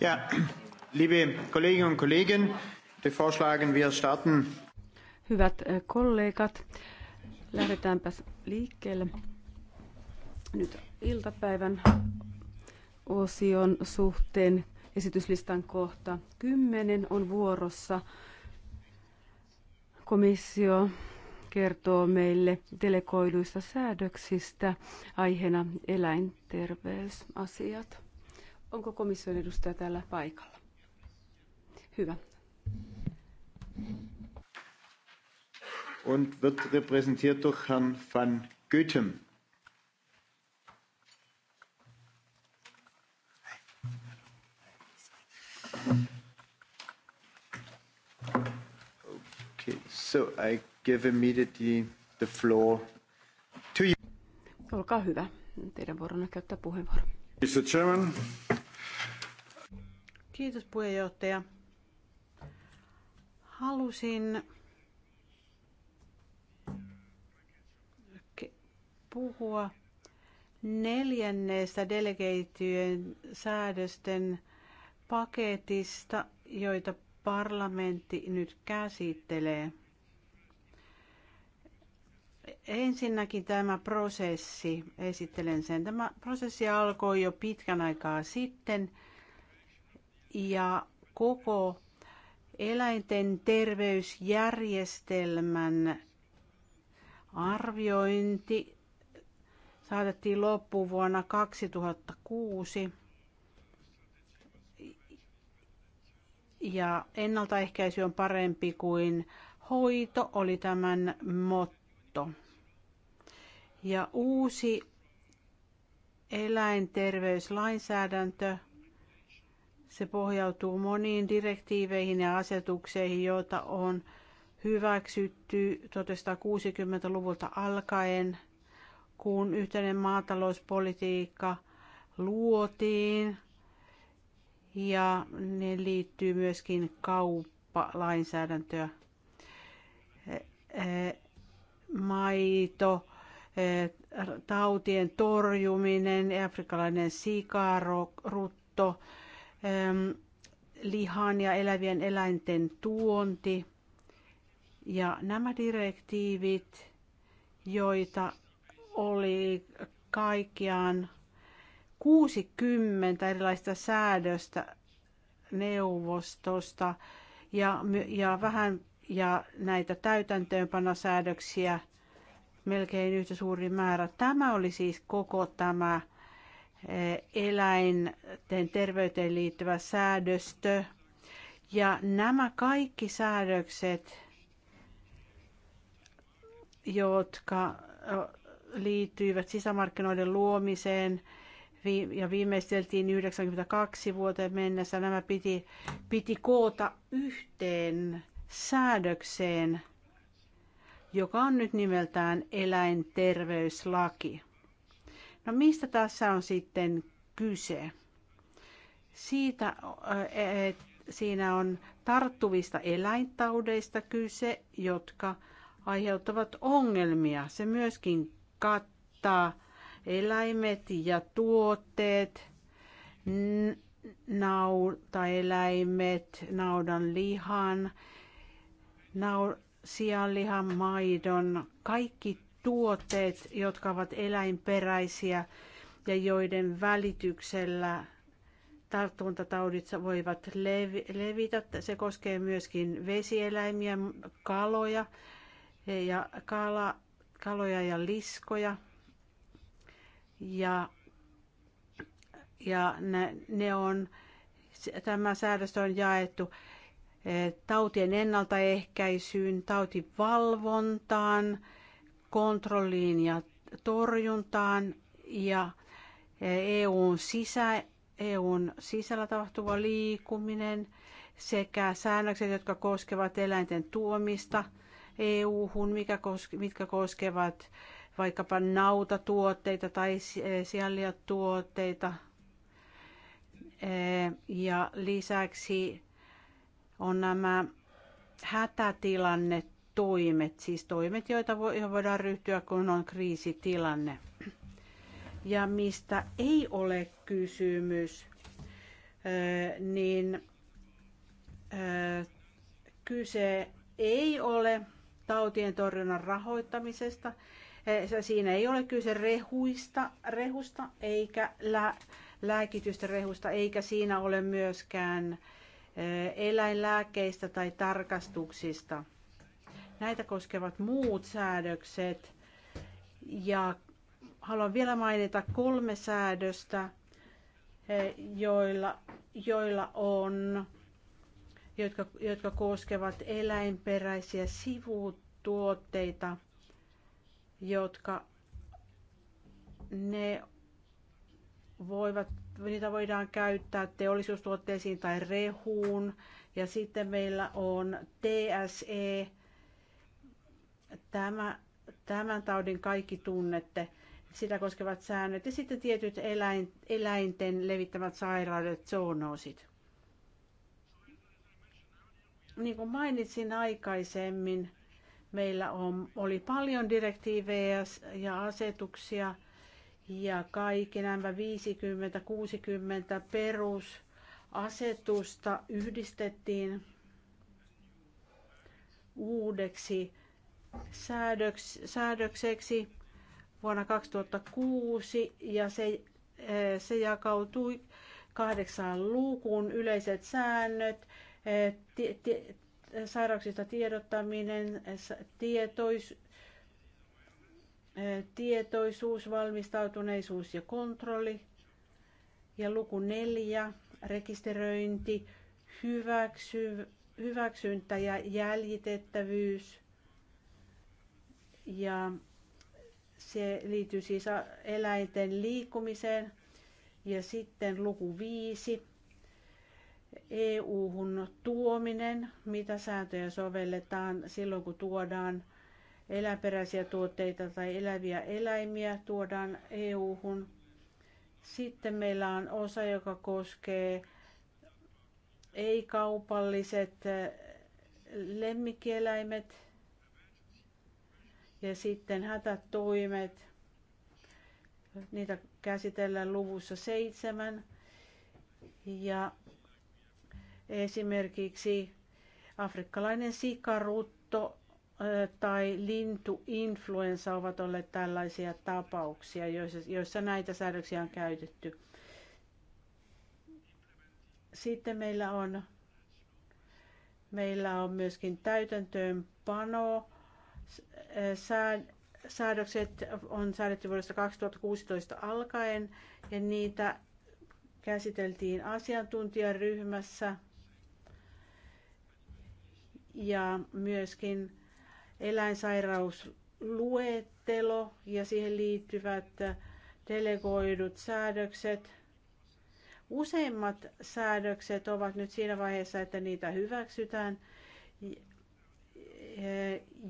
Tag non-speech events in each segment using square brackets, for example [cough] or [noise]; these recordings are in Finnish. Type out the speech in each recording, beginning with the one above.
Ja, liebe Kolleginnen und Kollegen, vorschlagen wir starten. Hyvät äh, kollegat, lähdetäänpä liikkeelle nyt iltapäivän osion suhteen. Esityslistan kohta 10 on vuorossa. Komissio kertoo meille delegoiduista säädöksistä aiheena eläinterveysasiat. Onko komission edustaja täällä paikalla? Hyvä. Und wird repräsentiert durch Herrn van Goethem. Okay, so I give immediately the floor to you. Olkaa hyvä. Teidän vuoronne käyttää puheenvuoro. Mr. Chairman, Kiitos puheenjohtaja. Halusin puhua neljänneestä delegeityjen säädösten paketista, joita parlamentti nyt käsittelee. Ensinnäkin tämä prosessi, esittelen sen. Tämä prosessi alkoi jo pitkän aikaa sitten – ja koko eläinten terveysjärjestelmän arviointi saatettiin loppuun vuonna 2006. Ja ennaltaehkäisy on parempi kuin hoito oli tämän motto. Ja uusi eläinterveyslainsäädäntö se pohjautuu moniin direktiiveihin ja asetukseihin, joita on hyväksytty 1960-luvulta alkaen, kun yhteinen maatalouspolitiikka luotiin ja ne liittyy myöskin kauppalainsäädäntöä. Maito, tautien torjuminen, afrikkalainen sikarutto, lihan ja elävien eläinten tuonti. Ja nämä direktiivit, joita oli kaikkiaan 60 erilaista säädöstä neuvostosta ja, ja vähän ja näitä täytäntöönpanosäädöksiä melkein yhtä suuri määrä. Tämä oli siis koko tämä eläinten terveyteen liittyvä säädöstö. Ja nämä kaikki säädökset, jotka liittyivät sisämarkkinoiden luomiseen ja viimeisteltiin 92 vuoteen mennessä, nämä piti, piti koota yhteen säädökseen, joka on nyt nimeltään eläinterveyslaki. No mistä tässä on sitten kyse? Siitä, eh, että siinä on tarttuvista eläintaudeista kyse, jotka aiheuttavat ongelmia. Se myöskin kattaa eläimet ja tuotteet, nautaeläimet, naudan lihan, nau, sianlihan, maidon, kaikki tuotteet, jotka ovat eläinperäisiä ja joiden välityksellä tartuntataudit voivat levitä. Se koskee myöskin vesieläimiä, kaloja ja kala, kaloja ja liskoja. Ja, ja ne, ne on, tämä säädöstö on jaettu eh, tautien ennaltaehkäisyyn, tautivalvontaan, kontrolliin ja torjuntaan ja EUn, sisä, EUn sisällä tapahtuva liikkuminen sekä säännökset, jotka koskevat eläinten tuomista EU-hun, mikä koske, mitkä koskevat vaikkapa nautatuotteita tai siallia tuotteita. Ja lisäksi on nämä hätätilannet toimet, siis toimet, joita voidaan ryhtyä, kun on kriisitilanne. Ja mistä ei ole kysymys, niin kyse ei ole tautien torjunnan rahoittamisesta. Siinä ei ole kyse rehuista, rehusta eikä lä, lääkitystä rehusta, eikä siinä ole myöskään eläinlääkeistä tai tarkastuksista näitä koskevat muut säädökset. Ja haluan vielä mainita kolme säädöstä, eh, joilla, joilla on, jotka, jotka koskevat eläinperäisiä sivutuotteita, jotka ne voivat, niitä voidaan käyttää teollisuustuotteisiin tai rehuun. Ja sitten meillä on TSE, Tämä, tämän taudin kaikki tunnette, sitä koskevat säännöt ja sitten tietyt eläin, eläinten levittämät sairaudet, zoonoosit. Niin kuin mainitsin aikaisemmin, meillä on, oli paljon direktiivejä ja asetuksia ja kaikki nämä 50-60 perusasetusta yhdistettiin uudeksi säädöks, säädökseksi vuonna 2006 ja se, eh, se jakautui kahdeksaan lukuun yleiset säännöt, eh, tie, sairauksista tiedottaminen, tietois, eh, tietoisuus, valmistautuneisuus ja kontrolli. Ja luku neljä, rekisteröinti, hyväksy, hyväksyntä ja jäljitettävyys – ja se liittyy siis eläinten liikkumiseen. Ja sitten luku viisi. EU-hun tuominen, mitä sääntöjä sovelletaan silloin, kun tuodaan eläperäisiä tuotteita tai eläviä eläimiä tuodaan EU-hun. Sitten meillä on osa, joka koskee ei-kaupalliset eh, lemmikkieläimet ja sitten hätätoimet, niitä käsitellään luvussa seitsemän. Ja esimerkiksi afrikkalainen sikarutto tai lintuinfluenssa ovat olleet tällaisia tapauksia, joissa, näitä säädöksiä on käytetty. Sitten meillä on, meillä on myöskin täytäntöönpano Säädökset on säädetty vuodesta 2016 alkaen ja niitä käsiteltiin asiantuntijaryhmässä ja myöskin eläinsairausluettelo ja siihen liittyvät delegoidut säädökset. Useimmat säädökset ovat nyt siinä vaiheessa, että niitä hyväksytään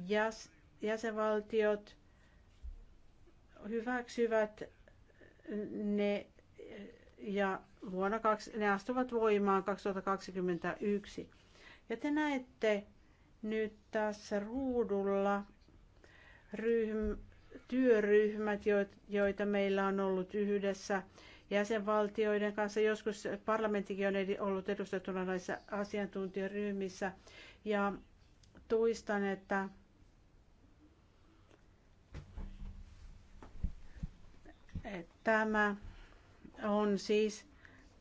ja jäsenvaltiot hyväksyvät ne ja vuonna kaksi, ne astuvat voimaan 2021. Ja te näette nyt tässä ruudulla ryhm, työryhmät, joita meillä on ollut yhdessä jäsenvaltioiden kanssa. Joskus parlamenttikin on ollut edustettuna näissä asiantuntijaryhmissä. Ja toistan, että Tämä on siis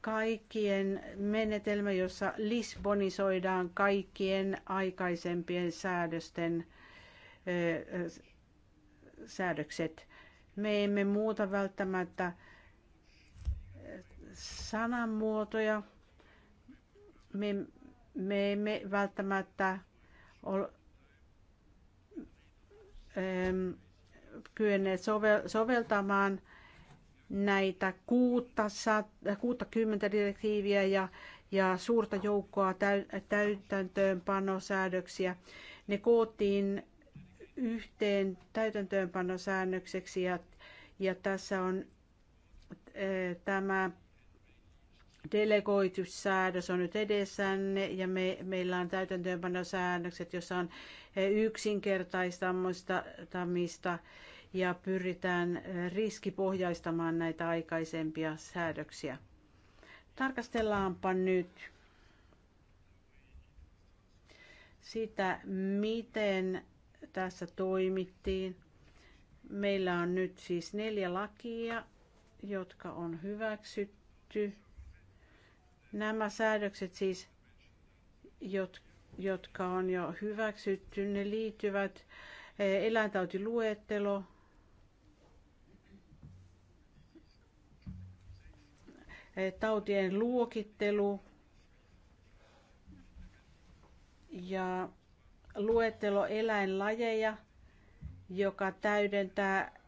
kaikkien menetelmä, jossa lisbonisoidaan kaikkien aikaisempien säädösten säädökset. Me emme muuta välttämättä sanamuotoja. Me, me emme välttämättä ole kyenneet sovel, soveltamaan – näitä 60 direktiiviä ja, ja suurta joukkoa täytäntöönpanosäädöksiä. Ne koottiin yhteen täytäntöönpanosäännökseksi ja, ja tässä on e, tämä delegoitussäädös on nyt edessänne ja me, meillä on täytäntöönpanosäännökset, jossa on e, yksinkertaistamista ja pyritään eh, riskipohjaistamaan näitä aikaisempia säädöksiä. Tarkastellaanpa nyt sitä, miten tässä toimittiin. Meillä on nyt siis neljä lakia, jotka on hyväksytty. Nämä säädökset siis, jotka on jo hyväksytty, ne liittyvät eh, eläintautiluettelo, tautien luokittelu ja luettelo eläinlajeja, joka täydentää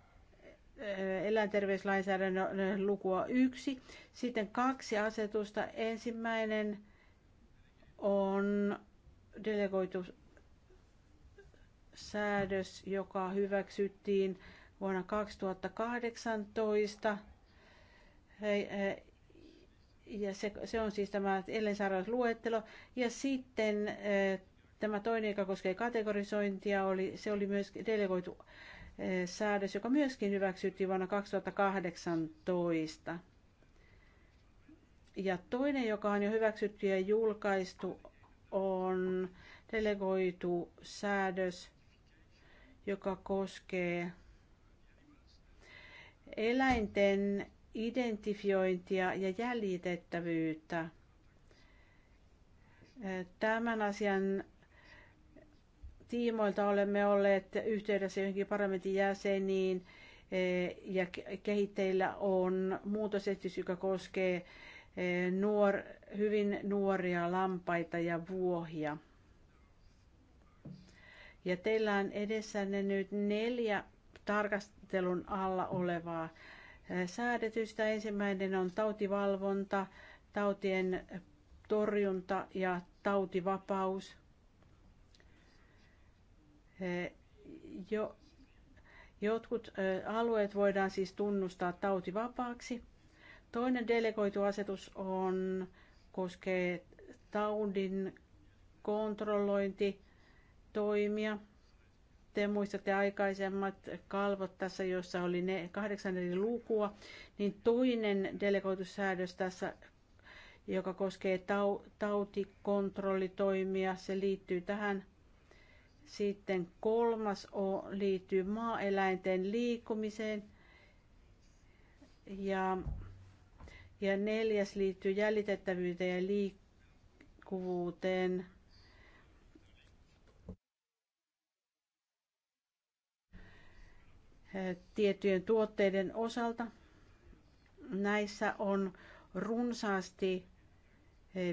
eh, eläinterveyslainsäädännön lukua yksi. Sitten kaksi asetusta. Ensimmäinen on delegoitu säädös, joka hyväksyttiin vuonna 2018 ja se, se on siis tämä luettelo Ja sitten eh, tämä toinen, joka koskee kategorisointia, oli, se oli myös delegoitu eh, säädös, joka myöskin hyväksyttiin vuonna 2018. Ja toinen, joka on jo hyväksytty ja julkaistu, on delegoitu säädös, joka koskee eläinten identifiointia ja jäljitettävyyttä. Tämän asian tiimoilta olemme olleet yhteydessä johonkin parlamentin jäseniin e, ja kehitteillä on muutosesitys, joka koskee e, nuor, hyvin nuoria lampaita ja vuohia. Ja teillä on edessänne nyt neljä tarkastelun alla olevaa säädetystä. Ensimmäinen on tautivalvonta, tautien torjunta ja tautivapaus. Jo, jotkut alueet voidaan siis tunnustaa tautivapaaksi. Toinen delegoitu asetus on, koskee taudin kontrollointitoimia. toimia te muistatte aikaisemmat kalvot tässä, joissa oli ne kahdeksan eri lukua, niin toinen delegoitussäädös tässä, joka koskee tau- tautikontrollitoimia, se liittyy tähän. Sitten kolmas o liittyy maaeläinten liikkumiseen. Ja, ja neljäs liittyy jäljitettävyyteen ja liikkuvuuteen tiettyjen tuotteiden osalta. Näissä on runsaasti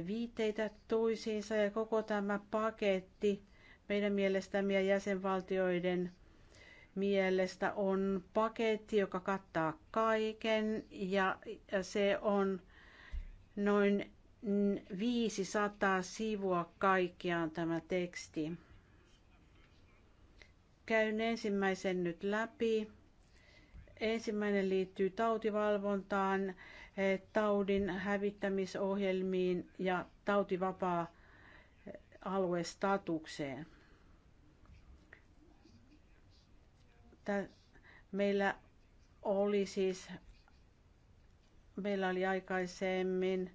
viitteitä toisiinsa ja koko tämä paketti meidän mielestämme ja jäsenvaltioiden mielestä on paketti, joka kattaa kaiken ja se on noin 500 sivua kaikkiaan tämä teksti. Käyn ensimmäisen nyt läpi. Ensimmäinen liittyy tautivalvontaan, eh, taudin hävittämisohjelmiin ja tautivapaa eh, aluestatukseen. Meillä oli siis, meillä oli aikaisemmin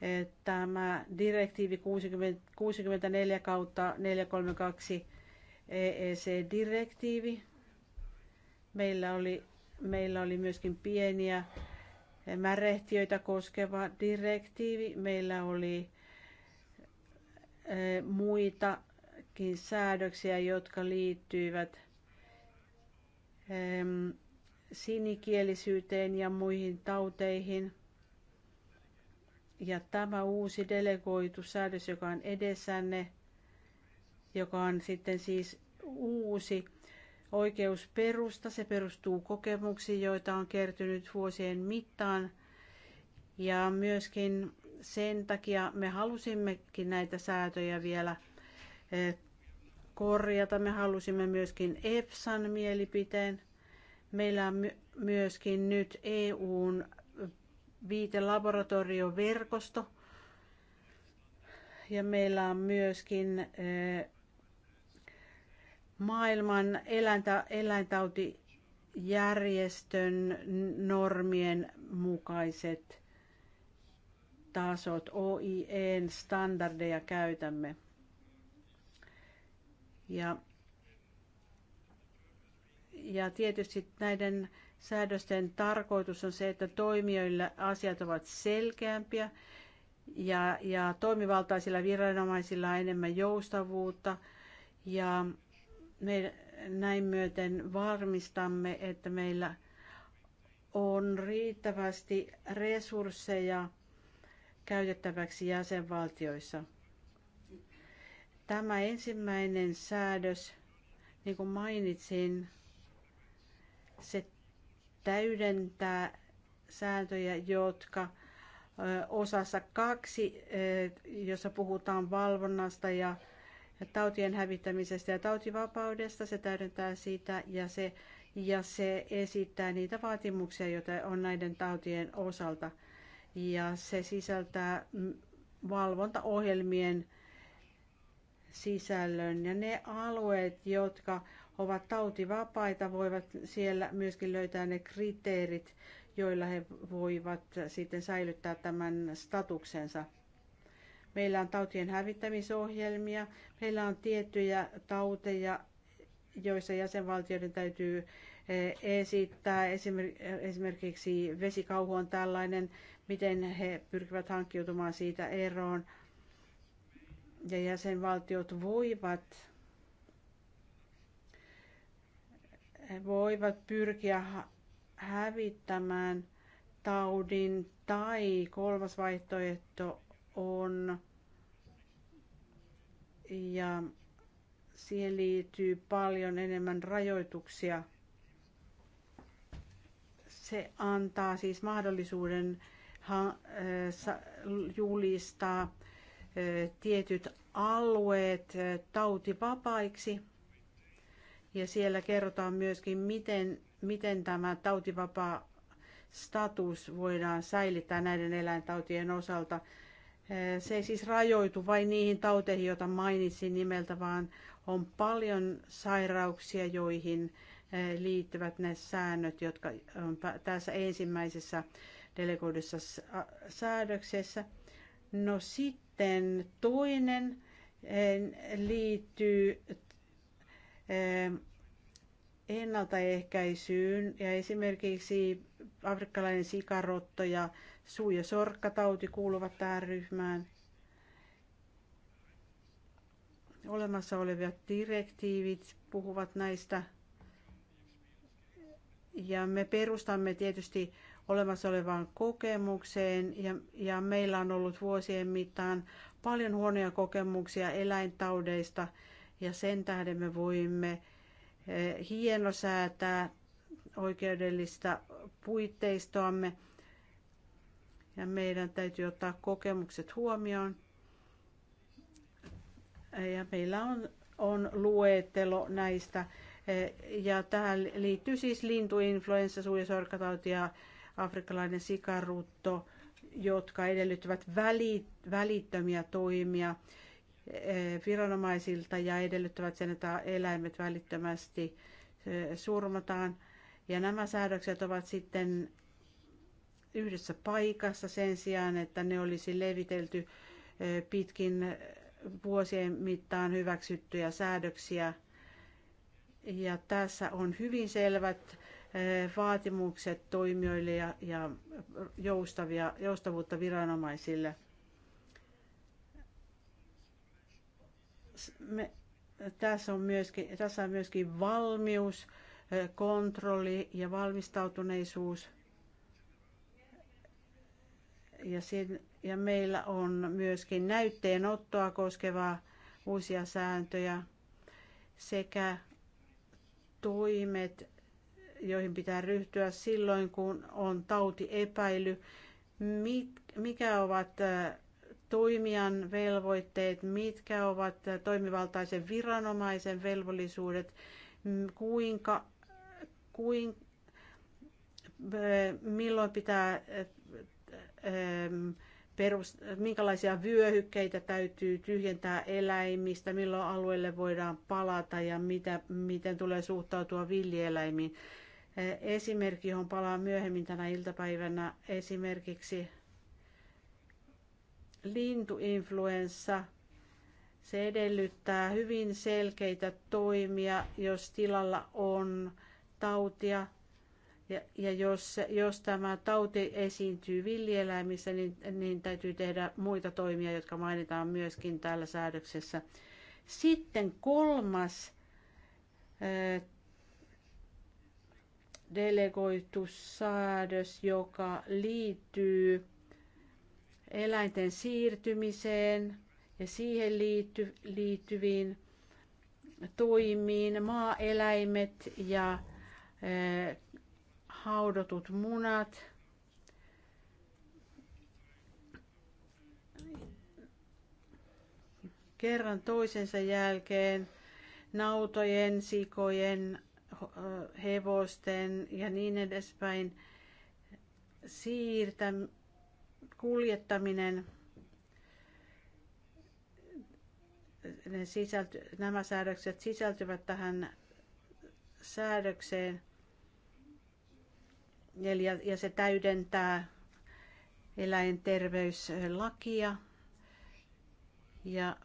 eh, tämä direktiivi 60, 64 kautta 432 EEC-direktiivi. Meillä oli, meillä oli myöskin pieniä märehtiöitä koskeva direktiivi. Meillä oli e, muitakin säädöksiä, jotka liittyivät e, sinikielisyyteen ja muihin tauteihin. Ja tämä uusi delegoitu säädös, joka on edessänne, joka on sitten siis uusi oikeusperusta. Se perustuu kokemuksiin, joita on kertynyt vuosien mittaan. Ja myöskin sen takia me halusimmekin näitä säätöjä vielä e, korjata. Me halusimme myöskin EFSAn mielipiteen. Meillä on myöskin nyt EUn viitelaboratorioverkosto. Ja meillä on myöskin e, maailman eläintä, eläintautijärjestön normien mukaiset tasot, OIEn standardeja käytämme. Ja, ja tietysti näiden säädösten tarkoitus on se, että toimijoille asiat ovat selkeämpiä ja, ja toimivaltaisilla viranomaisilla on enemmän joustavuutta ja me näin myöten varmistamme, että meillä on riittävästi resursseja käytettäväksi jäsenvaltioissa. Tämä ensimmäinen säädös, niin kuin mainitsin, se täydentää sääntöjä, jotka osassa kaksi, jossa puhutaan valvonnasta ja tautien hävittämisestä ja tautivapaudesta. Se täydentää sitä ja se, ja se esittää niitä vaatimuksia, joita on näiden tautien osalta. Ja se sisältää valvontaohjelmien sisällön. Ja ne alueet, jotka ovat tautivapaita, voivat siellä myöskin löytää ne kriteerit, joilla he voivat sitten säilyttää tämän statuksensa. Meillä on tautien hävittämisohjelmia, meillä on tiettyjä tauteja, joissa jäsenvaltioiden täytyy eh, esittää. Esimerkiksi vesikauhu on tällainen, miten he pyrkivät hankkiutumaan siitä eroon. Ja jäsenvaltiot voivat, voivat pyrkiä hävittämään taudin tai kolmas vaihtoehto on ja siihen liittyy paljon enemmän rajoituksia. Se antaa siis mahdollisuuden julistaa tietyt alueet tautivapaiksi. Ja siellä kerrotaan myöskin, miten, miten tämä tautivapaa status voidaan säilyttää näiden eläintautien osalta. Se ei siis rajoitu vain niihin tauteihin, joita mainitsin nimeltä, vaan on paljon sairauksia, joihin liittyvät ne säännöt, jotka on tässä ensimmäisessä delegoidussa säädöksessä. No sitten toinen liittyy ennaltaehkäisyyn ja esimerkiksi afrikkalainen sikarotto ja suu- ja sorkkatauti kuuluvat tähän ryhmään. Olemassa olevat direktiivit puhuvat näistä. Ja me perustamme tietysti olemassa olevaan kokemukseen ja, ja meillä on ollut vuosien mittaan paljon huonoja kokemuksia eläintaudeista ja sen tähden me voimme eh, hienosäätää oikeudellista puitteistoamme ja meidän täytyy ottaa kokemukset huomioon. Ja meillä on, on luettelo näistä. E, ja tähän liittyy siis lintuinfluenssa, suojasorkatauti ja afrikkalainen sikarutto, jotka edellyttävät väli, välittömiä toimia e, viranomaisilta ja edellyttävät sen, että eläimet välittömästi e, surmataan. Ja nämä säädökset ovat sitten yhdessä paikassa sen sijaan, että ne olisi levitelty pitkin vuosien mittaan hyväksyttyjä säädöksiä. Ja tässä on hyvin selvät vaatimukset toimijoille ja, ja joustavia, joustavuutta viranomaisille. Me, tässä, on myöskin, tässä on myöskin valmius, kontrolli ja valmistautuneisuus – ja, sen, ja meillä on myöskin näytteenottoa koskevaa uusia sääntöjä sekä toimet, joihin pitää ryhtyä silloin, kun on tautiepäily, mikä ovat äh, toimijan velvoitteet, mitkä ovat äh, toimivaltaisen viranomaisen velvollisuudet, kuinka, kuin, äh, milloin pitää Ehm, perus, minkälaisia vyöhykkeitä täytyy tyhjentää eläimistä, milloin alueelle voidaan palata ja mitä, miten tulee suhtautua villieläimiin. Ehm, esimerkki, johon palaan myöhemmin tänä iltapäivänä, esimerkiksi lintuinfluenssa. Se edellyttää hyvin selkeitä toimia, jos tilalla on tautia ja, ja jos, jos tämä tauti esiintyy villieläimissä, niin, niin täytyy tehdä muita toimia, jotka mainitaan myöskin täällä säädöksessä. Sitten kolmas delegoitu säädös, joka liittyy eläinten siirtymiseen ja siihen liitty, liittyviin toimiin. Maaeläimet ja haudatut munat. Kerran toisensa jälkeen nautojen, sikojen, hevosten ja niin edespäin siirtä, kuljettaminen ne sisälty, nämä säädökset sisältyvät tähän säädökseen ja se täydentää eläinterveyslakia. Ja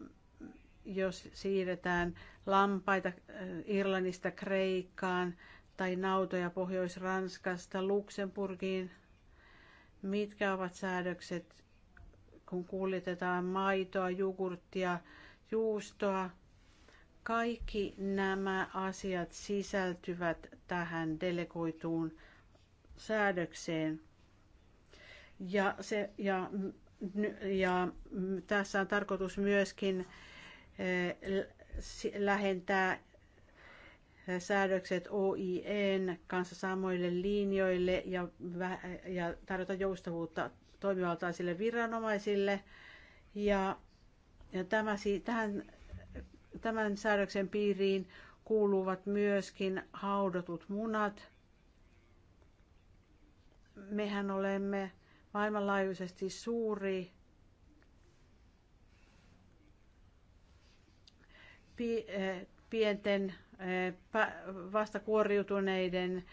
jos siirretään lampaita äh, Irlannista Kreikkaan tai nautoja Pohjois-Ranskasta Luxemburgiin, mitkä ovat säädökset, kun kuljetetaan maitoa, jogurttia, juustoa. Kaikki nämä asiat sisältyvät tähän delegoituun säädökseen. Ja, se, ja, ja tässä on tarkoitus myöskin eh, lähentää eh, säädökset OIEn kanssa samoille linjoille ja, ja tarjota joustavuutta toimivaltaisille viranomaisille. Ja, ja tämä, tähän, tämän säädöksen piiriin kuuluvat myöskin haudotut munat – Mehän olemme maailmanlaajuisesti suuri eh, pienten eh, vastakuoriutuneiden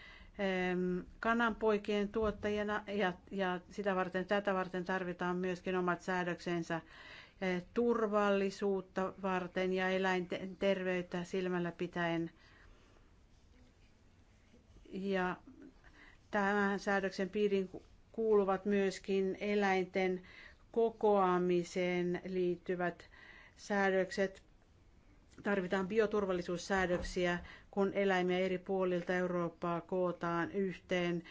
kananpoikien tuottajana ja, ja sitä varten, tätä varten tarvitaan myöskin omat säädöksensä eh, turvallisuutta varten ja eläinten terveyttä silmällä pitäen. Ja Tämän säädöksen piiriin kuuluvat myöskin eläinten kokoamiseen liittyvät säädökset. Tarvitaan bioturvallisuussäädöksiä, kun eläimiä eri puolilta Eurooppaa kootaan yhteen,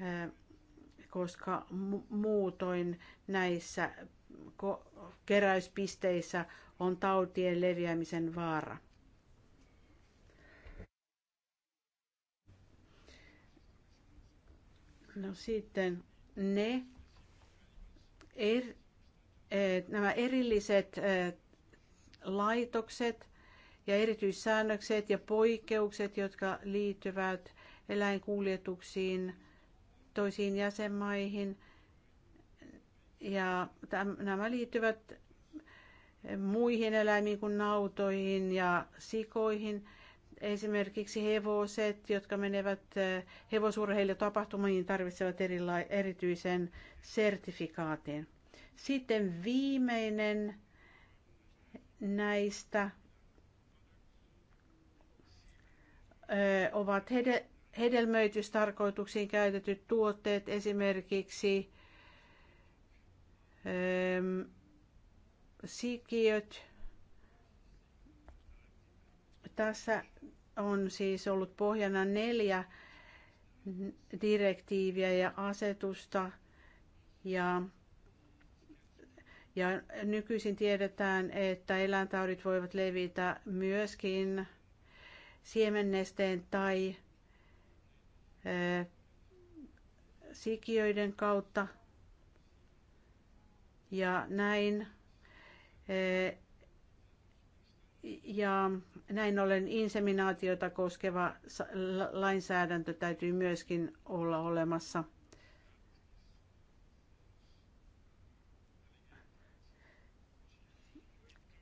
eh, koska muutoin näissä keräyspisteissä on tautien leviämisen vaara. No sitten ne, er, eh, nämä erilliset eh, laitokset ja erityissäännökset ja poikkeukset, jotka liittyvät eläinkuljetuksiin toisiin jäsenmaihin. Ja täm, nämä liittyvät muihin eläimiin kuin nautoihin ja sikoihin – Esimerkiksi hevoset, jotka menevät eh, hevosurheilijatapahtumiin, tarvitsevat erila- erityisen sertifikaatin. Sitten viimeinen näistä eh, ovat hedelmöitystarkoituksiin käytetyt tuotteet, esimerkiksi ehm, sikiöt. Tässä on siis ollut pohjana neljä direktiiviä ja asetusta ja, ja nykyisin tiedetään, että eläintaudit voivat levitä myöskin siemennesteen tai ö, sikiöiden kautta ja näin ja näin ollen inseminaatiota koskeva lainsäädäntö täytyy myöskin olla olemassa.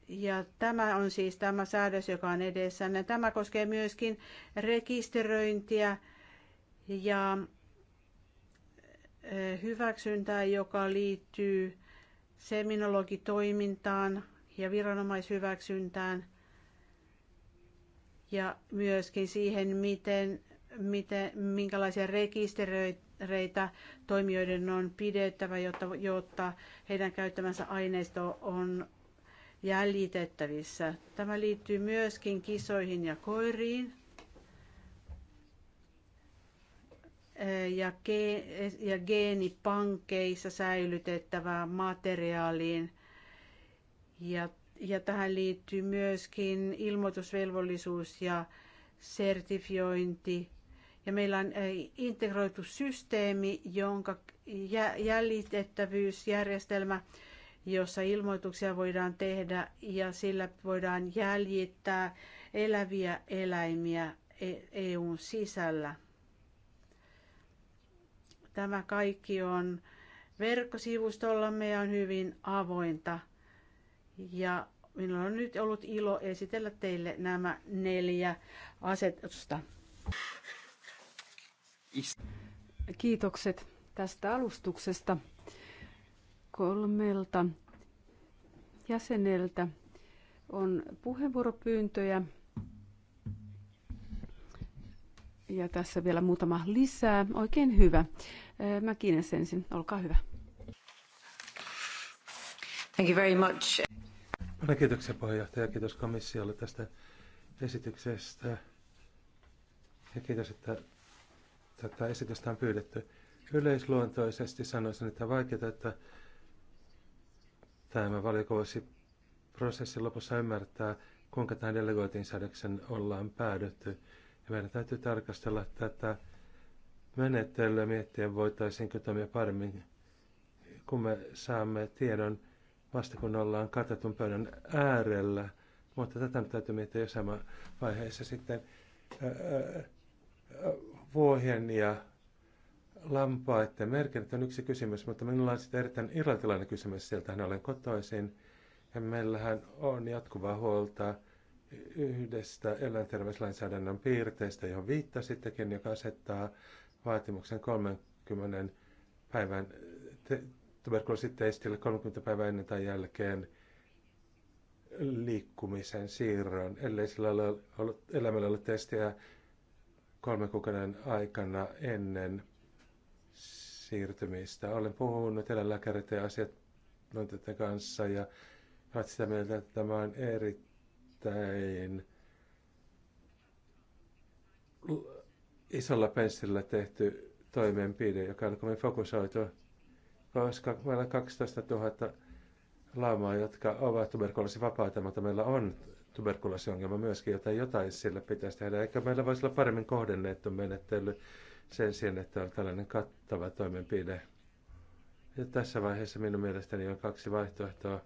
Ja tämä on siis tämä säädös, joka on edessä. Tämä koskee myöskin rekisteröintiä ja e, hyväksyntää, joka liittyy seminologitoimintaan ja viranomaishyväksyntään ja myöskin siihen, miten, miten, minkälaisia rekisteröitä toimijoiden on pidettävä, jotta, jotta heidän käyttämänsä aineisto on jäljitettävissä. Tämä liittyy myöskin kisoihin ja koiriin. Ja, geenipankkeissa säilytettävään materiaaliin ja ja tähän liittyy myöskin ilmoitusvelvollisuus ja sertifiointi. Ja meillä on integroitu systeemi, jonka jäljitettävyysjärjestelmä, jossa ilmoituksia voidaan tehdä ja sillä voidaan jäljittää eläviä eläimiä e, EUn sisällä. Tämä kaikki on verkkosivustollamme ja on hyvin avointa – ja minulla on nyt ollut ilo esitellä teille nämä neljä asetusta. Kiitokset tästä alustuksesta kolmelta jäseneltä on puheenvuoropyyntöjä. Ja tässä vielä muutama lisää. Oikein hyvä. sen ensin, olkaa hyvä. Thank you very much. Paljon kiitoksia puheenjohtaja ja kiitos komissiolle tästä esityksestä. Ja kiitos, että tätä esitystä on pyydetty. Yleisluontoisesti sanoisin, että vaikeaa, että tämä valiko prosessin lopussa ymmärtää, kuinka tähän delegoitiin säädöksen ollaan päädytty. Ja meidän täytyy tarkastella tätä menettelyä miettiä, voitaisiinko toimia paremmin, kun me saamme tiedon vasta kun ollaan katetun pöydän äärellä. Mutta tätä nyt täytyy miettiä jossain vaiheessa sitten vuohien ja lampaiden merkinnät on yksi kysymys, mutta minulla on sitten erittäin irlantilainen kysymys. Sieltähän olen kotoisin ja meillähän on jatkuvaa huolta yhdestä eläinterveyslainsäädännön piirteistä, johon viittasittekin, joka asettaa vaatimuksen 30 päivän te- tuberkuloositestille 30 päivää ennen tai jälkeen liikkumisen siirron, ellei sillä ole ollut, elämällä ollut testiä kolmen kuukauden aikana ennen siirtymistä. Olen puhunut eläinlääkäreiden ja asiantuntijoiden kanssa ja ovat sitä mieltä, että tämä on erittäin isolla penssillä tehty toimenpide, joka on kovin fokusoitu koska meillä on 12 000 laumaa, jotka ovat tuberkuloosivapaita, mutta meillä on tuberkuloosiongelma myöskin, joten jotain sillä pitäisi tehdä. Eikä meillä voisi olla paremmin kohdennettu menettely sen sijaan, että on tällainen kattava toimenpide. Ja tässä vaiheessa minun mielestäni on kaksi vaihtoehtoa.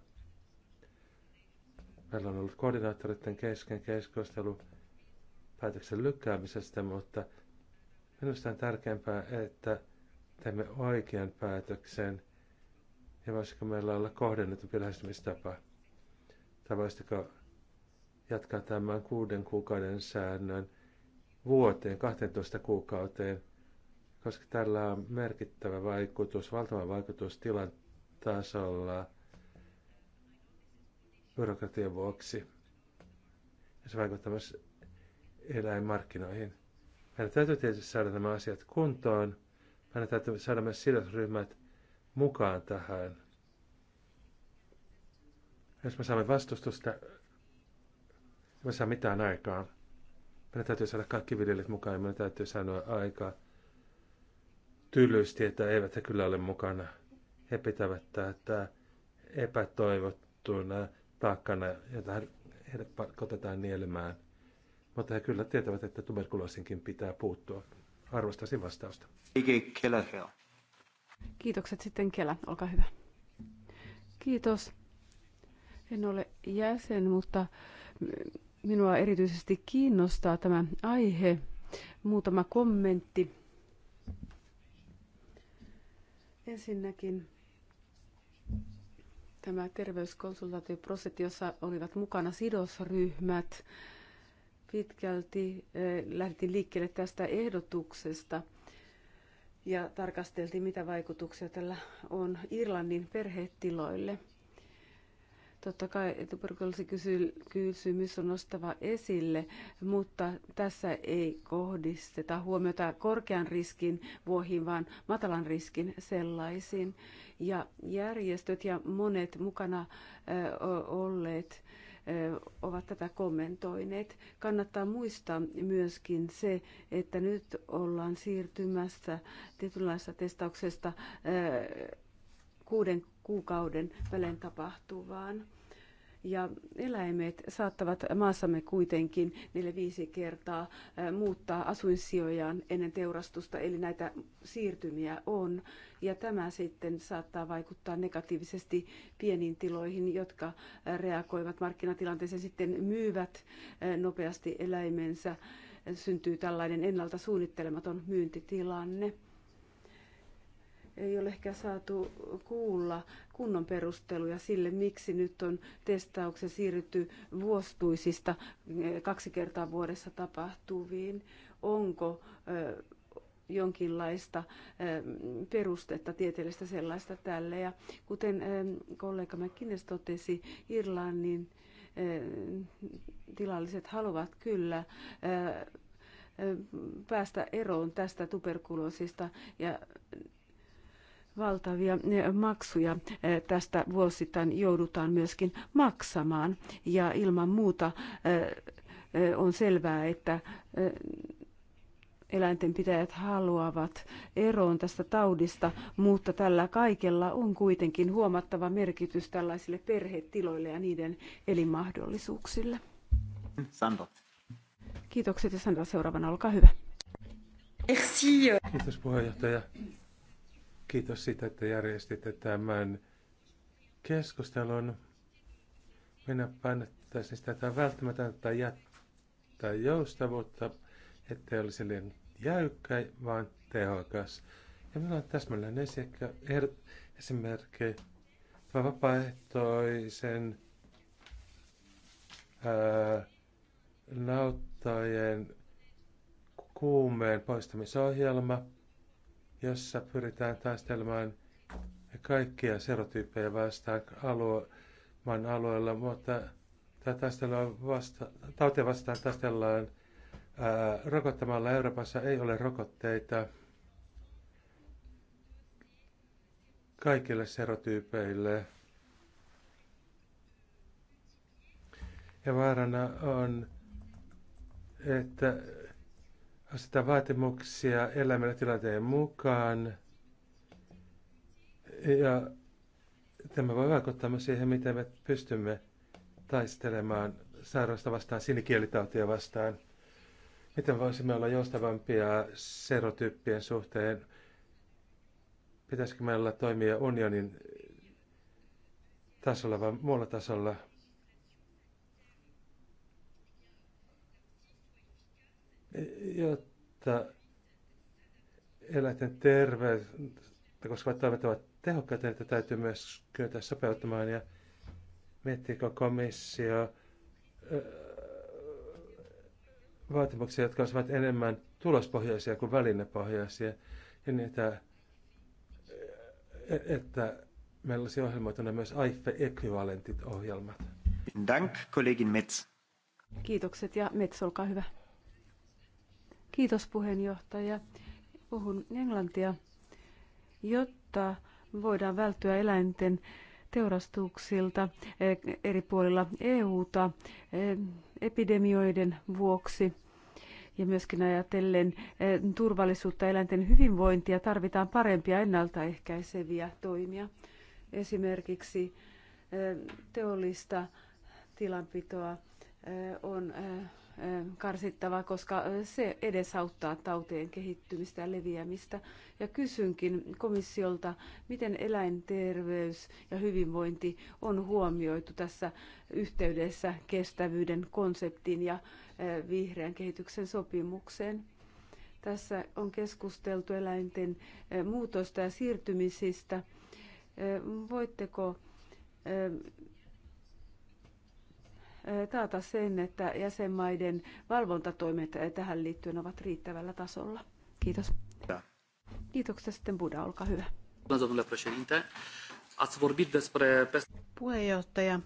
Meillä on ollut koordinaattoreiden kesken keskustelu päätöksen lykkäämisestä, mutta minusta on tärkeämpää, että teemme oikean päätöksen ja voisiko meillä olla kohdennetumpi lähestymistapa? Tai voisitko jatkaa tämän kuuden kuukauden säännön vuoteen, 12 kuukauteen, koska tällä on merkittävä vaikutus, valtava vaikutus tilan tasolla byrokratian vuoksi. Ja se vaikuttaa myös eläinmarkkinoihin. Meidän täytyy tietysti saada nämä asiat kuntoon – meidän täytyy saada myös sidosryhmät mukaan tähän. Jos me saamme vastustusta, me saa mitään aikaa. Meidän täytyy saada kaikki viljelijät mukaan ja meidän täytyy sanoa aika tylysti, että eivät he kyllä ole mukana. He pitävät tätä epätoivottuna taakkana, jota heidät pakotetaan nielemään. Mutta he kyllä tietävät, että tuberkuloosinkin pitää puuttua arvostaisin vastausta. Kiitokset sitten Kela, olkaa hyvä. Kiitos. En ole jäsen, mutta minua erityisesti kiinnostaa tämä aihe. Muutama kommentti. Ensinnäkin tämä terveyskonsultaatioprosessi, jossa olivat mukana sidosryhmät, pitkälti lähdettiin liikkeelle tästä ehdotuksesta ja tarkasteltiin, mitä vaikutuksia tällä on Irlannin perhetiloille. Totta kai kysymys on nostava esille, mutta tässä ei kohdisteta huomiota korkean riskin vuohiin, vaan matalan riskin sellaisiin. Ja järjestöt ja monet mukana olleet ovat tätä kommentoineet. Kannattaa muistaa myöskin se, että nyt ollaan siirtymässä tietynlaista testauksesta kuuden kuukauden välein tapahtuvaan ja eläimet saattavat maassamme kuitenkin neljä viisi kertaa muuttaa asuinsijojaan ennen teurastusta, eli näitä siirtymiä on. Ja tämä sitten saattaa vaikuttaa negatiivisesti pieniin tiloihin, jotka reagoivat markkinatilanteeseen sitten myyvät nopeasti eläimensä. Syntyy tällainen ennalta suunnittelematon myyntitilanne ei ole ehkä saatu kuulla kunnon perusteluja sille, miksi nyt on testauksen siirrytty vuostuisista eh, kaksi kertaa vuodessa tapahtuviin. Onko eh, jonkinlaista eh, perustetta, tieteellistä sellaista tälle. Ja kuten kollega McKinnes totesi, Irlannin tilalliset haluavat kyllä päästä eroon tästä tuberkuloosista ja valtavia eh, maksuja eh, tästä vuosittain joudutaan myöskin maksamaan. Ja ilman muuta eh, on selvää, että eläinten pitäjät haluavat eroon tästä taudista, mutta tällä kaikella on kuitenkin huomattava merkitys tällaisille perhetiloille ja niiden elinmahdollisuuksille. Sandra. Kiitokset ja Sandra seuraavana, olkaa hyvä. Merci. Kiitos puheenjohtaja. Kiitos siitä, että järjestitte tämän keskustelun. Minä painottaisin sitä, että on välttämätöntä jättää joustavuutta, ettei olisi liian jäykkä, vaan tehokas. Ja minulla on täsmälleen er- esimerkki vapaaehtoisen nauttajien kuumeen poistamisohjelma – jossa pyritään taistelemaan kaikkia serotyyppejä vastaan alue, maan alueella, mutta taistelua vasta, tautia vastaan taistellaan rokottamalla. Euroopassa ei ole rokotteita kaikille serotyypeille. Ja vaarana on, että asettaa vaatimuksia elämällä tilanteen mukaan. Ja tämä voi vaikuttaa myös siihen, miten me pystymme taistelemaan sairaasta vastaan, sinikielitautia vastaan. Miten voisimme olla joustavampia serotyyppien suhteen? Pitäisikö meillä toimia unionin tasolla vai muulla tasolla? jotta eläinten terveyttä koskevat toimet ovat tehokkaita, niitä täytyy myös kyetä sopeuttamaan. Ja miettiikö komissio vaatimuksia, jotka olisivat enemmän tulospohjaisia kuin välinepohjaisia, ja niitä, että meillä olisi ohjelmoituna myös AIFE-ekvivalentit ohjelmat. Dank, kollegin Metz. Kiitokset ja Metz, olkaa hyvä. Kiitos puheenjohtaja. Puhun englantia, jotta voidaan välttyä eläinten teurastuksilta eh, eri puolilla EUta eh, epidemioiden vuoksi. Ja myöskin ajatellen eh, turvallisuutta eläinten hyvinvointia tarvitaan parempia ennaltaehkäiseviä toimia. Esimerkiksi teollista tilanpitoa on karsittava, koska se edesauttaa tautien kehittymistä ja leviämistä. Ja kysynkin komissiolta, miten eläinterveys ja hyvinvointi on huomioitu tässä yhteydessä kestävyyden konseptin ja vihreän kehityksen sopimukseen. Tässä on keskusteltu eläinten muutosta ja siirtymisistä. Voitteko taata sen, että jäsenmaiden valvontatoimet tähän liittyen ovat riittävällä tasolla? Kiitos. Kiitoksia sitten Buda, olkaa hyvä. Puheenjohtaja,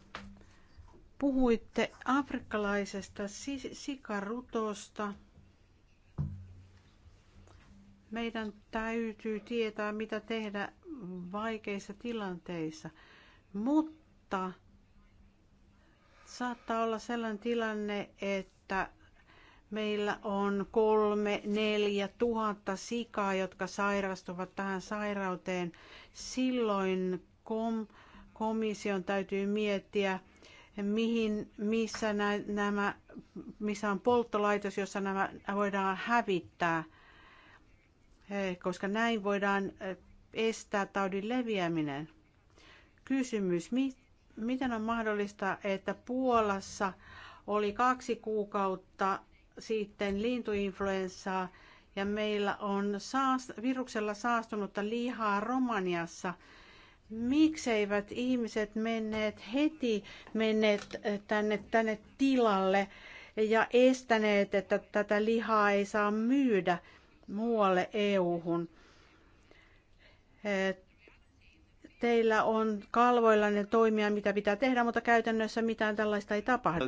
puhuitte afrikkalaisesta sikarutosta. Meidän täytyy tietää, mitä tehdä vaikeissa tilanteissa, mutta saattaa olla sellainen tilanne, että meillä on kolme, neljä tuhatta sikaa, jotka sairastuvat tähän sairauteen. Silloin kom, komission täytyy miettiä, mihin, missä, nä, nämä, missä on polttolaitos, jossa nämä voidaan hävittää, e, koska näin voidaan e, estää taudin leviäminen. Kysymys, mit, miten on mahdollista, että Puolassa oli kaksi kuukautta sitten lintuinfluenssaa ja meillä on saast- viruksella saastunutta lihaa Romaniassa. Mikseivät ihmiset menneet heti menneet eh, tänne, tänne tilalle ja estäneet, että tätä lihaa ei saa myydä muualle EU-hun? Eh, teillä on kalvoillanne toimia, mitä pitää tehdä, mutta käytännössä mitään tällaista ei tapahdu.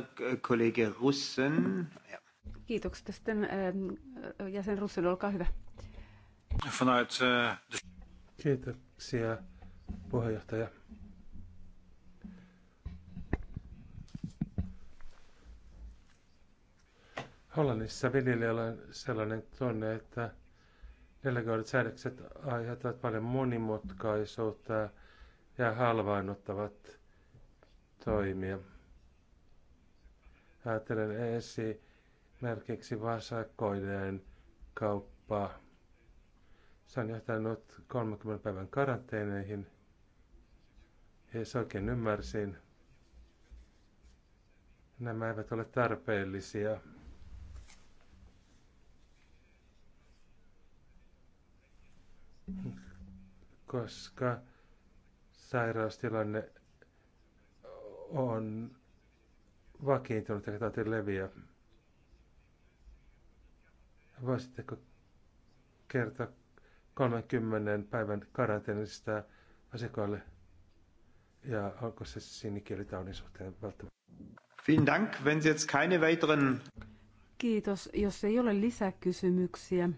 Kollega Russen. Kiitokset. Sitten eh, jäsen Russen, olkaa hyvä. Eh, Kiitoksia, puheenjohtaja. Hollannissa viljelijöillä on sellainen tunne, että delegoidut säädökset aiheuttavat paljon monimutkaisuutta ja halvaannuttavat toimia. Ajattelen esimerkiksi vasakoiden kauppaa. Se on johtanut 30 päivän karanteeneihin. se oikein ymmärsin, nämä eivät ole tarpeellisia. Koska sairaustilanne on vakiintunut ja tauti leviä. Voisitteko kertoa 30 päivän karanteenista asiakkaalle ja onko se sinikielitaudin suhteen välttämättä? Vielen Dank, wenn Sie jetzt keine weiteren... Kiitos. Jos ei ole lisäkysymyksiä,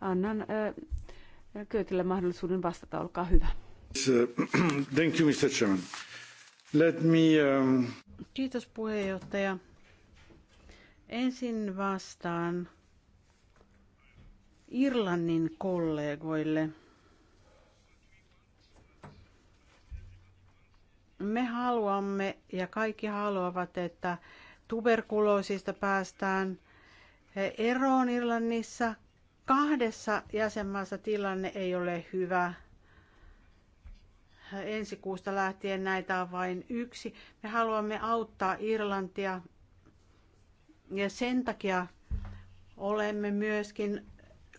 annan äh, Köötillä mahdollisuuden vastata. Olkaa hyvä. Uh, [clears throat] thank um, Kiitos puheenjohtaja. Ensin vastaan Irlannin kollegoille. Me haluamme ja kaikki haluavat, että tuberkuloosista päästään eroon Irlannissa. Kahdessa jäsenmaassa tilanne ei ole hyvä ensi kuusta lähtien näitä on vain yksi. Me haluamme auttaa Irlantia ja sen takia olemme myöskin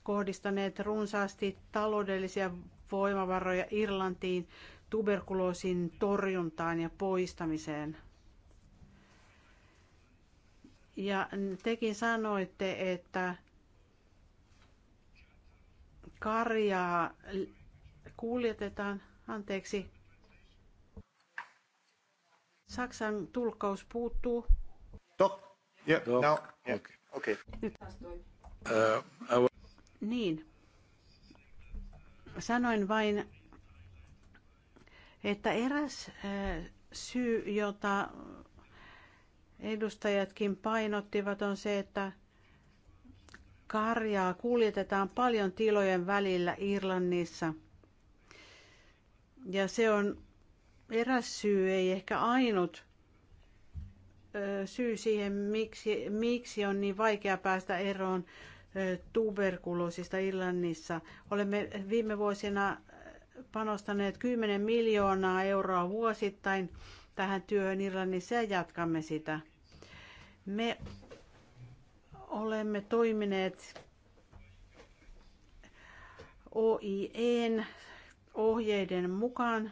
kohdistaneet runsaasti taloudellisia voimavaroja Irlantiin tuberkuloosin torjuntaan ja poistamiseen. Ja tekin sanoitte, että karjaa kuljetetaan – Anteeksi. Saksan tulkkaus puuttuu. Tok. Yeah, Tok. Now. Yeah. Okay. okay. Nyt taas toimii. Uh, niin. Sanoin vain, että eräs äh, syy, jota edustajatkin painottivat, on se, että karjaa kuljetetaan paljon tilojen välillä Irlannissa. Ja se on eräs syy, ei ehkä ainut syy siihen, miksi, miksi on niin vaikea päästä eroon tuberkuloosista Irlannissa. Olemme viime vuosina panostaneet 10 miljoonaa euroa vuosittain tähän työhön Irlannissa ja jatkamme sitä. Me olemme toimineet OIEn ohjeiden mukaan.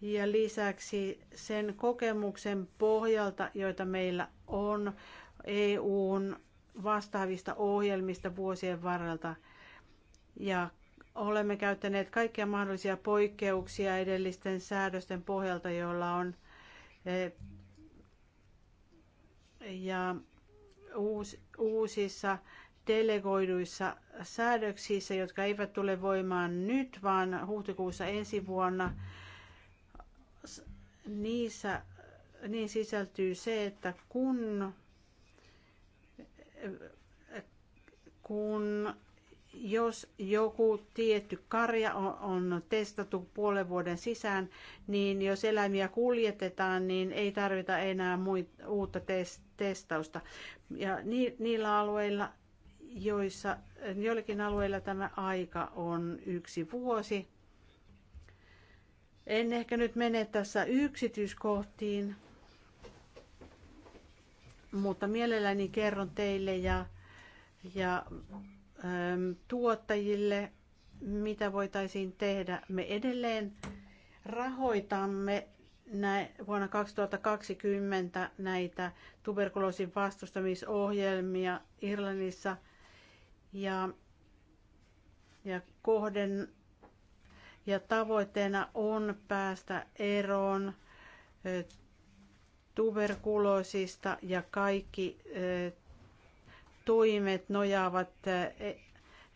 Ja lisäksi sen kokemuksen pohjalta, joita meillä on EUn vastaavista ohjelmista vuosien varrelta. Ja olemme käyttäneet kaikkia mahdollisia poikkeuksia edellisten säädösten pohjalta, joilla on e, ja uusissa delegoiduissa säädöksissä, jotka eivät tule voimaan nyt, vaan huhtikuussa ensi vuonna, niissä niin sisältyy se, että kun, kun jos joku tietty karja on, on testattu puolen vuoden sisään, niin jos eläimiä kuljetetaan, niin ei tarvita enää muita, uutta test, testausta. Ja ni, niillä alueilla, joissa joillakin alueilla tämä aika on yksi vuosi. En ehkä nyt mene tässä yksityiskohtiin, mutta mielelläni kerron teille ja, ja äm, tuottajille, mitä voitaisiin tehdä. Me edelleen rahoitamme näin, vuonna 2020 näitä tuberkuloosin vastustamisohjelmia Irlannissa – ja, ja kohden ja tavoitteena on päästä eroon tuberkuloosista ja kaikki toimet nojaavat e,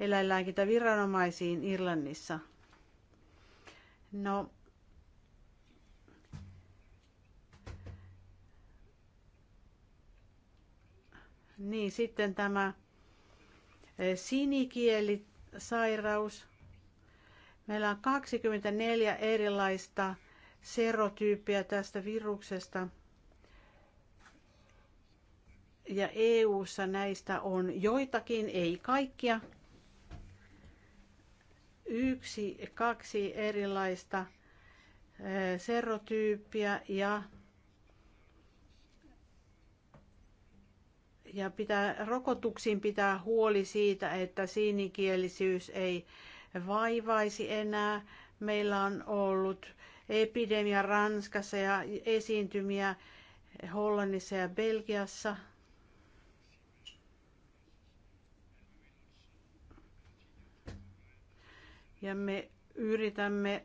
eläinlääkintäviranomaisiin Irlannissa. No, niin sitten tämä Sinikielisairaus. Meillä on 24 erilaista serotyyppiä tästä viruksesta. Ja EU:ssa näistä on joitakin, ei kaikkia. Yksi, kaksi erilaista eh, serotyyppiä ja Ja pitää, rokotuksiin pitää huoli siitä, että siinikielisyys ei vaivaisi enää. Meillä on ollut epidemia Ranskassa ja esiintymiä Hollannissa ja Belgiassa. Ja me yritämme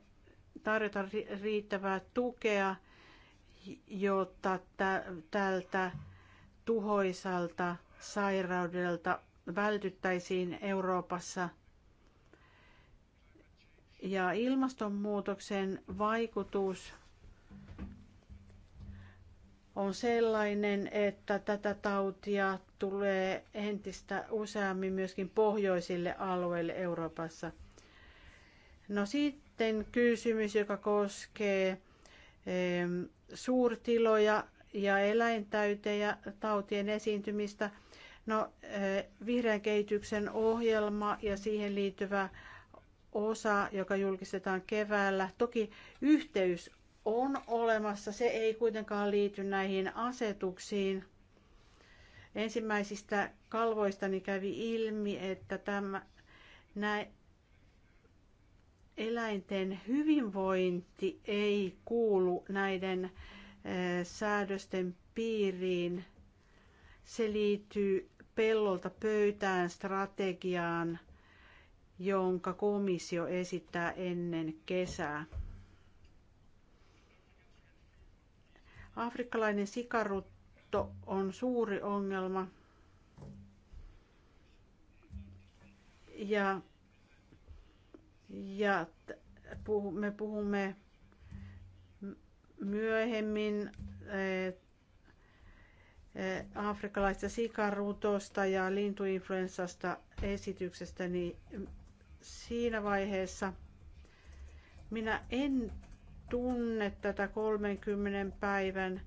tarjota riittävää tukea, jotta tältä tuhoisalta sairaudelta vältyttäisiin Euroopassa. Ja ilmastonmuutoksen vaikutus on sellainen, että tätä tautia tulee entistä useammin myöskin pohjoisille alueille Euroopassa. No sitten kysymys, joka koskee suurtiloja ja eläintäytejä tautien esiintymistä. No, eh, vihreän kehityksen ohjelma ja siihen liittyvä osa, joka julkistetaan keväällä. Toki yhteys on olemassa, se ei kuitenkaan liity näihin asetuksiin. Ensimmäisistä kalvoista niin kävi ilmi, että tämä, näin, eläinten hyvinvointi ei kuulu näiden Eh, säädösten piiriin. Se liittyy pellolta pöytään strategiaan, jonka komissio esittää ennen kesää. Afrikkalainen sikarutto on suuri ongelma. Ja, ja me puhumme myöhemmin eh, eh, afrikkalaisesta sikarutosta ja lintuinfluenssasta esityksestä, niin siinä vaiheessa minä en tunne tätä 30 päivän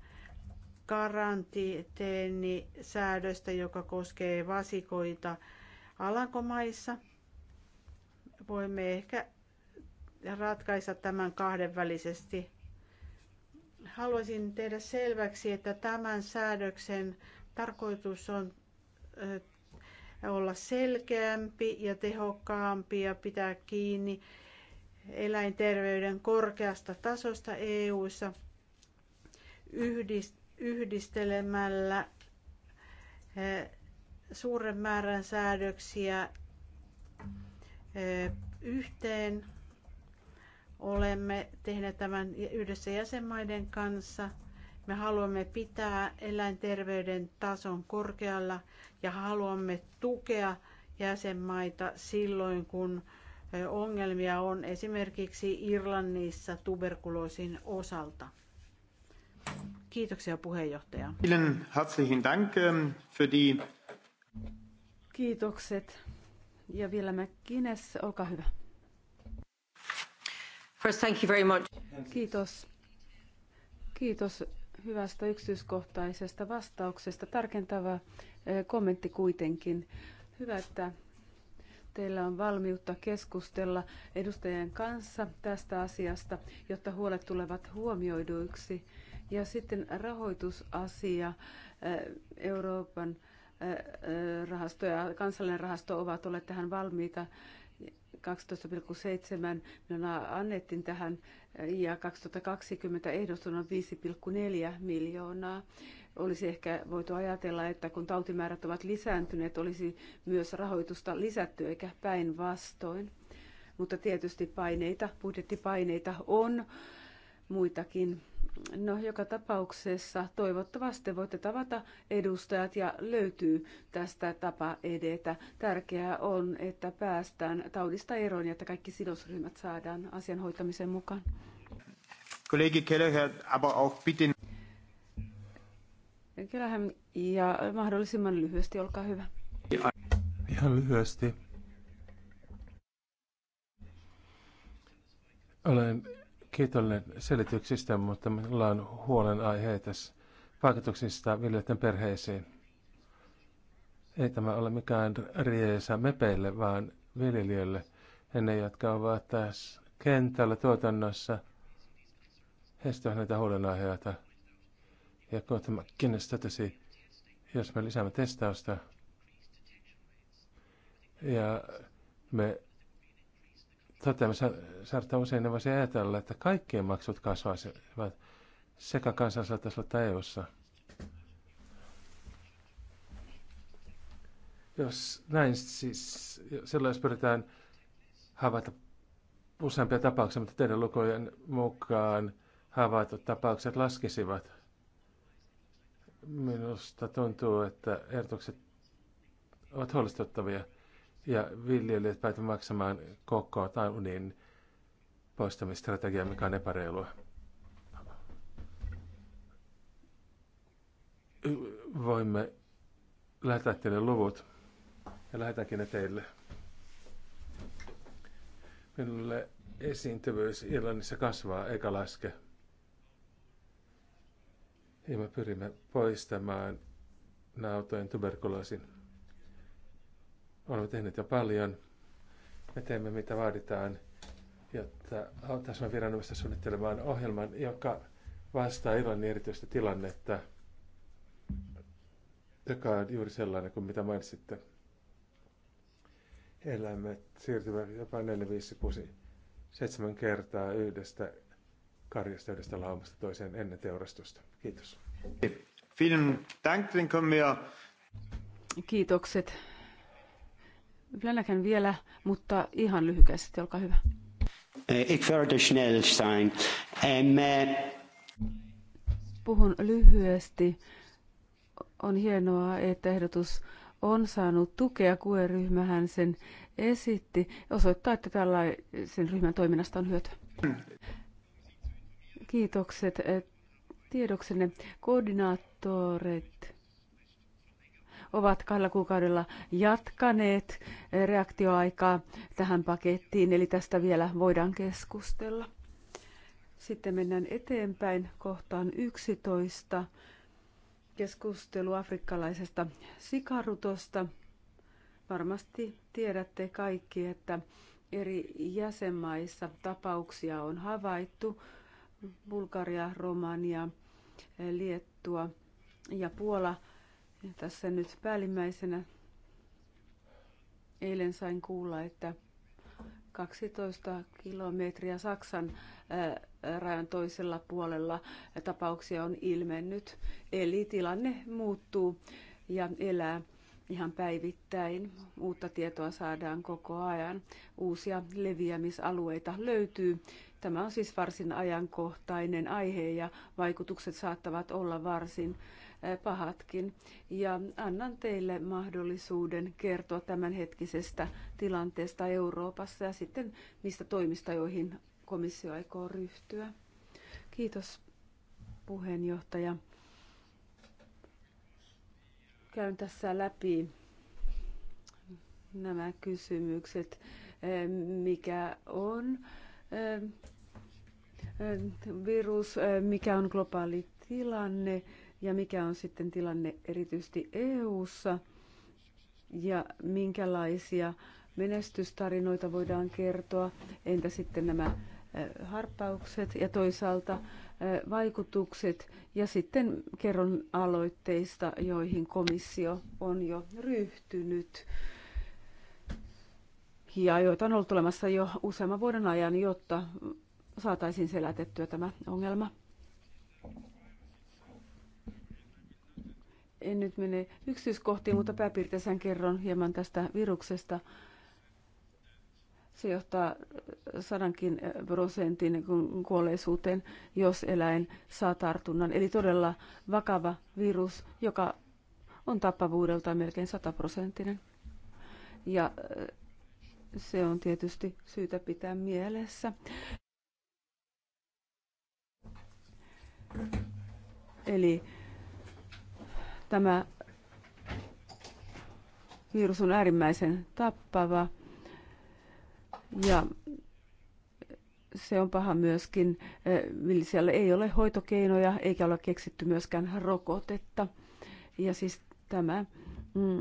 säädöstä, joka koskee vasikoita Alankomaissa. Voimme ehkä ratkaista tämän kahdenvälisesti Haluaisin tehdä selväksi, että tämän säädöksen tarkoitus on olla selkeämpi ja tehokkaampi ja pitää kiinni eläinterveyden korkeasta tasosta EU:ssa yhdistelemällä suuren määrän säädöksiä yhteen Olemme tehneet tämän yhdessä jäsenmaiden kanssa. Me haluamme pitää eläinterveyden tason korkealla ja haluamme tukea jäsenmaita silloin, kun ongelmia on esimerkiksi Irlannissa tuberkuloosin osalta. Kiitoksia puheenjohtaja. herzlichen Dank ähm, für die... Kiitokset. Ja vielä McGuinness, olkaa hyvä. First, thank you very much. Kiitos. Kiitos hyvästä yksityiskohtaisesta vastauksesta. Tarkentava eh, kommentti kuitenkin. Hyvä, että teillä on valmiutta keskustella edustajien kanssa tästä asiasta, jotta huolet tulevat huomioiduiksi. Ja sitten rahoitusasia eh, Euroopan eh, rahasto ja kansallinen rahasto ovat olleet tähän valmiita 12,7 miljoonaa annettiin tähän ja 2020 ehdoston on 5,4 miljoonaa. Olisi ehkä voitu ajatella, että kun tautimäärät ovat lisääntyneet, olisi myös rahoitusta lisätty eikä päinvastoin. Mutta tietysti paineita, budjettipaineita on muitakin No, joka tapauksessa toivottavasti voitte tavata edustajat ja löytyy tästä tapa edetä. Tärkeää on, että päästään taudista eroon ja että kaikki sidosryhmät saadaan asian hoitamiseen mukaan. Kollegi Kelleher, aber auch bitte... Kyllähän ja mahdollisimman lyhyesti, olkaa hyvä. Ihan lyhyesti. Olen kiitollinen selityksistä, mutta minulla on tässä vaikutuksista viljelijöiden perheisiin. Ei tämä ole mikään riesa mepeille, vaan viljelijöille. ne, jotka ovat tässä kentällä tuotannossa, heistä on näitä huolenaiheita. Ja kun tämä totesi, jos me lisäämme testausta ja me toteamme, saattaa usein voisi ajatella, että kaikkien maksut kasvaisivat sekä kansallisella tasolla että EU-ssa. Jos näin siis, silloin jos pyritään havaita useampia tapauksia, mutta teidän lukujen mukaan havaitut tapaukset laskisivat. Minusta tuntuu, että ehdotukset ovat huolestuttavia ja viljelijät päätyvät maksamaan koko taudin poistamistrategia, mikä on epäreilua. Voimme lähettää teille luvut ja lähetäkin ne teille. Minulle esiintyvyys Irlannissa kasvaa eikä laske. Ja me pyrimme poistamaan nautojen tuberkuloosin. Olemme tehneet jo paljon. Me teemme mitä vaaditaan, jotta auttaisimme viranomaista suunnittelemaan ohjelman, joka vastaa Irlannin erityistä tilannetta, joka on juuri sellainen kuin mitä mainitsitte. elämme siirtyvät jopa 4, 5, 6, 7 kertaa yhdestä karjasta yhdestä laumasta toiseen ennen teurastusta. Kiitos. Vielen Dank, den Kiitokset. Flanagan vielä, mutta ihan lyhykäisesti, olkaa hyvä. Ik werde schnell sein. Eh, Puhun lyhyesti. On hienoa, että ehdotus on saanut tukea. kueryhmähän ryhmähän sen esitti. Osoittaa, että tällaisen ryhmän toiminnasta on hyötyä. Kiitokset eh, tiedoksenne. koordinaattoreille ovat kahdella kuukaudella jatkaneet reaktioaikaa tähän pakettiin, eli tästä vielä voidaan keskustella. Sitten mennään eteenpäin kohtaan 11. Keskustelu afrikkalaisesta sikarutosta. Varmasti tiedätte kaikki, että eri jäsenmaissa tapauksia on havaittu. Bulgaria, Romania, Liettua ja Puola ja tässä nyt päällimmäisenä eilen sain kuulla, että 12 kilometriä Saksan rajan toisella puolella tapauksia on ilmennyt. Eli tilanne muuttuu ja elää ihan päivittäin. Uutta tietoa saadaan koko ajan. Uusia leviämisalueita löytyy. Tämä on siis varsin ajankohtainen aihe ja vaikutukset saattavat olla varsin pahatkin. Ja annan teille mahdollisuuden kertoa tämänhetkisestä tilanteesta Euroopassa ja sitten niistä toimista, joihin komissio aikoo ryhtyä. Kiitos puheenjohtaja. Käyn tässä läpi nämä kysymykset, mikä on virus, mikä on globaali tilanne ja mikä on sitten tilanne erityisesti EU:ssa ja minkälaisia menestystarinoita voidaan kertoa, entä sitten nämä äh, harppaukset ja toisaalta äh, vaikutukset ja sitten kerron aloitteista, joihin komissio on jo ryhtynyt ja joita on ollut olemassa jo useamman vuoden ajan, jotta saataisiin selätettyä tämä ongelma en nyt mene yksityiskohtiin, mutta pääpiirteissään kerron hieman tästä viruksesta. Se johtaa sadankin prosentin kuolleisuuteen, jos eläin saa tartunnan. Eli todella vakava virus, joka on tappavuudeltaan melkein sataprosenttinen. Ja äh, se on tietysti syytä pitää mielessä. Eli Tämä virus on äärimmäisen tappava ja se on paha myöskin. Eh, siellä ei ole hoitokeinoja eikä ole keksitty myöskään rokotetta. Ja siis tämä mm,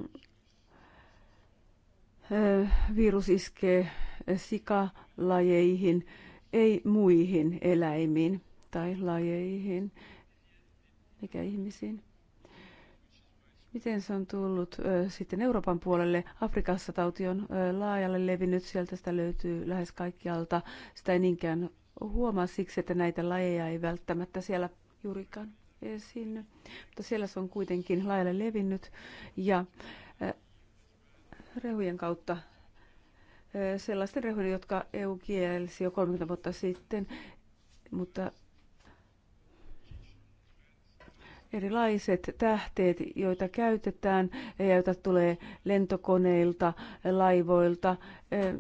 eh, virus iskee sikalajeihin, ei muihin eläimiin tai lajeihin eikä ihmisiin. Miten se on tullut ö, sitten Euroopan puolelle? Afrikassa tauti on ö, laajalle levinnyt, sieltä sitä löytyy lähes kaikkialta. Sitä ei niinkään huomaa siksi, että näitä lajeja ei välttämättä siellä juurikaan esiinny. Mutta siellä se on kuitenkin laajalle levinnyt ja ö, rehujen kautta ö, sellaisten rehujen, jotka EU kielsi jo 30 vuotta sitten, mutta erilaiset tähteet, joita käytetään ja joita tulee lentokoneilta, laivoilta eh,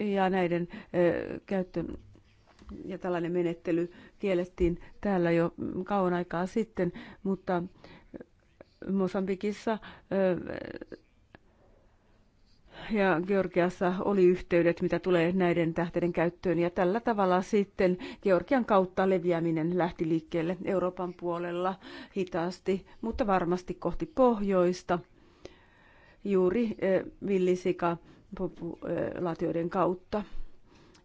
eh, ja näiden eh, käyttö ja tällainen menettely kiellettiin täällä jo kauan aikaa sitten, mutta Mosambikissa ja Georgiassa oli yhteydet, mitä tulee näiden tähteiden käyttöön. Ja tällä tavalla sitten Georgian kautta leviäminen lähti liikkeelle Euroopan puolella hitaasti, mutta varmasti kohti pohjoista. Juuri eh, villisika populaatioiden kautta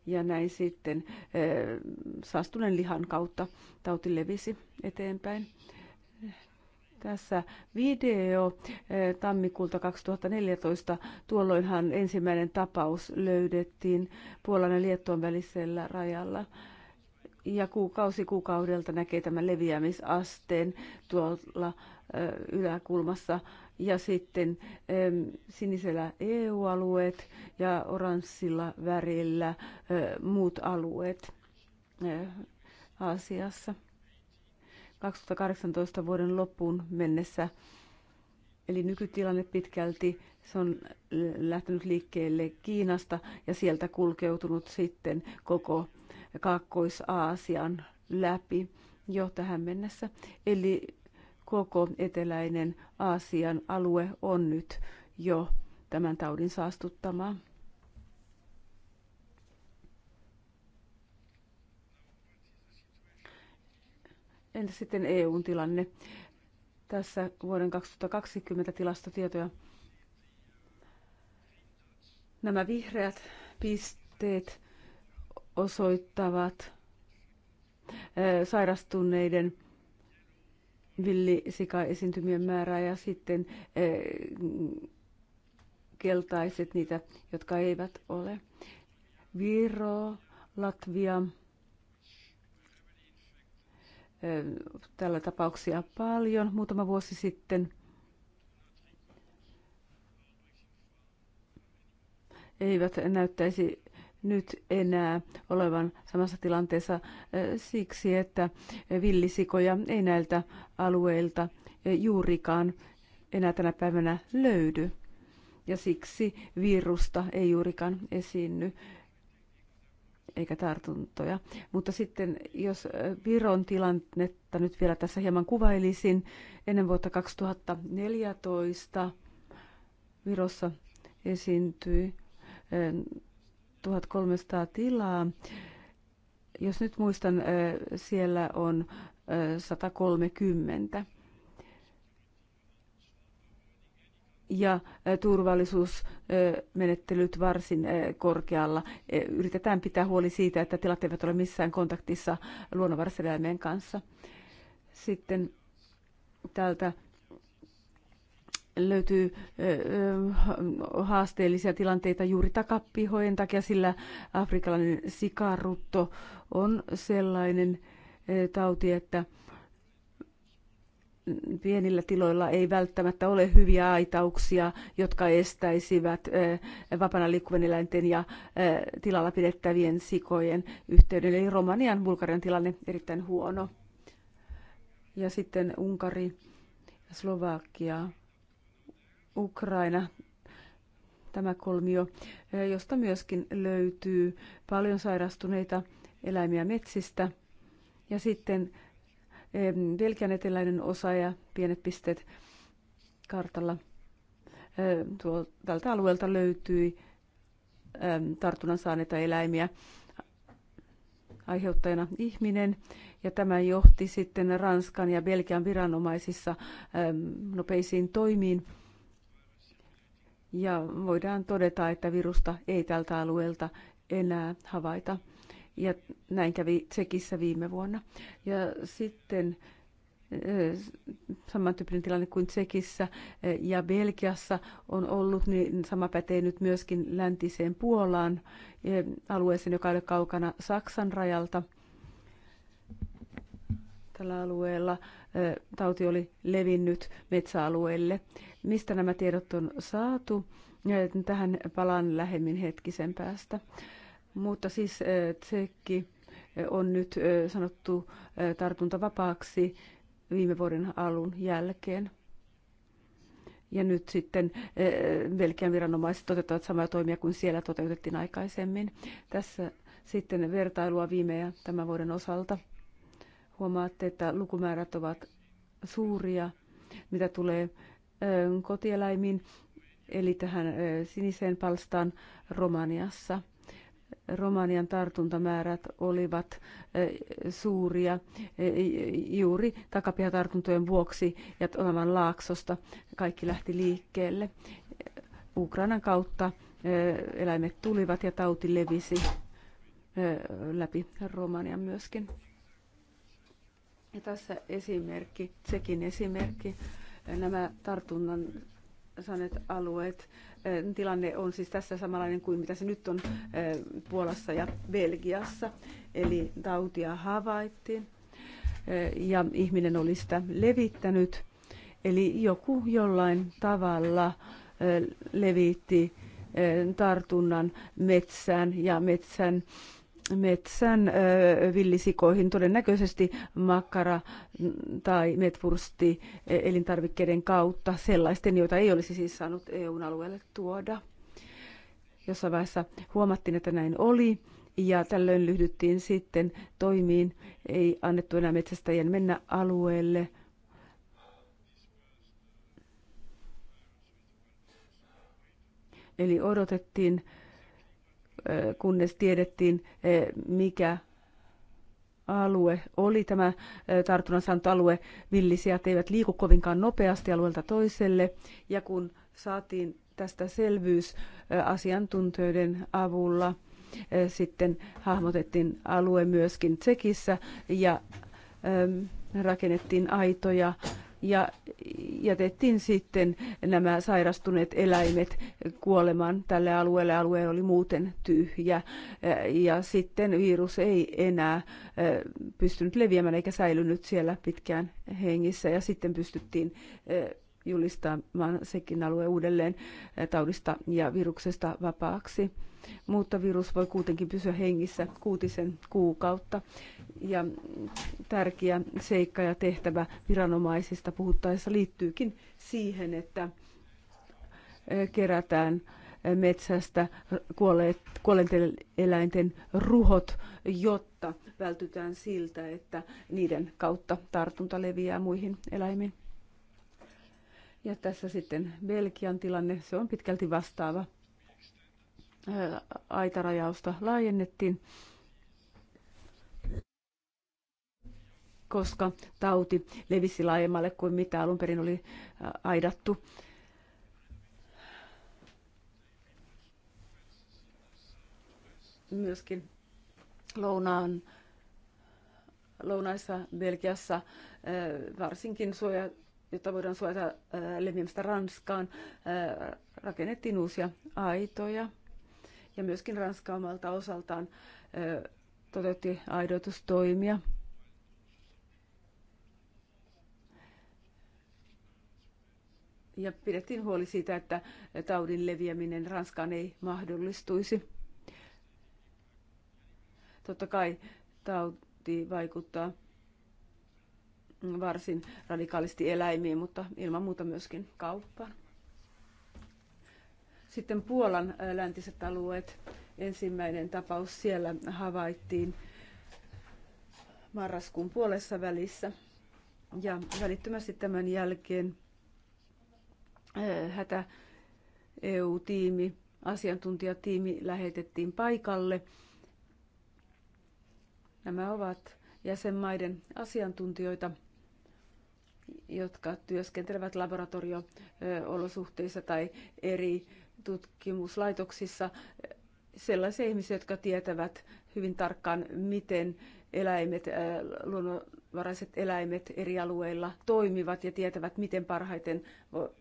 ja näin sitten eh, saastunen lihan kautta tauti levisi eteenpäin tässä video eh, tammikuulta 2014. Tuolloinhan ensimmäinen tapaus löydettiin Puolan ja Liettuan välisellä rajalla. Ja kuukausi kuukaudelta näkee tämän leviämisasteen tuolla eh, yläkulmassa ja sitten sinisellä EU-alueet ja oranssilla värillä eh, muut alueet Aasiassa. 2018 vuoden loppuun mennessä. Eli nykytilanne pitkälti se on lähtenyt liikkeelle Kiinasta ja sieltä kulkeutunut sitten koko Kaakkois-Aasian läpi jo tähän mennessä. Eli koko eteläinen Aasian alue on nyt jo tämän taudin saastuttamaa. Entä sitten EUn tilanne? Tässä vuoden 2020 tilastotietoja. Nämä vihreät pisteet osoittavat sairastuneiden villisikaesiintymien määrää ja sitten keltaiset niitä, jotka eivät ole. Viro, Latvia, tällä tapauksia paljon muutama vuosi sitten. Eivät näyttäisi nyt enää olevan samassa tilanteessa siksi, että villisikoja ei näiltä alueilta juurikaan enää tänä päivänä löydy. Ja siksi virusta ei juurikaan esiinny eikä tartuntoja. Mutta sitten jos Viron tilannetta nyt vielä tässä hieman kuvailisin, ennen vuotta 2014 Virossa esiintyi 1300 tilaa. Jos nyt muistan, siellä on 130 ja turvallisuusmenettelyt varsin korkealla. Yritetään pitää huoli siitä, että tilat eivät ole missään kontaktissa luonnonvarseläimien kanssa. Sitten täältä löytyy haasteellisia tilanteita juuri takapihojen takia, sillä afrikkalainen sikarutto on sellainen tauti, että pienillä tiloilla ei välttämättä ole hyviä aitauksia, jotka estäisivät vapaana liikkuvien eläinten ja tilalla pidettävien sikojen yhteyden. Eli Romanian Bulgarian tilanne erittäin huono. Ja sitten Unkari, Slovakia, Ukraina, tämä kolmio, josta myöskin löytyy paljon sairastuneita eläimiä metsistä. Ja sitten Belgian eteläinen osa ja pienet pisteet kartalla. Tuo, tältä alueelta löytyi tartunnan saaneita eläimiä aiheuttajana ihminen. Ja tämä johti sitten Ranskan ja Belgian viranomaisissa nopeisiin toimiin. Ja voidaan todeta, että virusta ei tältä alueelta enää havaita ja näin kävi Tsekissä viime vuonna. Ja sitten eh, samantyyppinen tilanne kuin Tsekissä eh, ja Belgiassa on ollut, niin sama pätee nyt myöskin läntiseen Puolaan, eh, alueeseen, joka ei ole kaukana Saksan rajalta. Tällä alueella tauti oli levinnyt metsäalueelle. Mistä nämä tiedot on saatu? Tähän palaan lähemmin hetkisen päästä. Mutta siis eh, tsekki eh, on nyt eh, sanottu tartuntavapaaksi viime vuoden alun jälkeen. Ja nyt sitten Belgian viranomaiset toteuttavat samoja toimia kuin siellä toteutettiin aikaisemmin. Tässä sitten vertailua viime ja tämän vuoden osalta. Huomaatte, että lukumäärät ovat suuria, mitä tulee kotieläimiin, eli tähän siniseen palstaan Romaniassa – Romanian tartuntamäärät olivat e, suuria e, juuri takapihatartuntojen vuoksi ja Tonavan laaksosta kaikki lähti liikkeelle. Ukrainan kautta e, eläimet tulivat ja tauti levisi läpi Romanian myöskin. Ja tässä esimerkki, Tsekin esimerkki, nämä tartunnan saaneet alueet tilanne on siis tässä samanlainen kuin mitä se nyt on Puolassa ja Belgiassa. Eli tautia havaittiin ja ihminen oli sitä levittänyt. Eli joku jollain tavalla levitti tartunnan metsään ja metsän metsän villisikoihin, todennäköisesti makkara tai metfursti e, elintarvikkeiden kautta, sellaisten, joita ei olisi siis saanut eu alueelle tuoda. Jossain vaiheessa huomattiin, että näin oli, ja tällöin lyhdyttiin sitten toimiin, ei annettu enää metsästäjien mennä alueelle, Eli odotettiin kunnes tiedettiin, mikä alue oli tämä tartunnan saanut alue. Villisijat eivät liiku kovinkaan nopeasti alueelta toiselle. Ja kun saatiin tästä selvyys asiantuntijoiden avulla, sitten hahmotettiin alue myöskin Tsekissä ja rakennettiin aitoja ja jätettiin sitten nämä sairastuneet eläimet kuolemaan tälle alueelle. Alue oli muuten tyhjä ja sitten virus ei enää pystynyt leviämään eikä säilynyt siellä pitkään hengissä ja sitten pystyttiin julistamaan sekin alue uudelleen taudista ja viruksesta vapaaksi mutta virus voi kuitenkin pysyä hengissä kuutisen kuukautta. Ja tärkeä seikka ja tehtävä viranomaisista puhuttaessa liittyykin siihen, että e, kerätään e, metsästä kuolleet, kuolleiden eläinten ruhot, jotta vältytään siltä, että niiden kautta tartunta leviää muihin eläimiin. Ja tässä sitten Belgian tilanne, se on pitkälti vastaava aitarajausta laajennettiin, koska tauti levisi laajemmalle kuin mitä alun perin oli aidattu. Myöskin lounaan lounaissa Belgiassa varsinkin suoja, jotta voidaan suojata leviämistä Ranskaan, rakennettiin uusia aitoja ja myöskin Ranska omalta osaltaan toteutti aidoitustoimia. Ja pidettiin huoli siitä, että taudin leviäminen Ranskaan ei mahdollistuisi. Totta kai tauti vaikuttaa varsin radikaalisti eläimiin, mutta ilman muuta myöskin kauppaan. Sitten Puolan läntiset alueet, ensimmäinen tapaus siellä havaittiin marraskuun puolessa välissä. Ja välittömästi tämän jälkeen hätä EU-tiimi, asiantuntijatiimi lähetettiin paikalle. Nämä ovat jäsenmaiden asiantuntijoita, jotka työskentelevät laboratorio-olosuhteissa tai eri tutkimuslaitoksissa sellaisia ihmisiä, jotka tietävät hyvin tarkkaan, miten eläimet, äh, luonnonvaraiset eläimet eri alueilla toimivat ja tietävät, miten parhaiten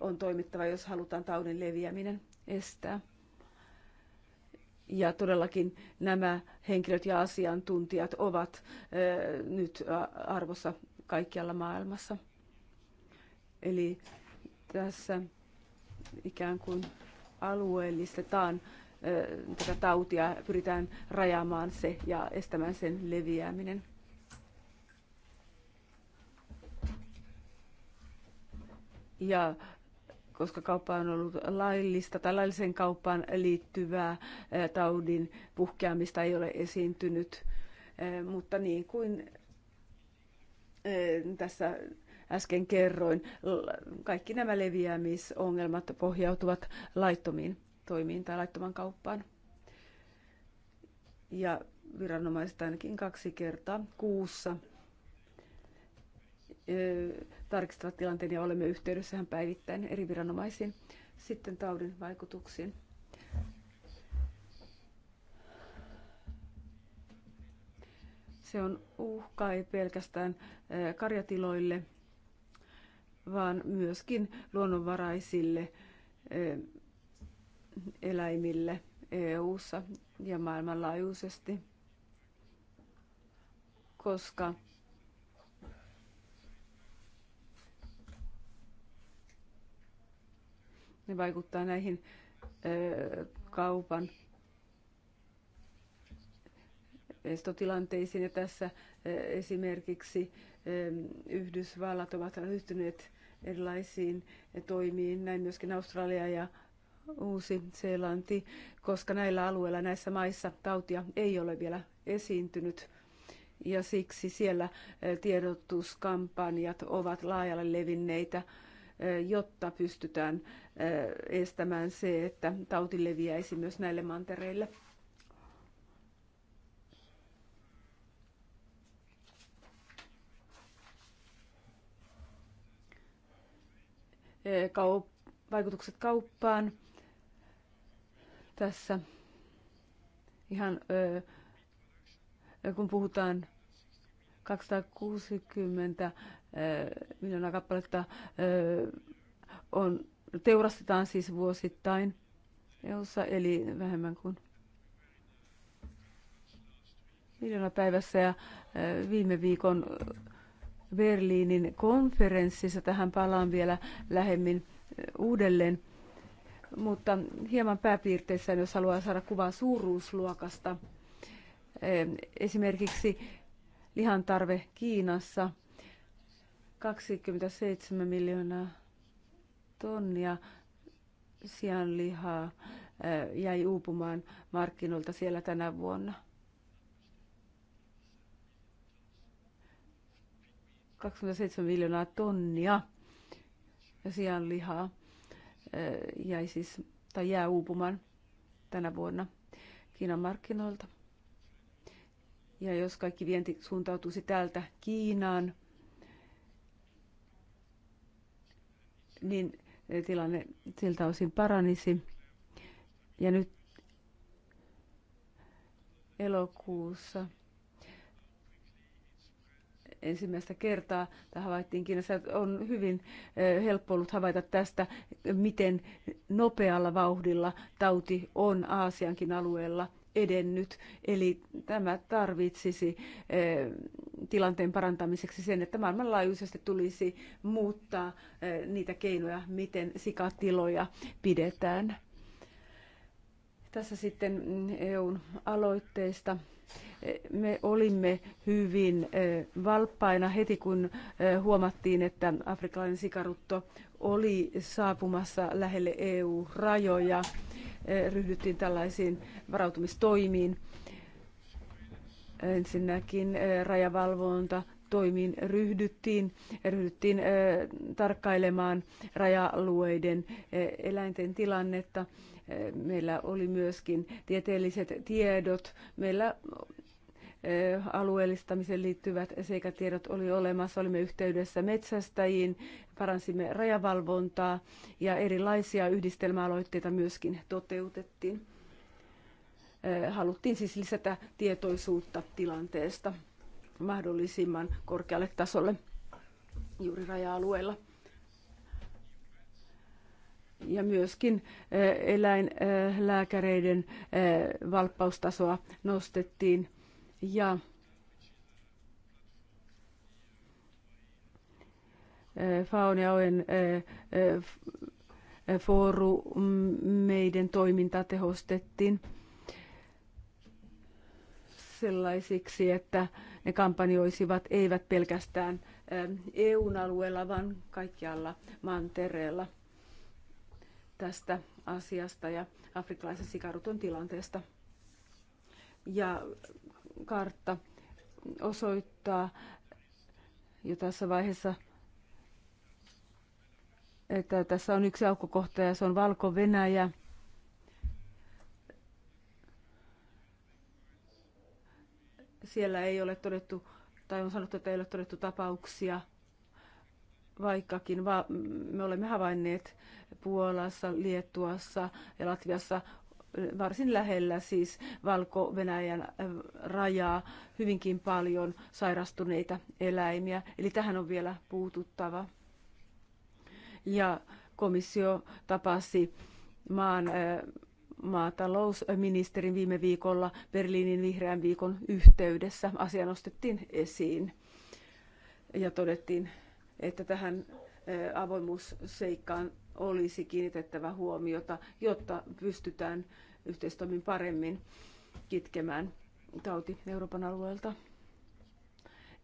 on toimittava, jos halutaan taudin leviäminen estää. Ja todellakin nämä henkilöt ja asiantuntijat ovat äh, nyt arvossa kaikkialla maailmassa. Eli tässä ikään kuin alueellistetaan tätä tautia, pyritään rajaamaan se ja estämään sen leviäminen. Ja koska kauppa on ollut laillista tai lailliseen kauppaan liittyvää taudin puhkeamista ei ole esiintynyt, mutta niin kuin tässä äsken kerroin. Kaikki nämä leviämisongelmat pohjautuvat laittomiin toimiin tai laittoman kauppaan. Ja viranomaiset ainakin kaksi kertaa kuussa tarkistavat tilanteen ja olemme yhteydessähän päivittäin eri viranomaisiin. Sitten taudin vaikutuksiin. Se on uhka ei pelkästään karjatiloille, vaan myöskin luonnonvaraisille eh, eläimille EU-ssa ja maailmanlaajuisesti, koska ne vaikuttaa näihin eh, kaupan estotilanteisiin ja tässä eh, esimerkiksi Yhdysvallat ovat ryhtyneet erilaisiin toimiin, näin myöskin Australia ja Uusi-Seelanti, koska näillä alueilla, näissä maissa tautia ei ole vielä esiintynyt ja siksi siellä e, tiedotuskampanjat ovat laajalle levinneitä, e, jotta pystytään e, estämään se, että tauti leviäisi myös näille mantereille. kaup- vaikutukset kauppaan. Tässä ihan kun puhutaan 260 miljoonaa kappaletta on, teurastetaan siis vuosittain EUssa, eli vähemmän kuin miljoona päivässä ja viime viikon Berliinin konferenssissa. Tähän palaan vielä lähemmin eh, uudelleen. Mutta hieman pääpiirteissä, jos haluaa saada kuvaa suuruusluokasta. Eh, esimerkiksi lihan tarve Kiinassa 27 miljoonaa tonnia sianlihaa eh, jäi uupumaan markkinoilta siellä tänä vuonna. 27 miljoonaa tonnia sianlihaa jäi siis, tai jää uupumaan tänä vuonna Kiinan markkinoilta. Ja jos kaikki vienti suuntautuisi täältä Kiinaan, niin tilanne siltä osin paranisi. Ja nyt elokuussa ensimmäistä kertaa, tämä havaittiin Kiinassa, on hyvin eh, helppo ollut havaita tästä, miten nopealla vauhdilla tauti on Aasiankin alueella edennyt. Eli tämä tarvitsisi eh, tilanteen parantamiseksi sen, että maailmanlaajuisesti tulisi muuttaa eh, niitä keinoja, miten sikatiloja pidetään. Tässä sitten mm, EUn aloitteista me olimme hyvin valppaina heti, kun huomattiin, että afrikkalainen sikarutto oli saapumassa lähelle EU-rajoja. Ryhdyttiin tällaisiin varautumistoimiin. Ensinnäkin rajavalvonta toimiin ryhdyttiin, ryhdyttiin tarkkailemaan raja-alueiden eläinten tilannetta Meillä oli myöskin tieteelliset tiedot. Meillä alueellistamiseen liittyvät seikatiedot oli olemassa. Olimme yhteydessä metsästäjiin, paransimme rajavalvontaa ja erilaisia yhdistelmäaloitteita myöskin toteutettiin. Haluttiin siis lisätä tietoisuutta tilanteesta mahdollisimman korkealle tasolle juuri raja-alueella ja myöskin eh, eläinlääkäreiden eh, eh, valppaustasoa nostettiin. Ja FAON ja OEN foorumeiden toiminta tehostettiin sellaisiksi, että ne kampanjoisivat eivät pelkästään EUn e alueella, vaan kaikkialla mantereella – tästä asiasta ja afrikkalaisen sikaruton tilanteesta. Ja kartta osoittaa jo tässä vaiheessa, että tässä on yksi aukkokohta ja se on Valko-Venäjä. Siellä ei ole todettu, tai on sanottu, että ei ole todettu tapauksia – vaikkakin va- me olemme havainneet Puolassa, Liettuassa ja Latviassa varsin lähellä siis Valko-Venäjän äh, rajaa hyvinkin paljon sairastuneita eläimiä. Eli tähän on vielä puututtava. Ja komissio tapasi maan äh, maatalousministerin viime viikolla Berliinin vihreän viikon yhteydessä. Asia nostettiin esiin ja todettiin että tähän avoimuusseikkaan olisi kiinnitettävä huomiota, jotta pystytään yhteistoimin paremmin kitkemään tauti Euroopan alueelta.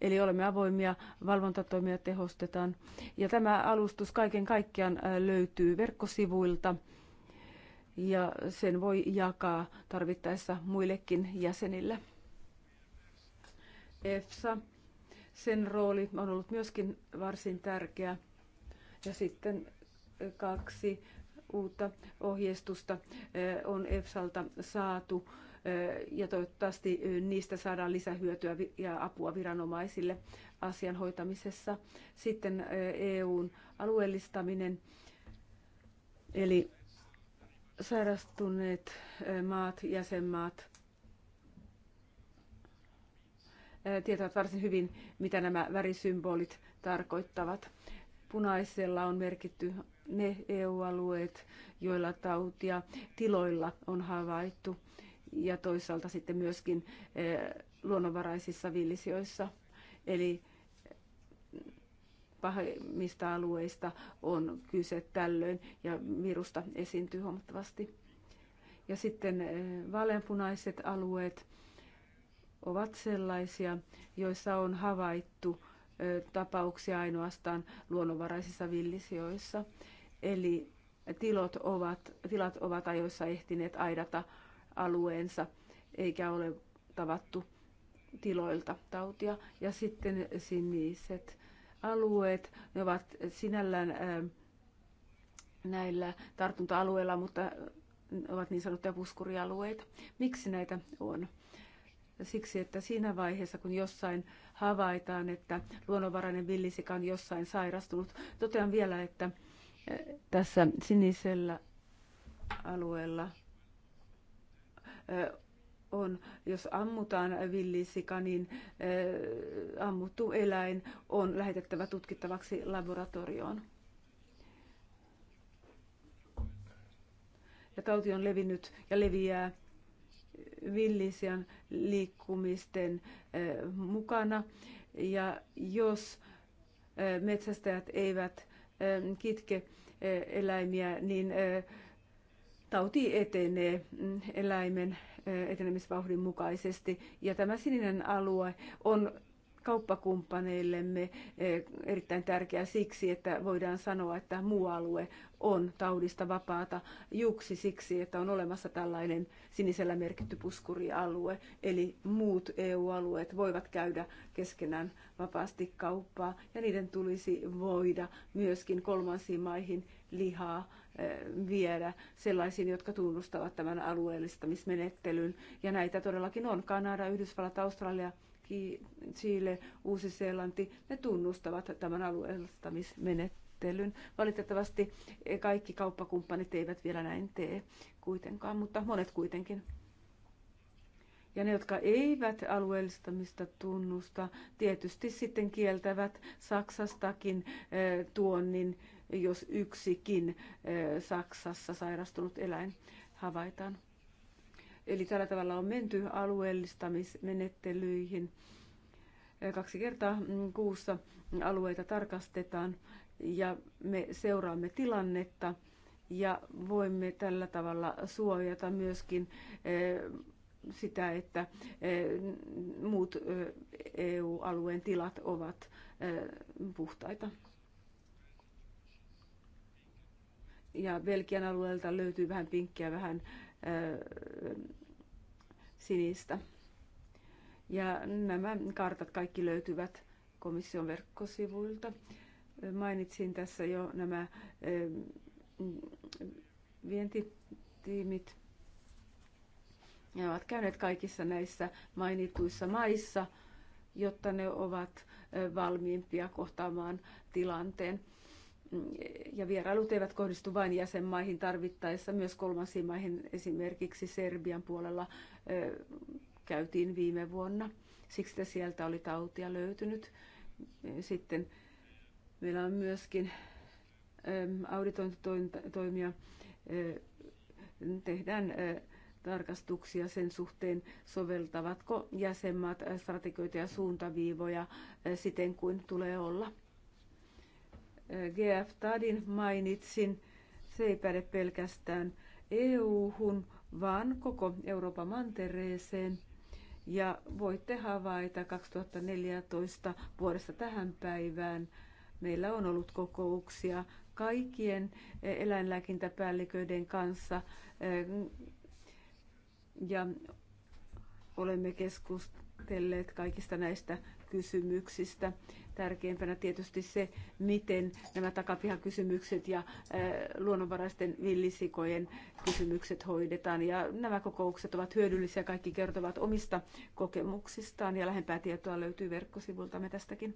Eli olemme avoimia, valvontatoimia tehostetaan. Ja tämä alustus kaiken kaikkiaan löytyy verkkosivuilta ja sen voi jakaa tarvittaessa muillekin jäsenille. EFSA sen rooli on ollut myöskin varsin tärkeä. Ja sitten kaksi uutta ohjeistusta on EFSalta saatu ja toivottavasti niistä saadaan lisähyötyä ja apua viranomaisille asian hoitamisessa. Sitten EUn alueellistaminen, eli sairastuneet maat, jäsenmaat tietävät varsin hyvin, mitä nämä värisymbolit tarkoittavat. Punaisella on merkitty ne EU-alueet, joilla tautia tiloilla on havaittu ja toisaalta sitten myöskin luonnonvaraisissa villisioissa. Eli pahimmista alueista on kyse tällöin ja virusta esiintyy huomattavasti. Ja sitten vaaleanpunaiset alueet ovat sellaisia, joissa on havaittu tapauksia ainoastaan luonnonvaraisissa villisioissa. Eli tilot ovat, tilat ovat ajoissa ehtineet aidata alueensa, eikä ole tavattu tiloilta tautia. Ja sitten siniset alueet, ne ovat sinällään näillä tartunta-alueilla, mutta ovat niin sanottuja puskurialueita. Miksi näitä on? siksi, että siinä vaiheessa, kun jossain havaitaan, että luonnonvarainen villisika on jossain sairastunut, totean vielä, että eh, tässä sinisellä alueella eh, on, jos ammutaan villisika, niin eh, ammuttu eläin on lähetettävä tutkittavaksi laboratorioon. Ja tauti on levinnyt ja leviää villisian liikkumisten mukana. Ja jos metsästäjät eivät kitke eläimiä, niin tauti etenee mm, eläimen etenemisvauhdin mukaisesti. Ja tämä sininen alue on kauppakumppaneillemme eh, erittäin tärkeä siksi, että voidaan sanoa, että muu alue on taudista vapaata juksi siksi, että on olemassa tällainen sinisellä merkitty puskurialue. Eli muut EU-alueet voivat käydä keskenään vapaasti kauppaa ja niiden tulisi voida myöskin kolmansiin maihin lihaa eh, viedä sellaisiin, jotka tunnustavat tämän alueellistamismenettelyn. Ja näitä todellakin on Kanada, Yhdysvallat, Australia, Chile, Uusi-Seelanti, ne tunnustavat tämän alueellistamismenettelyn. Valitettavasti kaikki kauppakumppanit eivät vielä näin tee kuitenkaan, mutta monet kuitenkin. Ja ne, jotka eivät alueellistamista tunnusta, tietysti sitten kieltävät Saksastakin tuonnin, jos yksikin Saksassa sairastunut eläin havaitaan. Eli tällä tavalla on menty alueellistamismenettelyihin. Kaksi kertaa mm, kuussa alueita tarkastetaan ja me seuraamme tilannetta ja voimme tällä tavalla suojata myöskin eh, sitä, että eh, muut EU-alueen eh, e tilat ovat puhtaita. Ja Belgian alueelta löytyy vähän pinkkiä, vähän sinistä. Ja nämä kartat kaikki löytyvät komission verkkosivuilta. Mainitsin tässä jo nämä vientitiimit. Ne ovat käyneet kaikissa näissä mainituissa maissa, jotta ne ovat valmiimpia kohtaamaan tilanteen ja vierailut eivät kohdistu vain jäsenmaihin tarvittaessa, myös kolmansiin maihin esimerkiksi Serbian puolella käytiin viime vuonna. Siksi sieltä oli tautia löytynyt. E, sitten meillä on myöskin auditointitoimia, tehdään tarkastuksia sen suhteen, soveltavatko jäsenmaat strategioita ja suuntaviivoja siten kuin tulee olla GF Tadin mainitsin. Se ei päde pelkästään EU-hun, vaan koko Euroopan mantereeseen. Ja voitte havaita 2014 vuodesta tähän päivään meillä on ollut kokouksia kaikkien eläinlääkintäpäälliköiden kanssa ja olemme keskustelleet kaikista näistä kysymyksistä tärkeimpänä tietysti se, miten nämä takapihakysymykset ja luonnonvaraisten villisikojen kysymykset hoidetaan. Ja nämä kokoukset ovat hyödyllisiä, kaikki kertovat omista kokemuksistaan ja lähempää tietoa löytyy verkkosivultamme tästäkin.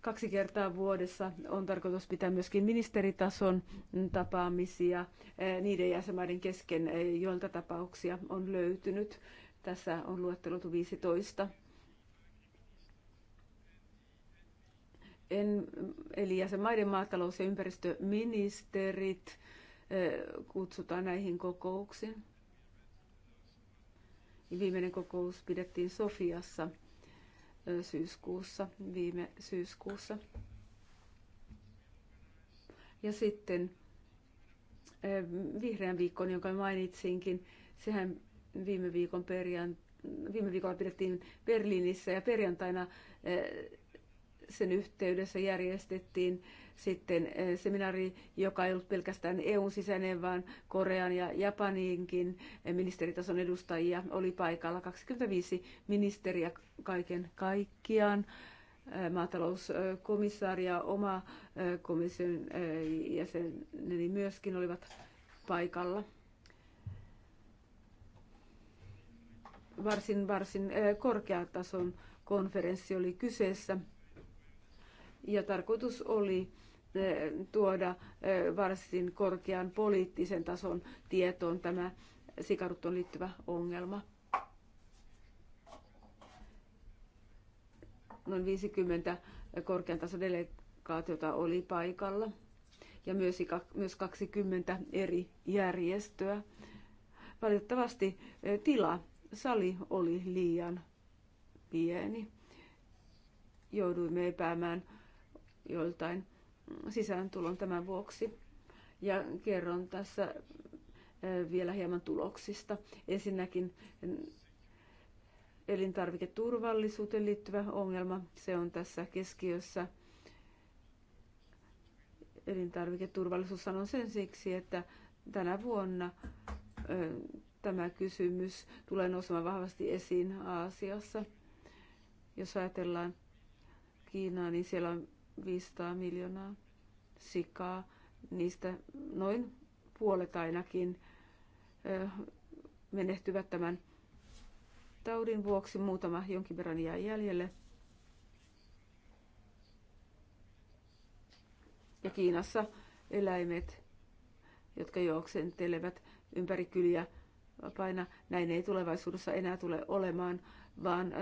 kaksi kertaa vuodessa on tarkoitus pitää myöskin ministeritason tapaamisia niiden jäsenmaiden kesken, joilta tapauksia on löytynyt. Tässä on luettelut 15. En, eli jäsenmaiden maatalous- ja ympäristöministerit eh, kutsutaan näihin kokouksiin. Viimeinen kokous pidettiin Sofiassa eh, syyskuussa, viime syyskuussa. Ja sitten eh, vihreän viikon, jonka mainitsinkin, sehän Viime, viikon perjan, viime viikolla pidettiin Berliinissä ja perjantaina eh, sen yhteydessä järjestettiin sitten eh, seminaari, joka ei ollut pelkästään EUn sisäinen, vaan Korean ja Japaninkin eh, ministeritason edustajia oli paikalla. 25 ministeriä kaiken kaikkiaan maatalouskomissaari ja oma komission jäseneni myöskin olivat paikalla. varsin, varsin korkeatason konferenssi oli kyseessä. Ja tarkoitus oli tuoda varsin korkean poliittisen tason tietoon tämä sikaruton liittyvä ongelma. Noin 50 korkean tason delegaatiota oli paikalla ja myös, myös 20 eri järjestöä. Valitettavasti tila sali oli liian pieni. Jouduimme epäämään joltain sisääntulon tämän vuoksi. Ja kerron tässä vielä hieman tuloksista. Ensinnäkin elintarviketurvallisuuteen liittyvä ongelma, se on tässä keskiössä. Elintarviketurvallisuus sanon sen siksi, että tänä vuonna Tämä kysymys tulee nousemaan vahvasti esiin Aasiassa. Jos ajatellaan Kiinaa, niin siellä on 500 miljoonaa sikaa. Niistä noin puolet ainakin menehtyvät tämän taudin vuoksi. Muutama jonkin verran jää jäljelle. Ja Kiinassa eläimet, jotka juoksentelevät ympäri kyliä, vapaina. Näin ei tulevaisuudessa enää tule olemaan, vaan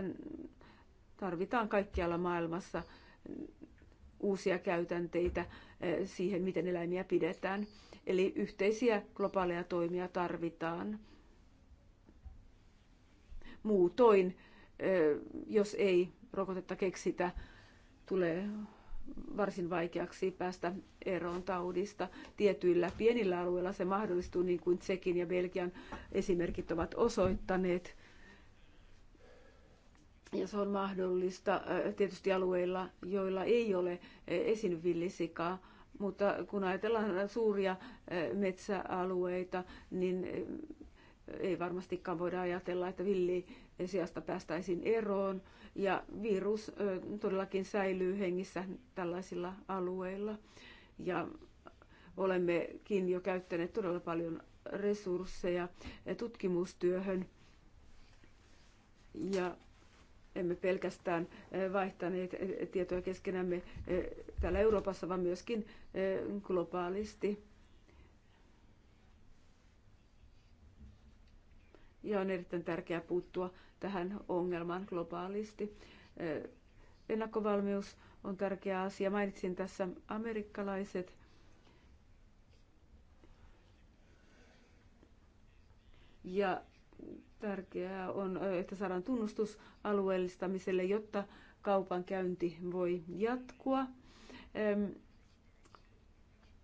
tarvitaan kaikkialla maailmassa uusia käytänteitä eh, siihen, miten eläimiä pidetään. Eli yhteisiä globaaleja toimia tarvitaan. Muutoin, eh, jos ei rokotetta keksitä, tulee varsin vaikeaksi päästä eroon taudista. Tietyillä pienillä alueilla se mahdollistuu niin kuin Tsekin ja Belgian esimerkit ovat osoittaneet. Ja se on mahdollista tietysti alueilla, joilla ei ole esinvillisikaa. mutta kun ajatellaan suuria metsäalueita, niin ei varmastikaan voida ajatella, että villi sijasta päästäisiin eroon ja virus todellakin säilyy hengissä tällaisilla alueilla. Ja olemmekin jo käyttäneet todella paljon resursseja tutkimustyöhön ja emme pelkästään vaihtaneet tietoja keskenämme täällä Euroopassa, vaan myöskin globaalisti ja on erittäin tärkeää puuttua tähän ongelmaan globaalisti. Ennakkovalmius on tärkeä asia. Mainitsin tässä amerikkalaiset. Ja tärkeää on, että saadaan tunnustus alueellistamiselle, jotta kaupan käynti voi jatkua.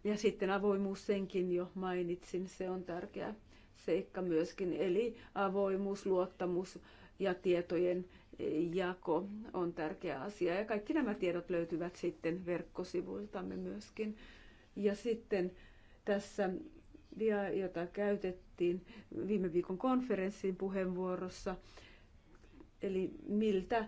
Ja sitten avoimuus senkin jo mainitsin, se on tärkeää seikka myöskin, eli avoimuus, luottamus ja tietojen jako on tärkeä asia. Ja kaikki nämä tiedot löytyvät sitten verkkosivuiltamme myöskin. Ja sitten tässä dia, jota käytettiin viime viikon konferenssin puheenvuorossa, eli miltä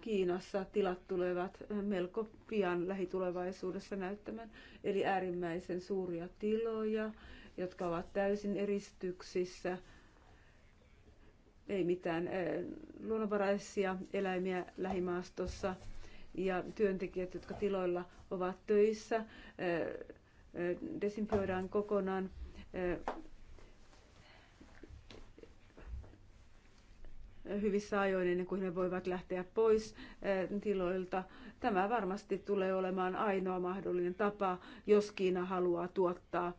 Kiinassa tilat tulevat melko pian lähitulevaisuudessa näyttämään, eli äärimmäisen suuria tiloja, jotka ovat täysin eristyksissä. Ei mitään eh, luonnonvaraisia eläimiä lähimaastossa ja työntekijät, jotka tiloilla ovat töissä, eh, eh, desinfioidaan kokonaan. hyvissä ajoin ennen kuin he voivat lähteä pois tiloilta. Tämä varmasti tulee olemaan ainoa mahdollinen tapa, jos Kiina haluaa tuottaa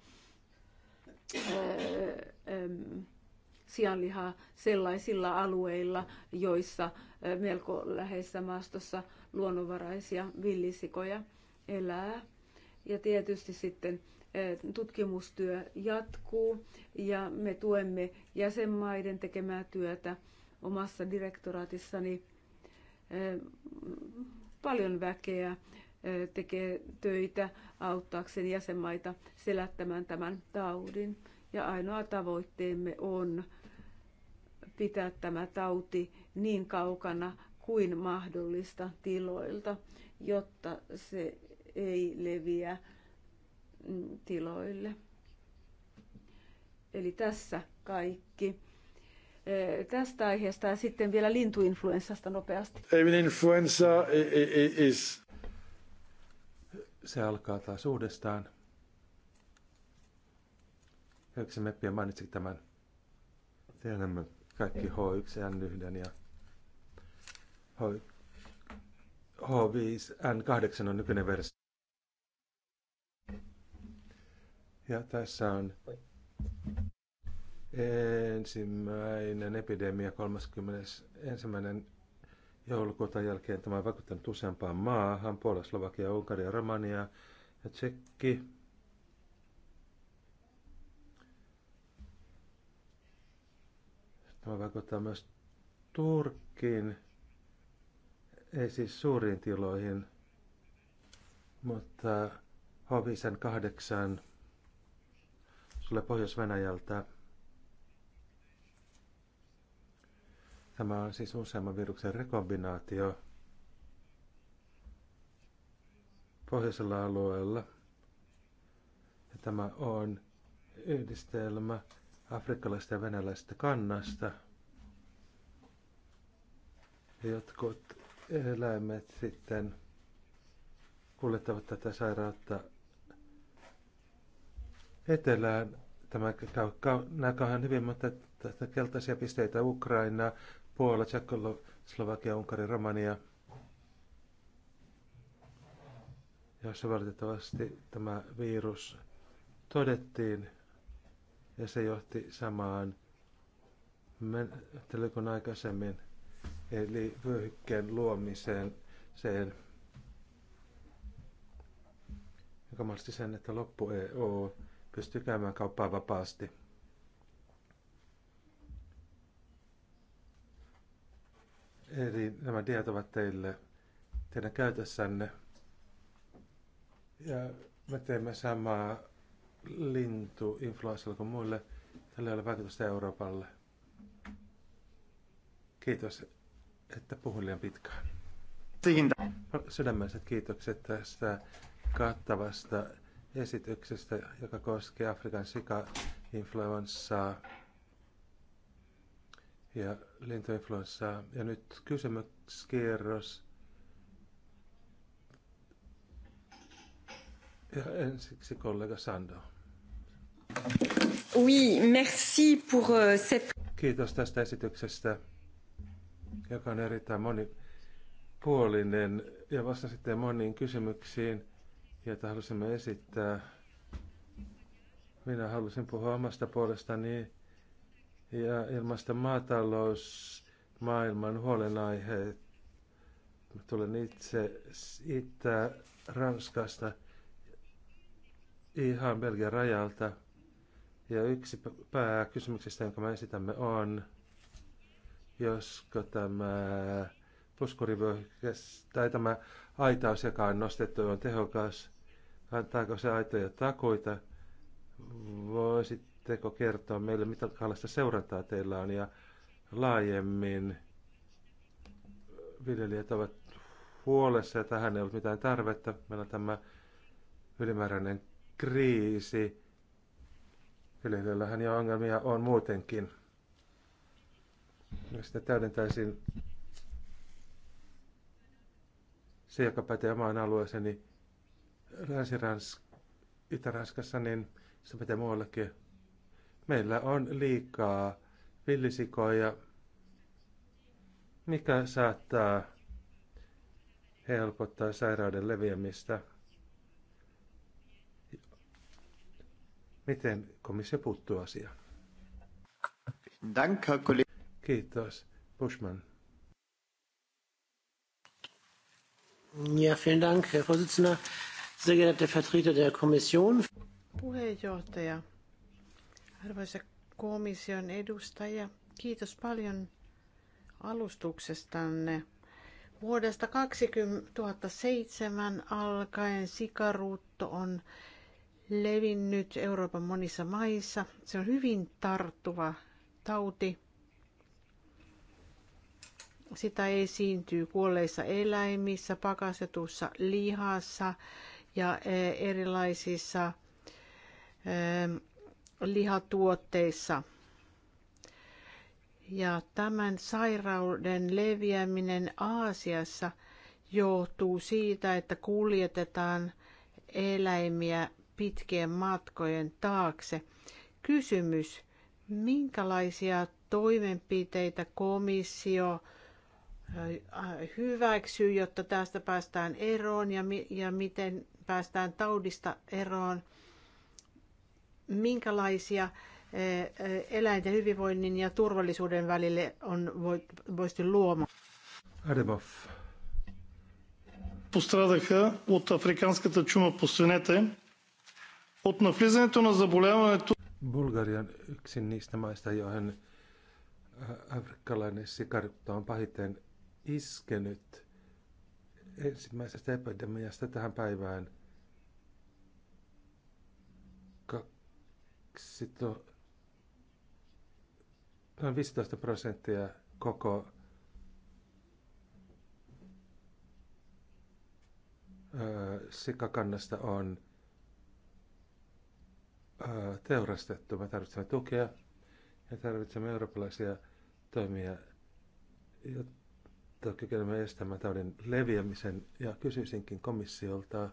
sianlihaa sellaisilla alueilla, joissa melko läheisessä maastossa luonnonvaraisia villisikoja elää. Ja tietysti sitten tutkimustyö jatkuu ja me tuemme jäsenmaiden tekemää työtä omassa direktoraatissani paljon väkeä tekee töitä auttaakseen jäsenmaita selättämään tämän taudin. Ja ainoa tavoitteemme on pitää tämä tauti niin kaukana kuin mahdollista tiloilta, jotta se ei leviä mm, tiloille. Eli tässä kaikki tästä aiheesta ja sitten vielä lintuinfluenssasta nopeasti. Evininfluenza is se alkaa taas uudestaan. Yksi meppiä mainitsi tämän. Tiedämme kaikki H1, N1 ja H, H5, N8 on nykyinen versio. Ja tässä on ensimmäinen epidemia 31 joulukuuta jälkeen tämä on vaikuttanut useampaan maahan, Puola, Slovakia, Unkaria, Romania ja Tsekki. Tämä vaikuttaa myös Turkkiin, ei siis suuriin tiloihin, mutta Hovisen kahdeksan sulle Pohjois-Venäjältä Tämä on siis useamman viruksen rekombinaatio pohjoisella alueella. Ja tämä on yhdistelmä afrikkalaisesta ja venäläisestä kannasta. Jotkut eläimet sitten kuljettavat tätä sairautta etelään. Tämä ovat hyvin, mutta tästä keltaisia pisteitä Ukraina, Puola, Slovakia, Unkari, Romania. jossa valitettavasti tämä virus todettiin ja se johti samaan menettelyyn kuin aikaisemmin, eli vyöhykkeen luomiseen, sen, joka mahdollisti sen, että loppu EU pystyy käymään kauppaa vapaasti. Eli nämä diat ovat teille teidän käytössänne. Ja me teemme samaa lintuinfluenssalla kuin muille. Tällä ei ole vaikutusta Euroopalle. Kiitos, että puhuin liian pitkään. Sydämelliset kiitokset tästä kattavasta esityksestä, joka koskee Afrikan sika-influenssaa ja lintuinfluenssaa. Ja nyt kysymyskierros. Ja ensiksi kollega Sando. Oui, merci pour euh, cette... Kiitos tästä esityksestä, joka on erittäin monipuolinen ja vasta sitten moniin kysymyksiin, joita halusimme esittää. Minä halusin puhua omasta puolestani ja ilmaista maatalousmaailman huolenaiheet. Mä tulen itse Itä-Ranskasta ihan Belgian rajalta. Ja yksi pääkysymyksistä, jonka me esitämme, on, josko tämä puskurivyöhykes tai tämä aitaus, joka on nostettu, on tehokas. Antaako se aitoja takuita? Voisit voisitteko kertoa meille, mitä kallista seurantaa teillä on ja laajemmin viljelijät ovat huolessa ja tähän ei ollut mitään tarvetta. Meillä on tämä ylimääräinen kriisi. Viljelijöillähän jo ongelmia on muutenkin. Ja sitten täydentäisin se, joka pätee omaan alueeseeni Länsi-Ranskassa, Itä-Ranskassa, niin se pätee muuallekin. Meillä on liikaa villisikoja, mikä saattaa helpottaa sairauden leviämistä. Miten komissio puuttuu asiaan? Kiitos. Bushman. Ja, vielen Dank, Herr Vorsitzender. Sehr geehrter Vertreter der Kommission. Puheenjohtaja, Arvoisa komission edustaja, kiitos paljon alustuksestanne. Vuodesta 2007 alkaen sikaruutto on levinnyt Euroopan monissa maissa. Se on hyvin tarttuva tauti. Sitä esiintyy kuolleissa eläimissä, pakastetussa lihassa ja eh, erilaisissa lihatuotteissa. Ja tämän sairauden leviäminen Aasiassa johtuu siitä, että kuljetetaan eläimiä pitkien matkojen taakse. Kysymys, minkälaisia toimenpiteitä komissio äh, hyväksyy, jotta tästä päästään eroon ja, mi- ja miten päästään taudista eroon – minkälaisia eh, eh, eläinten hyvinvoinnin ja turvallisuuden välille on voisi luoma? Аребов. Пострадаха от африканската чума по свинете. От навлизането на заболяването... Bulgarian yksi niistä maista, joihin eh, afrikkalainen sikarutta on pahiten iskenyt ensimmäisestä epidemiasta tähän päivään – on noin 15 prosenttia koko sikakannasta on ö, teurastettu. Me tarvitsemme tukea ja tarvitsemme eurooppalaisia toimia, jotta kykenemme estämään taudin leviämisen. Ja kysyisinkin komissiolta,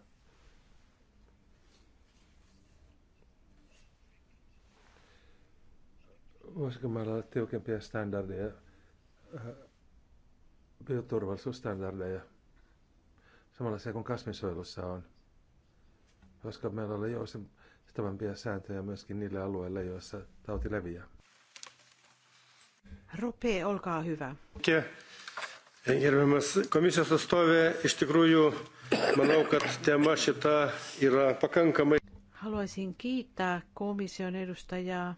voisiko meillä olla tiukempia standardeja, äh, bioturvallisuusstandardeja, se, kuin kasvinsuojelussa on, koska meillä oli joustavampia sääntöjä myöskin niille alueille, joissa tauti leviää. Rope, olkaa hyvä. Gerbiamas komisijos atstovė, iš tikrųjų manau, kad tema šita yra pakankamai. Haluaisin kiittää komission edustajaa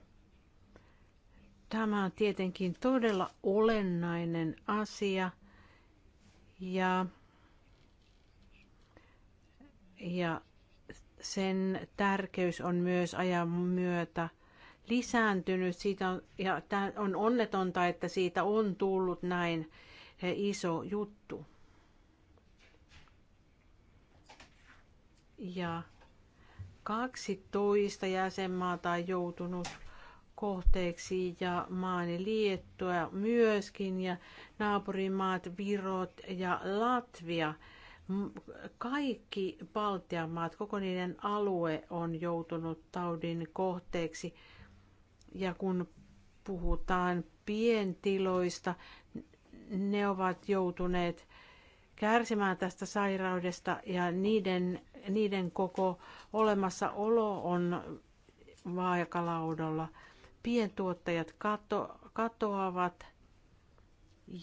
Tämä on tietenkin todella olennainen asia ja, ja sen tärkeys on myös ajan myötä lisääntynyt. Siitä on, ja on onnetonta, että siitä on tullut näin eh, iso juttu. Ja 12 jäsenmaata on joutunut kohteeksi ja maani Liettua myöskin ja naapurimaat Virot ja Latvia. Kaikki Baltian maat, koko niiden alue on joutunut taudin kohteeksi. Ja kun puhutaan pientiloista, ne ovat joutuneet kärsimään tästä sairaudesta ja niiden, niiden koko olemassaolo on vaakalaudalla – pientuottajat kato, katoavat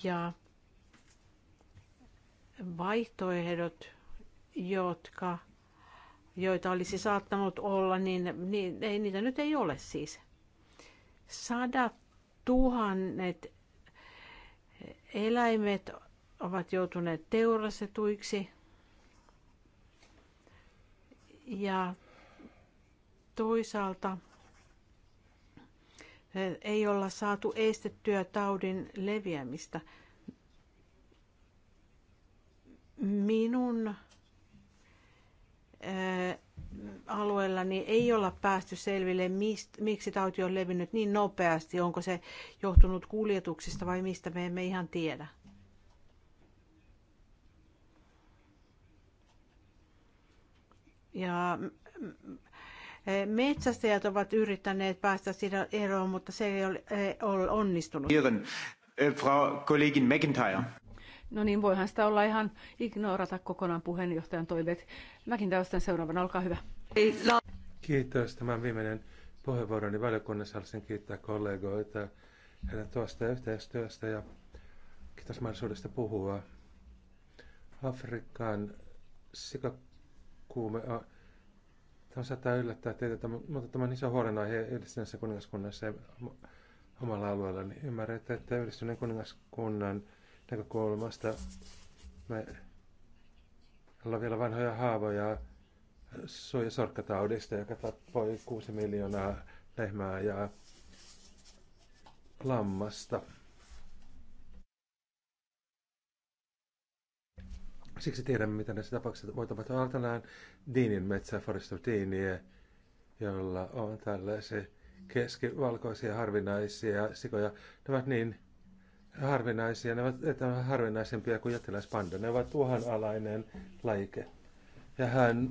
ja vaihtoehdot, jotka, joita olisi saattanut olla, niin, niin ei, niitä nyt ei ole siis. Sadat tuhannet eläimet ovat joutuneet teurasetuiksi ja toisaalta Eh, ei olla saatu estettyä taudin leviämistä. Minun eh, alueella niin ei olla päästy selville, mist, miksi tauti on levinnyt niin nopeasti. Onko se johtunut kuljetuksista vai mistä me emme ihan tiedä. Ja Metsästäjät ovat yrittäneet päästä siitä eroon, mutta se ei ole, ei ole onnistunut. Äh, Frau Kollegin McIntyre. No niin, voihan sitä olla ihan ignorata kokonaan puheenjohtajan toiveet. Mäkin täysin seuraavana, olkaa hyvä. Kiitos. Tämän viimeinen puheenvuoroni valiokunnassa haluaisin kiittää kollegoita heidän tuosta yhteistyöstä ja kiitos mahdollisuudesta puhua. Afrikan sikakuume Tämä saattaa yllättää teitä, mutta tämä on iso huolenaihe yhdistyneessä kuningaskunnassa ja omalla alueella. Niin ymmärrät, että yhdistyneen kuningaskunnan näkökulmasta me ollaan vielä vanhoja haavoja suojasorkkataudista, joka tappoi 6 miljoonaa lehmää ja lammasta. Siksi tiedämme, mitä näissä tapauksissa voi tapahtua. Deanin Diinin Forest of Diiniä, jolla on tällaisia keskivalkoisia harvinaisia sikoja. Ne ovat niin harvinaisia, ne ovat ovat harvinaisempia kuin jättiläispanda. Ne ovat uhanalainen laike. Ja hän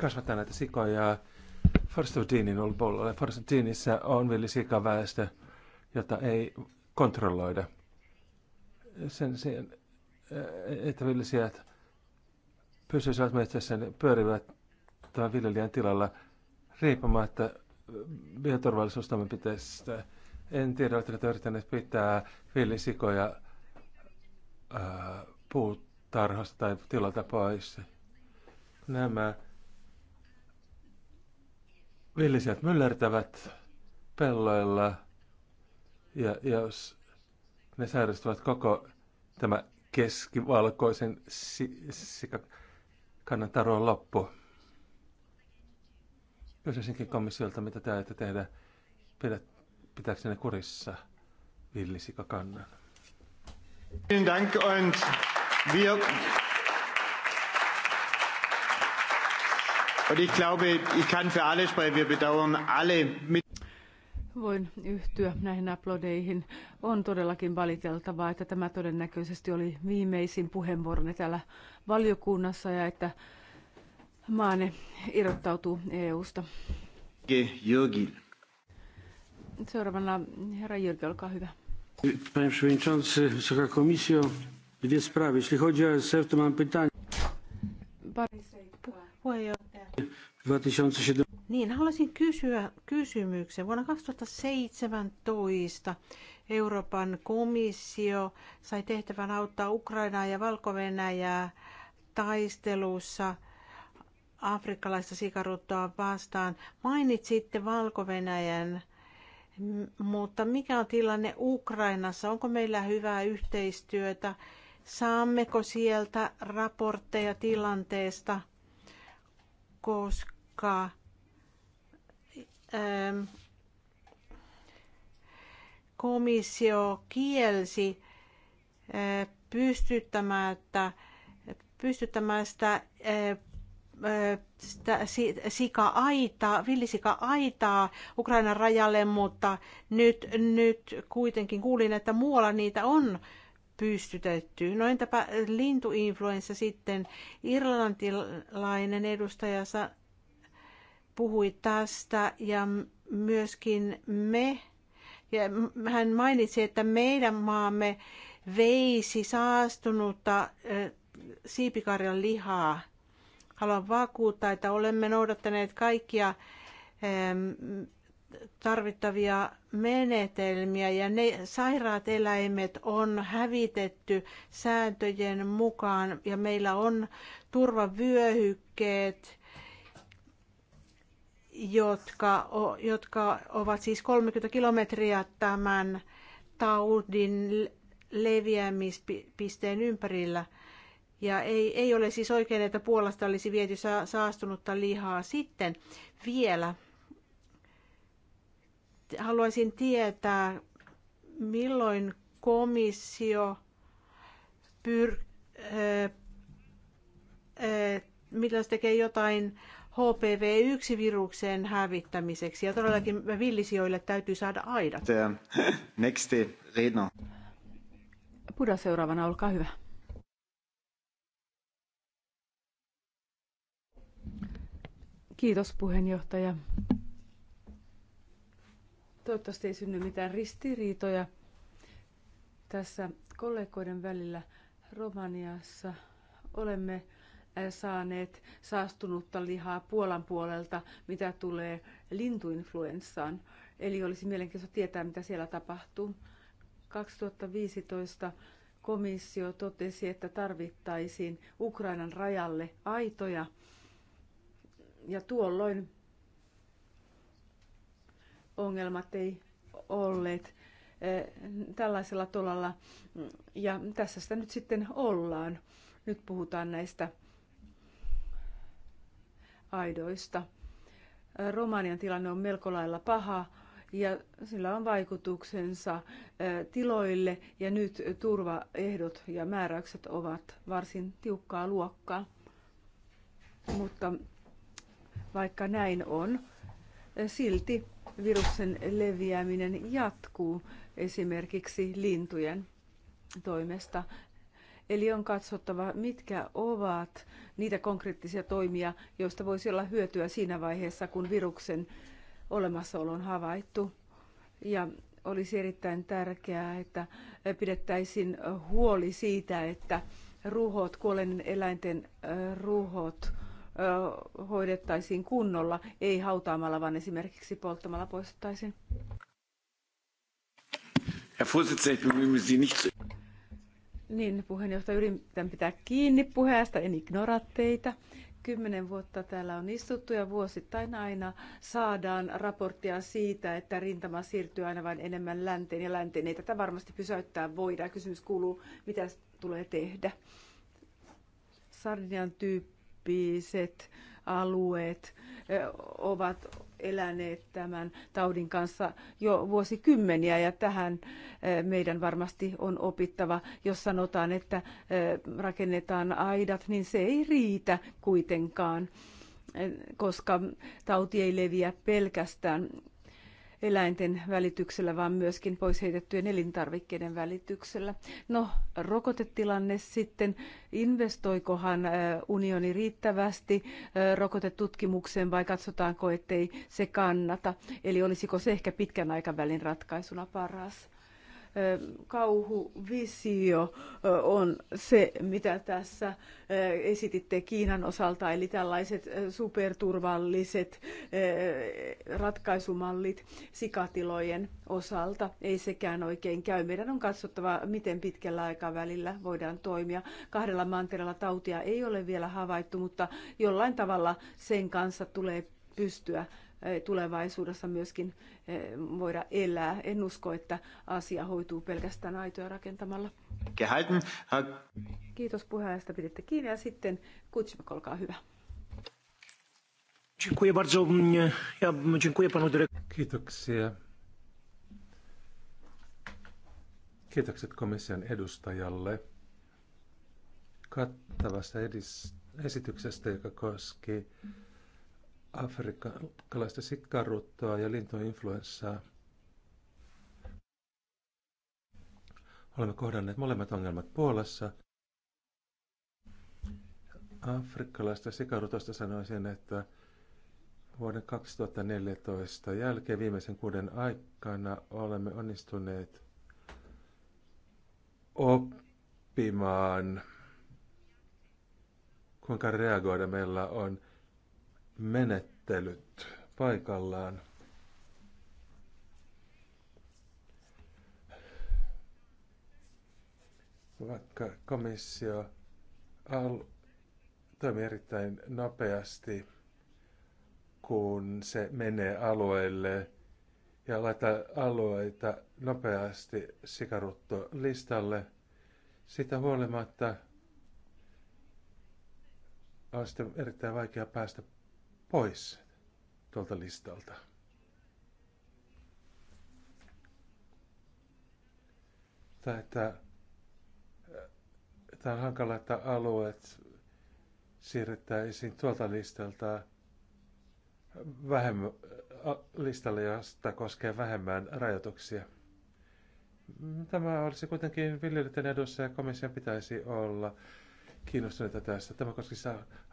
kasvattaa näitä sikoja Deanin ulkopuolella. Forstodinissa on villisikaväestö, jota ei kontrolloida – sen sijaan, eh, että viljelijät pysyisivät metsässä, niin pyörivät tämän viljelijän tilalla riippumatta bioturvallisuustoimenpiteistä. En tiedä, oletteko yrittäneet pitää villisikoja eh, puutarhasta tai tilalta pois. Nämä villisijat myllertävät pelloilla ja jos ne sairastuvat koko tämä keskivalkoisen si- sikakannan taron loppu. Kysyisinkin komissiolta, mitä te ajatte tehdä pidät, pitääkö ne kurissa villisikakannan? Vielen Dank und wir Und ich glaube, ich kann für alle sprechen. Wir bedauern alle mit. Voin yhtyä näihin aplodeihin. On todellakin valiteltavaa, että tämä todennäköisesti oli viimeisin puheenvuoroni täällä valiokunnassa ja että maane irrottautuu EU-sta. Seuraavana herra Jörgi, olkaa hyvä. Panie przewodniczący, Wysoka Komisjo, dwie sprawy. Jeśli chodzi o ASF, to mam pytanie. Pari seikkaa. Niin, haluaisin kysyä kysymyksen. Vuonna 2017 Euroopan komissio sai tehtävän auttaa Ukrainaa ja valko taistelussa afrikkalaista sikaruttoa vastaan. Mainitsitte valko mutta mikä on tilanne Ukrainassa? Onko meillä hyvää yhteistyötä? Saammeko sieltä raportteja tilanteesta? koska ähm, komissio kielsi äh, pystyttämättä, pystyttämästä äh, äh, sitä sika-aitaa, villisika-aitaa Ukrainan rajalle, mutta nyt, nyt kuitenkin kuulin, että muualla niitä on pystytetty. No entäpä lintuinfluenssa sitten? Irlantilainen edustaja puhui tästä ja myöskin me, ja hän mainitsi, että meidän maamme veisi saastunutta siipikarjan lihaa. Haluan vakuuttaa, että olemme noudattaneet kaikkia tarvittavia menetelmiä ja ne sairaat eläimet on hävitetty sääntöjen mukaan ja meillä on turvavyöhykkeet, jotka, jotka ovat siis 30 kilometriä tämän taudin leviämispisteen ympärillä. Ja ei, ei ole siis oikein, että Puolasta olisi viety saastunutta lihaa sitten vielä haluaisin tietää, milloin komissio pyr, äh, äh, milloin se tekee jotain HPV-1-viruksen hävittämiseksi. Ja todellakin villisijoille täytyy saada aidat. [laughs] Next, Reino. Puda seuraavana, olkaa hyvä. Kiitos puheenjohtaja. Toivottavasti ei synny mitään ristiriitoja tässä kollegoiden välillä Romaniassa. Olemme eh, saaneet saastunutta lihaa Puolan puolelta, mitä tulee lintuinfluenssaan. Eli olisi mielenkiintoista tietää, mitä siellä tapahtuu. 2015 komissio totesi, että tarvittaisiin Ukrainan rajalle aitoja. Ja tuolloin ongelmat ei olleet eh, tällaisella tolalla. Ja tässä sitä nyt sitten ollaan. Nyt puhutaan näistä aidoista. Eh, Romanian tilanne on melko lailla paha ja sillä on vaikutuksensa eh, tiloille ja nyt turvaehdot ja määräykset ovat varsin tiukkaa luokkaa. Mutta vaikka näin on, silti viruksen leviäminen jatkuu esimerkiksi lintujen toimesta. Eli on katsottava, mitkä ovat niitä konkreettisia toimia, joista voisi olla hyötyä siinä vaiheessa, kun viruksen olemassaolo on havaittu. Ja olisi erittäin tärkeää, että pidettäisiin huoli siitä, että ruhot, kuolleiden eläinten äh, ruhot hoidettaisiin kunnolla, ei hautaamalla, vaan esimerkiksi polttamalla poistettaisiin? Niin, puheenjohtaja, yritän pitää kiinni puheesta, en ignoraa teitä. Kymmenen vuotta täällä on istuttu ja vuosittain aina saadaan raporttia siitä, että rintama siirtyy aina vain enemmän länteen ja länteen. Ei tätä varmasti pysäyttää voida. Kysymys kuuluu, mitä tulee tehdä. Sardinian tyyppi trooppiset alueet ovat eläneet tämän taudin kanssa jo vuosikymmeniä ja tähän meidän varmasti on opittava. Jos sanotaan, että rakennetaan aidat, niin se ei riitä kuitenkaan, koska tauti ei leviä pelkästään eläinten välityksellä, vaan myöskin pois heitettyjen elintarvikkeiden välityksellä. No, rokotetilanne sitten, investoikohan unioni riittävästi rokotetutkimukseen vai katsotaanko, ettei se kannata? Eli olisiko se ehkä pitkän aikavälin ratkaisuna paras? kauhuvisio on se, mitä tässä esititte Kiinan osalta, eli tällaiset superturvalliset ratkaisumallit sikatilojen osalta. Ei sekään oikein käy. Meidän on katsottava, miten pitkällä aikavälillä voidaan toimia. Kahdella mantereella tautia ei ole vielä havaittu, mutta jollain tavalla sen kanssa tulee pystyä tulevaisuudessa myöskin e, voida elää. En usko, että asia hoituu pelkästään aitoja rakentamalla. Gehalten. Kiitos puheenjohtaja, piditte kiinni ja sitten Kutsimak, olkaa hyvä. ja Kiitoksia. Kiitokset komission edustajalle kattavasta esityksestä, joka koski afrikkalaista sikkaruttoa ja lintuinfluenssaa. Olemme kohdanneet molemmat ongelmat Puolassa. Afrikkalaista sikarutosta sanoisin, että vuoden 2014 jälkeen viimeisen kuuden aikana olemme onnistuneet oppimaan, kuinka reagoida meillä on – menettelyt paikallaan. Vaikka komissio al- toimii erittäin nopeasti, kun se menee alueelle ja laittaa alueita nopeasti sikarutto listalle, sitä huolimatta on sitten erittäin vaikea päästä pois tuolta listalta. Tai että äh, tämä on hankala, että alueet siirrettäisiin tuolta listalta vähemmän, äh, listalle, josta koskee vähemmän rajoituksia. Tämä olisi kuitenkin viljelijöiden edussa ja komission pitäisi olla kiinnostuneita tästä. Tämä koski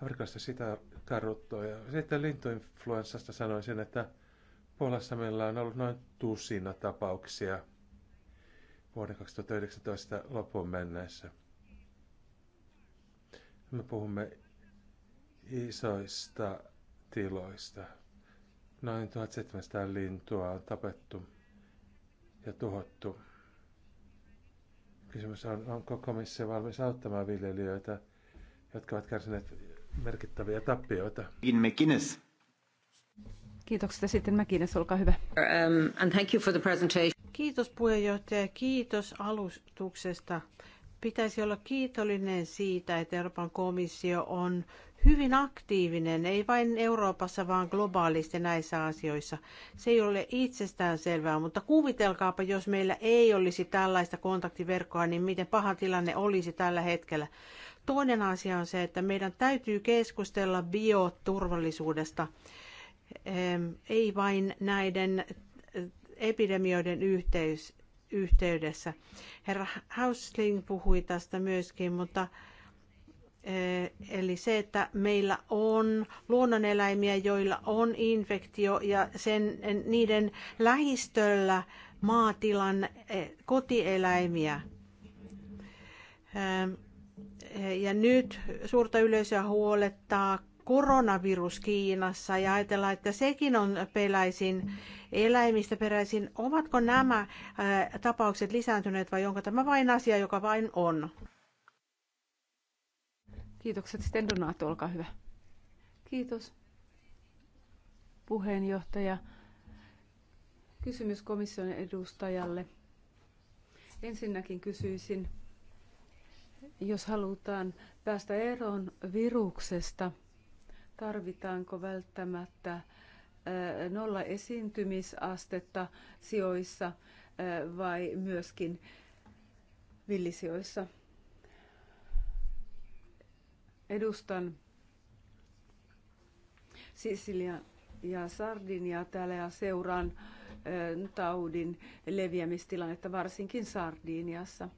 Afrikasta sitä karuttoa. Ja sitten lintuinfluenssasta sanoisin, että Puolassa meillä on ollut noin tusina tapauksia vuoden 2019 loppuun mennessä. Me puhumme isoista tiloista. Noin 1700 lintua on tapettu ja tuhottu. Kysymys on, onko komissio valmis auttamaan viljelijöitä, jotka ovat kärsineet merkittäviä tappioita? In McInnes. Kiitokset ja sitten McInnes, olkaa hyvä. Um, and thank you for the presentation. Kiitos puheenjohtaja, kiitos alustuksesta. Pitäisi olla kiitollinen siitä, että Euroopan komissio on hyvin aktiivinen, ei vain Euroopassa, vaan globaalisti näissä asioissa. Se ei ole itsestään selvää, mutta kuvitelkaapa, jos meillä ei olisi tällaista kontaktiverkkoa, niin miten paha tilanne olisi tällä hetkellä. Toinen asia on se, että meidän täytyy keskustella bioturvallisuudesta, ei vain näiden epidemioiden yhteys, yhteydessä. Herra Hausling puhui tästä myöskin, mutta Eh, eli se, että meillä on luonnoneläimiä, joilla on infektio ja sen, niiden lähistöllä maatilan eh, kotieläimiä. Eh, ja nyt suurta yleisöä huolettaa koronavirus Kiinassa ja ajatellaan, että sekin on peläisin eläimistä peräisin. Ovatko nämä tapaukset lisääntyneet vai onko tämä vain asia, joka vain on? Kiitokset. Sitten Donato, olkaa hyvä. Kiitos puheenjohtaja. Kysymys komission edustajalle. Ensinnäkin kysyisin, jos halutaan päästä eroon viruksesta, tarvitaanko välttämättä äh, nolla esiintymisastetta sijoissa äh, vai myöskin villisijoissa? Edustan Sisilia ja Sardinia täällä ja seuraan taudin leviämistilannetta varsinkin Sardiniassa.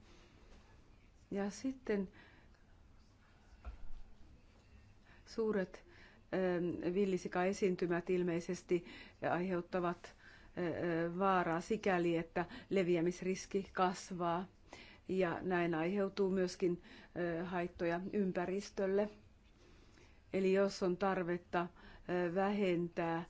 Ja sitten suuret villisika esiintymät ilmeisesti aiheuttavat vaaraa sikäli, että leviämisriski kasvaa. Ja näin aiheutuu myöskin haittoja ympäristölle. Eli jos on tarvetta vähentää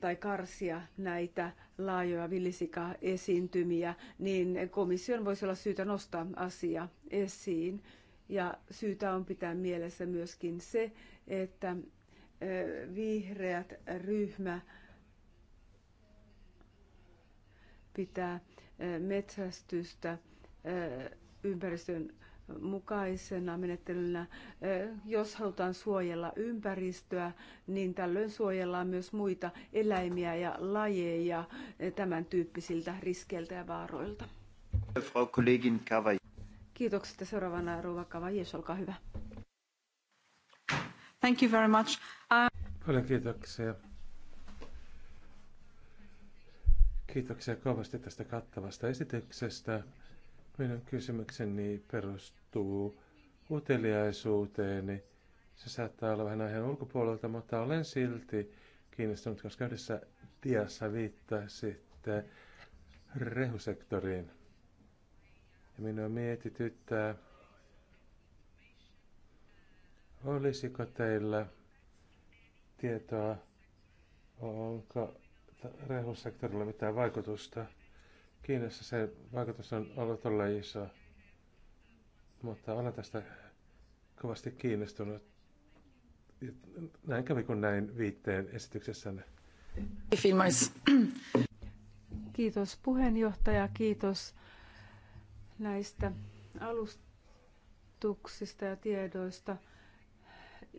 tai karsia näitä laajoja villisika esiintymiä, niin komission voisi olla syytä nostaa asia esiin. Ja syytä on pitää mielessä myöskin se, että vihreät ryhmä pitää metsästystä ympäristön mukaisena menettelynä. Jos halutaan suojella ympäristöä, niin tällöin suojellaan myös muita eläimiä ja lajeja tämän tyyppisiltä riskeiltä ja vaaroilta. Frau Kollegin Kiitokset ja seuraavana Rouva Kavajes, olkaa hyvä. Thank you very much. Uh... Paljon kiitoksia. Kiitoksia kovasti tästä kattavasta esityksestä. Minun kysymykseni perustuu uteliaisuuteeni. Se saattaa olla vähän aiheen ulkopuolelta, mutta olen silti kiinnostunut, koska yhdessä diassa viittasitte rehusektoriin. Ja minua mietityttää, olisiko teillä tietoa, onko rehusektorilla mitään vaikutusta Kiinassa se vaikutus on ollut todella iso, mutta olen tästä kovasti kiinnostunut. Näin kävi, kuin näin viitteen esityksessänne. Kiitos puheenjohtaja, kiitos näistä alustuksista ja tiedoista.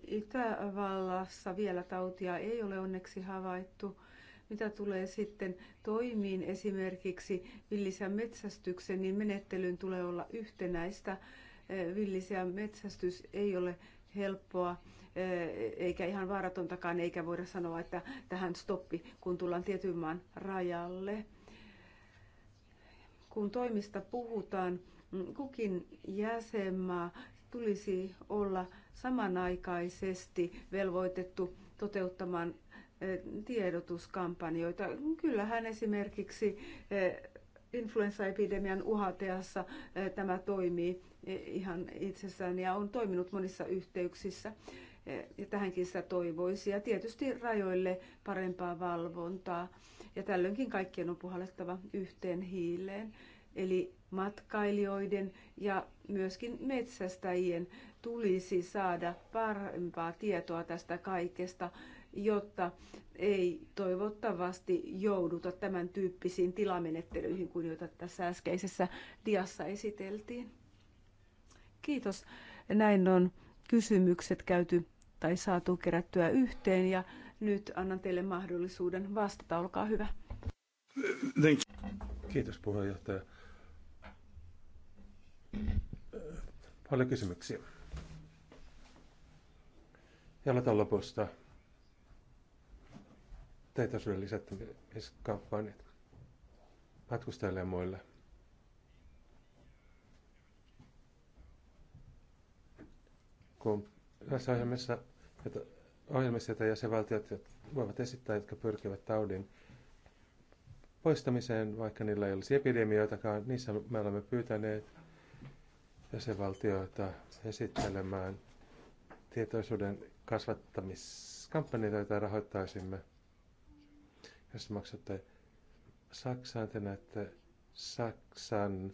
Itävallassa vielä tautia ei ole onneksi havaittu mitä tulee sitten toimiin esimerkiksi villisän metsästyksen, niin menettelyn tulee olla yhtenäistä. Eh, villisen metsästys ei ole helppoa eh, eikä ihan vaaratontakaan, eikä voida sanoa, että tähän stoppi, kun tullaan tietyn maan rajalle. Kun toimista puhutaan, mm, kukin jäsenmaa tulisi olla samanaikaisesti velvoitettu toteuttamaan tiedotuskampanjoita. Kyllähän esimerkiksi influenssaepidemian uhateassa tämä toimii e, ihan itsessään ja on toiminut monissa yhteyksissä. E, ja tähänkin sitä toivoisi. Ja tietysti rajoille parempaa valvontaa. Ja tällöinkin kaikkien on puhallettava yhteen hiileen. Eli matkailijoiden ja myöskin metsästäjien tulisi saada parempaa tietoa tästä kaikesta jotta ei toivottavasti jouduta tämän tyyppisiin tilamenettelyihin kuin joita tässä äskeisessä diassa esiteltiin. Kiitos. Näin on kysymykset käyty tai saatu kerättyä yhteen ja nyt annan teille mahdollisuuden vastata. Olkaa hyvä. Kiitos puheenjohtaja. Paljon kysymyksiä. Jalatan lopusta tietoisuuden lisättämiskampanjat matkustajille ja muille. Kun näissä ohjelmissa, että ohjelmissa, että jäsenvaltiot voivat esittää, jotka pyrkivät taudin poistamiseen, vaikka niillä ei olisi epidemioitakaan, niissä me olemme pyytäneet jäsenvaltioita esittelemään tietoisuuden kasvattamiskampanjoita, joita rahoittaisimme – jos maksatte Saksaan, te näette Saksan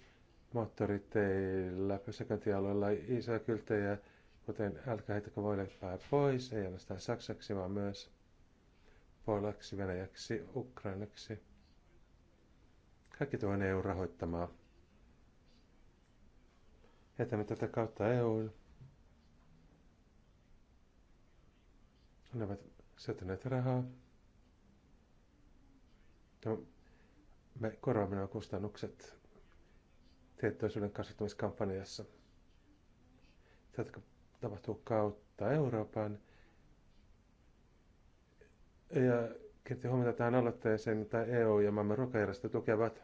moottoriteillä pysäköintialueella isoja kylttejä, kuten älkää heittäkö voileipää pois, ei ainoastaan saksaksi, vaan myös polaksi, venäjäksi, ukrainaksi. Kaikki tuo EU rahoittamaa. Jätämme tätä kautta EUn. Ne ovat syöttäneet rahaa me korvaamme nämä kustannukset tietoisuuden kasvattamiskampanjassa, jotka tapahtuu kautta Euroopan. Ja kiinnitti huomiota tähän aloitteeseen, mitä EU ja maailman ruokajärjestö tukevat.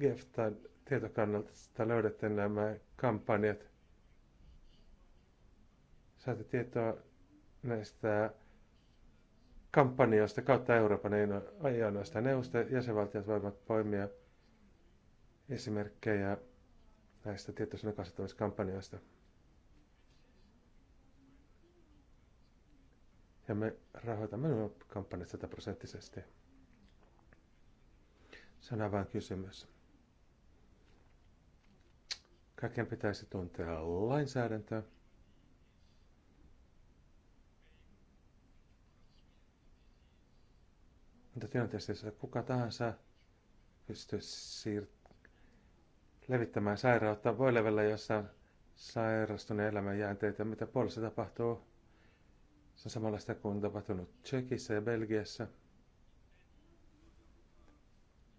GEFTAn tietokannalta löydätte nämä kampanjat. Saatte tietoa näistä kampanjasta kautta Euroopan ei, ei ainoastaan neuvosta. Jäsenvaltiot voivat poimia esimerkkejä näistä tietoisuuden kasvattamiskampanjoista. Ja me rahoitamme nuo kampanjat sataprosenttisesti. Se on vain kysymys. Kaiken pitäisi tuntea lainsäädäntöä. Mutta tilanteessa, jossa kuka tahansa pystyy levittämään sairautta, voi levellä jossain sairastuneen elämän jäänteitä, mitä Puolassa tapahtuu. Se on samanlaista kuin tapahtunut Tsekissä ja Belgiassa.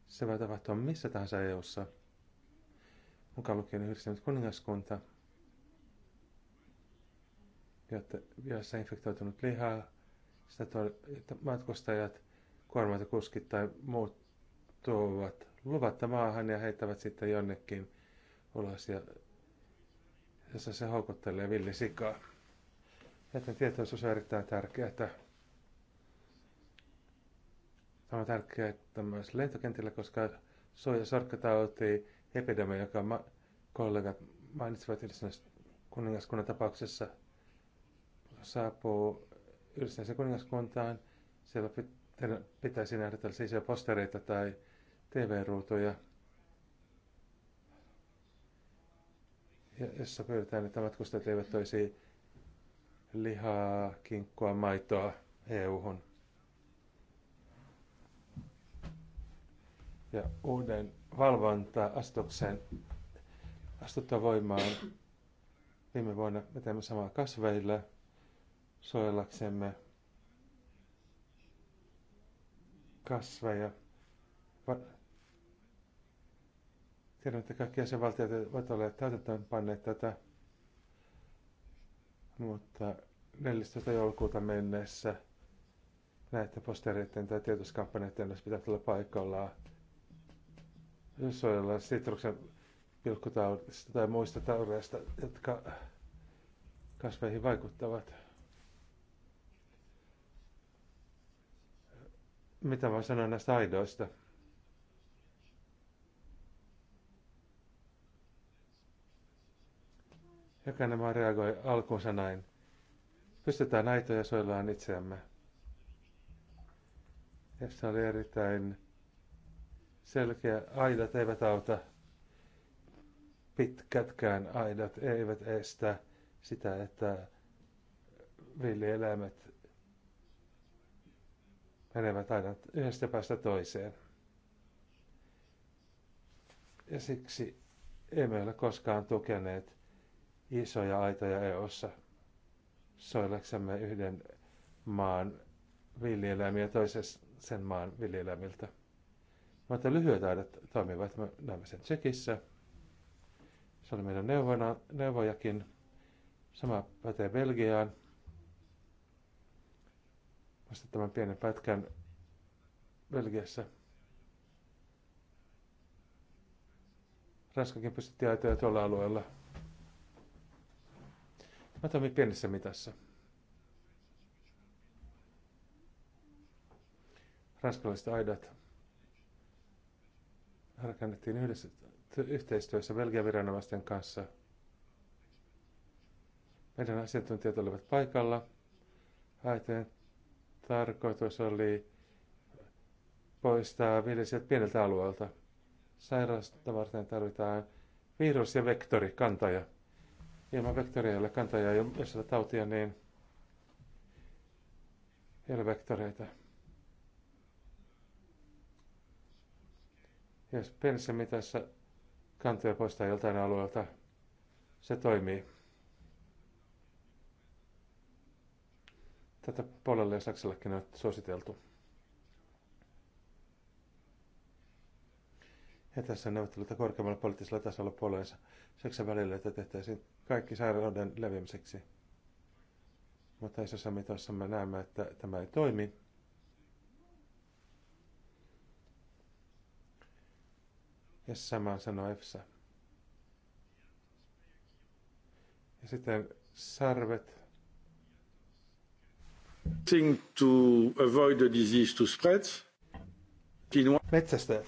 Se voi tapahtua missä tahansa EU-ssa, mukaan lukien yhdistynyt kuningaskunta, jossa infektoitunut lihaa, sitä matkustajat kuormatakuskit tai muut tuovat luvatta maahan ja heittävät sitten jonnekin ulos, ja, jossa se houkuttelee villisikaa. Joten tietoisuus on erittäin tärkeää. Tämä on tärkeää että myös lentokentillä, koska suoja sorkkatauti epidemia, joka ma- kollegat mainitsivat yhdessä kuningaskunnan tapauksessa, saapuu yhdessä kuningaskuntaan. Siellä pitää Teidän pitäisi nähdä tällaisia postereita tai TV-ruutuja, jossa pyydetään, että matkustajat eivät toisi lihaa, kinkkua, maitoa EU-hun. Ja uuden valvonta-astuksen astutta voimaan viime vuonna me teemme samaa kasveilla suojellaksemme kasveja. Va- Tiedän, että kaikki jäsenvaltiot ovat olleet täytäntöön panneet tätä, mutta 14. joulukuuta mennessä näiden postereiden tai tietoskampanjoiden olisi pitää olla paikallaan suojella sitruksen pilkkutaudista tai muista taudeista, jotka kasveihin vaikuttavat. mitä voi sanoa näistä aidoista? Jokainen vaan reagoi alkuunsa näin. Pystytään aitoja soillaan itseämme. Ja se oli erittäin selkeä. Aidat eivät auta. Pitkätkään aidat eivät estä sitä, että villieläimet menevät aina yhdestä päästä toiseen. Ja siksi emme ole koskaan tukeneet isoja aitoja EU-ssa soillaksemme yhden maan viljelämiä toisen sen maan viljelämiltä. Mutta lyhyet aidat toimivat. Me näemme sen Tsekissä. Se oli meidän neuvona, neuvojakin. Sama pätee Belgiaan. Sitten tämän pienen pätkän Belgiassa. Ranskakin pystyttiin aitoja tuolla alueella. Mä toimin pienessä mitassa. Ranskalaiset aidat rakennettiin yhdessä yhteistyössä Belgian viranomaisten kanssa. Meidän asiantuntijat olivat paikalla. Aitojen tarkoitus oli poistaa viljelijät pieneltä alueelta. Sairaasta varten tarvitaan virus ja vektori, kantaja. Ilman vektoria ei ole kantajaa, jos on tautia, niin ei ole vektoreita. Jos pienessä mitassa kantoja poistaa joltain alueelta, se toimii. Tätä Puolalle ja Saksallekin on suositeltu. Ja tässä on neuvotteluita korkeammalla poliittisella tasolla puolueensa Saksan välillä, että tehtäisiin kaikki sairauden leviämiseksi. Mutta isossa mitossa me näemme, että tämä ei toimi. Ja sama sanoo EFSA. Ja sitten sarvet thing to avoid the disease to spread. Metsästäjät.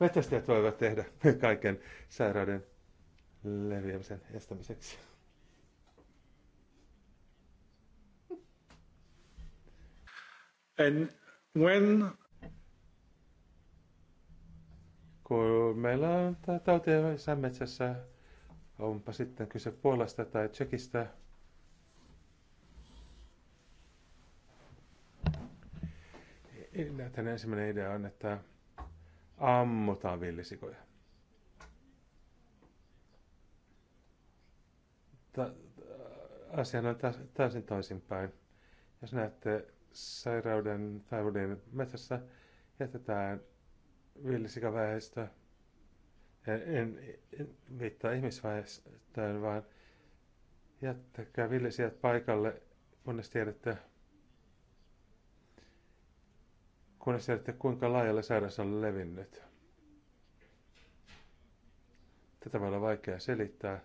Metsästäjät voivat tehdä kaiken sairauden leviämisen estämiseksi. And when kun meillä on tautia metsässä, onpa sitten kyse Puolasta tai Tsekistä, Näethän ensimmäinen idea on, että ammutaan villisikoja. Asia on täysin toisinpäin. Jos näette sairauden taivuden metsässä, jätetään villisikaväestö. En, en, en viittaa ihmisväestöön, vaan jättäkää villisijat paikalle, kunnes tiedätte, kunnes tiedätte, kuinka laajalle sairaus on levinnyt. Tätä voi olla vaikea selittää.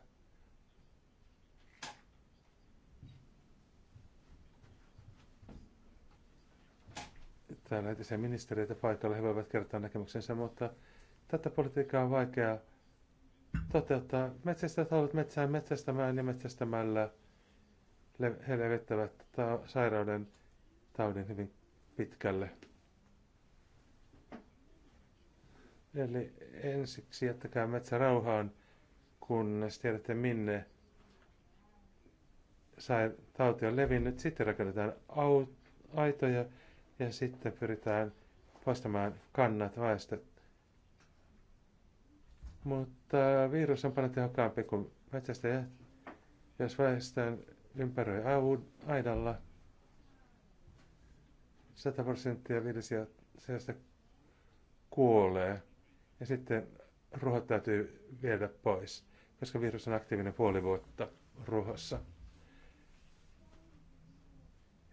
Täällä entisiä ministeriöitä paikalla, he voivat kertoa näkemyksensä, mutta tätä politiikkaa on vaikea toteuttaa. Metsästäjät haluavat metsään metsästämään ja metsästämällä he levittävät sairauden taudin hyvin pitkälle. Eli ensiksi jättäkää metsä rauhaan, kunnes tiedätte minne sai, tauti on levinnyt. Sitten rakennetaan aitoja ja sitten pyritään poistamaan kannat väestöt. Mutta virus on paljon tehokkaampi kuin metsästäjä. Jos väestön ympäröi aidalla, 100 prosenttia viljelijä kuolee ja sitten ruhot täytyy viedä pois, koska virus on aktiivinen puoli vuotta ruhossa.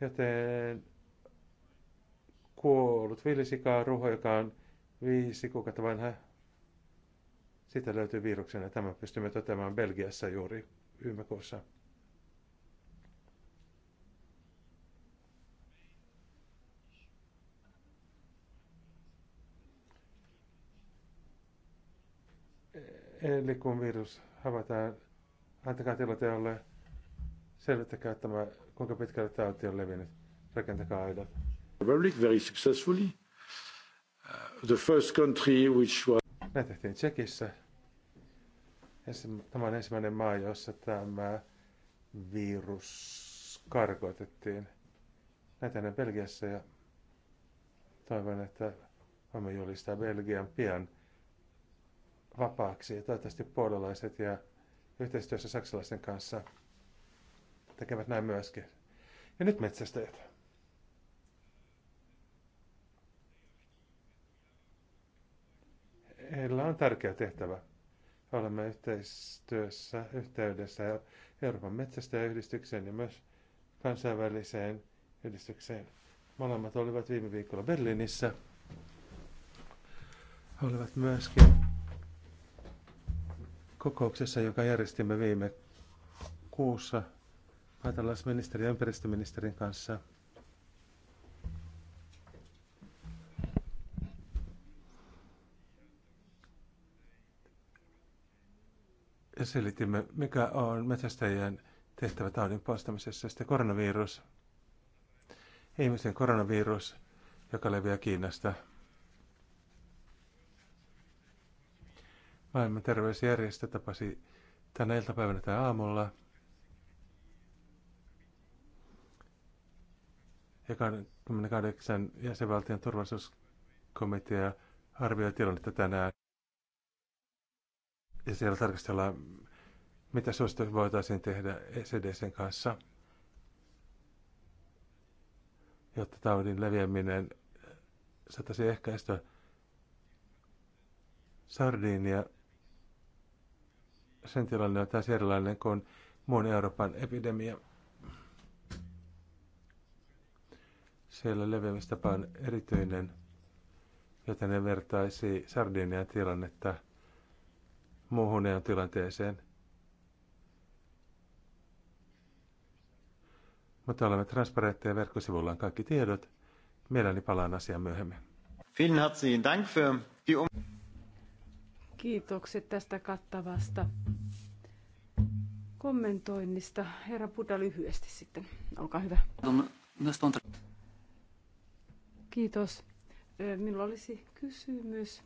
Joten kuollut villisikaa ruho, joka on viisi kuukautta vanha, sitä löytyy viruksena. Tämä pystymme toteamaan Belgiassa juuri viime kuussa. Eli kun virus havaitaan, antakaa tilanteelle, selvittäkää tämä, kuinka pitkälle tauti on levinnyt, rakentakaa aidat. Republic very successfully. Uh, the first country which was... Näin tehtiin Tsekissä. Tämä on ensimmäinen maa, jossa tämä virus karkoitettiin. Näitä Belgiassa ja toivon, että voimme julistaa Belgian pian vapaaksi. Ja toivottavasti puolalaiset ja yhteistyössä saksalaisten kanssa tekevät näin myöskin. Ja nyt metsästäjät. Heillä on tärkeä tehtävä. Olemme yhteistyössä, yhteydessä Euroopan metsästäjäyhdistykseen ja myös kansainväliseen yhdistykseen. Molemmat olivat viime viikolla Berliinissä. Olivat myöskin kokouksessa, joka järjestimme viime kuussa maatalousministerin ja ympäristöministerin kanssa. Ja selitimme, mikä on metsästäjien tehtävä taudin poistamisessa. Sitten koronavirus, ihmisen koronavirus, joka leviää Kiinasta – Maailman terveysjärjestö tapasi tänä iltapäivänä tai aamulla. Ja 28 jäsenvaltion turvallisuuskomitea arvioi tilannetta tänään. Ja siellä tarkastellaan, mitä suositus voitaisiin tehdä ECDCn kanssa, jotta taudin leviäminen saataisiin ehkäistä sardiinia sen tilanne on taas erilainen kuin muun Euroopan epidemia. Siellä leviämistapa on erityinen, joten ne vertaisi Sardinian tilannetta muuhun EUn tilanteeseen. Mutta olemme transparentteja verkkosivulla on kaikki tiedot. Mielelläni palaan asiaan myöhemmin. Vielen herzlichen Dank für die um- Kiitokset tästä kattavasta kommentoinnista. Herra Buddha lyhyesti sitten. Olkaa hyvä. Kiitos. Minulla olisi kysymys.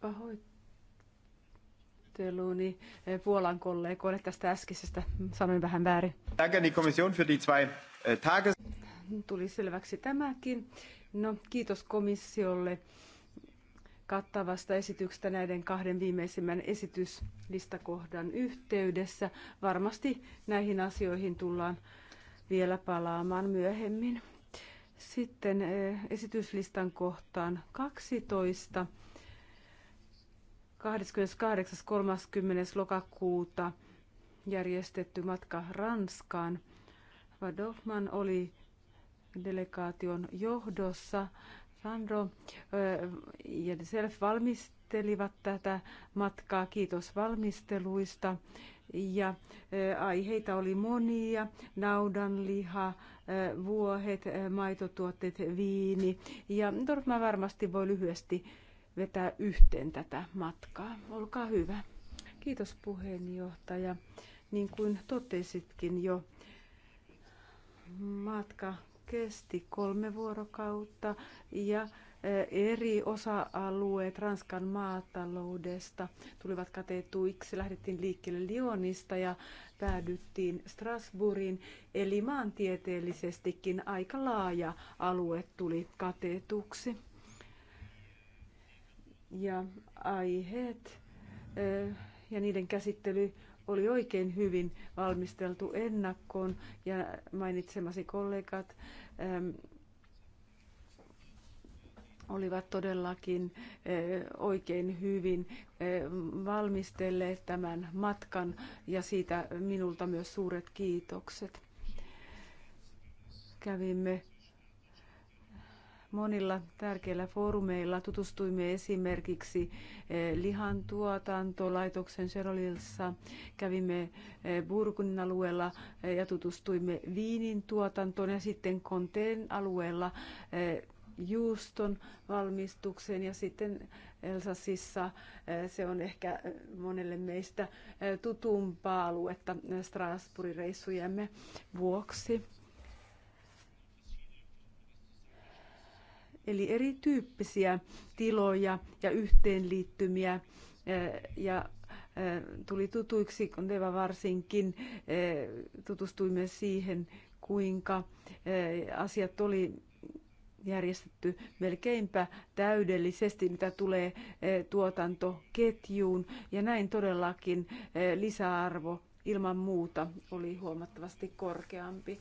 Pahoitteluni Puolan kollegoille tästä äskeisestä. Sanoin vähän väärin. Danke an die Kommission für die zwei äh, Tages tuli selväksi tämäkin. No, kiitos komissiolle kattavasta esityksestä näiden kahden viimeisimmän esityslistakohdan yhteydessä. Varmasti näihin asioihin tullaan vielä palaamaan myöhemmin. Sitten eh, esityslistan kohtaan 12. 28.30. lokakuuta järjestetty matka Ranskaan. Vadofman oli delegaation johdossa. Sandro ja Self valmistelivat tätä matkaa. Kiitos valmisteluista. Ja aiheita oli monia, naudanliha, vuohet, maitotuotteet, viini. Ja Dorfman varmasti voi lyhyesti vetää yhteen tätä matkaa. Olkaa hyvä. Kiitos puheenjohtaja. Niin kuin totesitkin jo, matka kesti kolme vuorokautta ja eh, eri osa-alueet Ranskan maataloudesta tulivat katetuiksi. Lähdettiin liikkeelle Lyonista ja päädyttiin Strasbourgiin, eli maantieteellisestikin aika laaja alue tuli katetuksi. Ja aiheet eh, ja niiden käsittely oli oikein hyvin valmisteltu ennakkoon ja mainitsemasi kollegat äm, olivat todellakin äh, oikein hyvin äh, valmistelleet tämän matkan ja siitä minulta myös suuret kiitokset. Kävimme monilla tärkeillä foorumeilla tutustuimme esimerkiksi eh, lihantuotantolaitoksen Serolilsa, kävimme eh, Burgundin alueella eh, ja tutustuimme viinin tuotantoon ja sitten Konteen alueella juuston valmistukseen ja sitten Elsassissa se on ehkä monelle meistä tutumpaa aluetta Strasbourgin reissujemme vuoksi. Eli erityyppisiä tiloja ja yhteenliittymiä eh, ja eh, tuli tutuiksi, kun Deva varsinkin eh, tutustuimme siihen, kuinka asiat oli järjestetty melkeinpä täydellisesti, mitä tulee tuotantoketjuun. Ja näin todellakin lisäarvo ilman muuta oli huomattavasti korkeampi.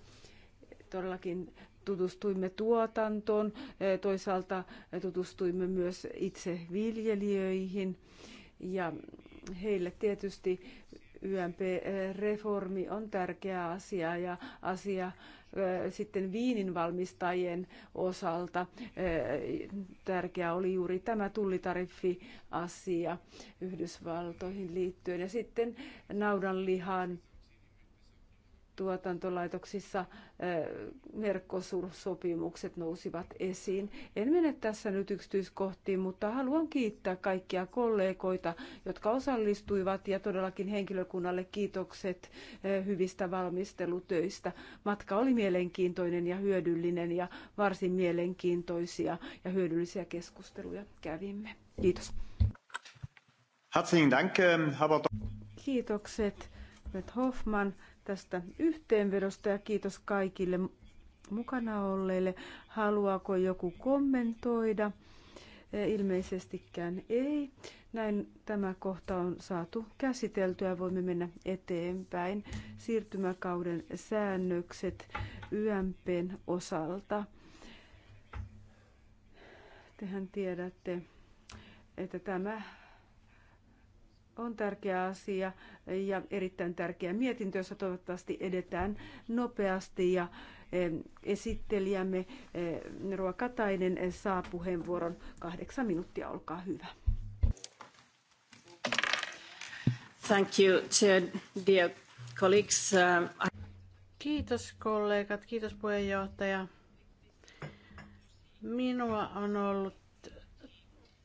Todellakin tutustuimme tuotantoon, e, toisaalta tutustuimme myös itse viljelijöihin ja heille tietysti YMP-reformi on tärkeä asia ja asia e, sitten viininvalmistajien osalta e, tärkeä oli juuri tämä tullitariffiasia Yhdysvaltoihin liittyen. Ja sitten naudanlihan tuotantolaitoksissa verkkosopimukset nousivat esiin. En mene tässä nyt yksityiskohtiin, mutta haluan kiittää kaikkia kollegoita, jotka osallistuivat ja todellakin henkilökunnalle kiitokset hyvistä valmistelutöistä. Matka oli mielenkiintoinen ja hyödyllinen ja varsin mielenkiintoisia ja hyödyllisiä keskusteluja kävimme. Kiitos. Herzlichen Dank, Kiitokset, Hoffman tästä yhteenvedosta ja kiitos kaikille mukana olleille. Haluaako joku kommentoida? Ilmeisestikään ei. Näin tämä kohta on saatu käsiteltyä. Voimme mennä eteenpäin. Siirtymäkauden säännökset YMPn osalta. Tehän tiedätte, että tämä on tärkeä asia ja erittäin tärkeä mietintö, jossa toivottavasti edetään nopeasti ja esittelijämme Roa Katainen saa puheenvuoron. Kahdeksan minuuttia, olkaa hyvä. Thank you, chair, dear colleagues. Um, kiitos kollegat, kiitos puheenjohtaja. Minua on ollut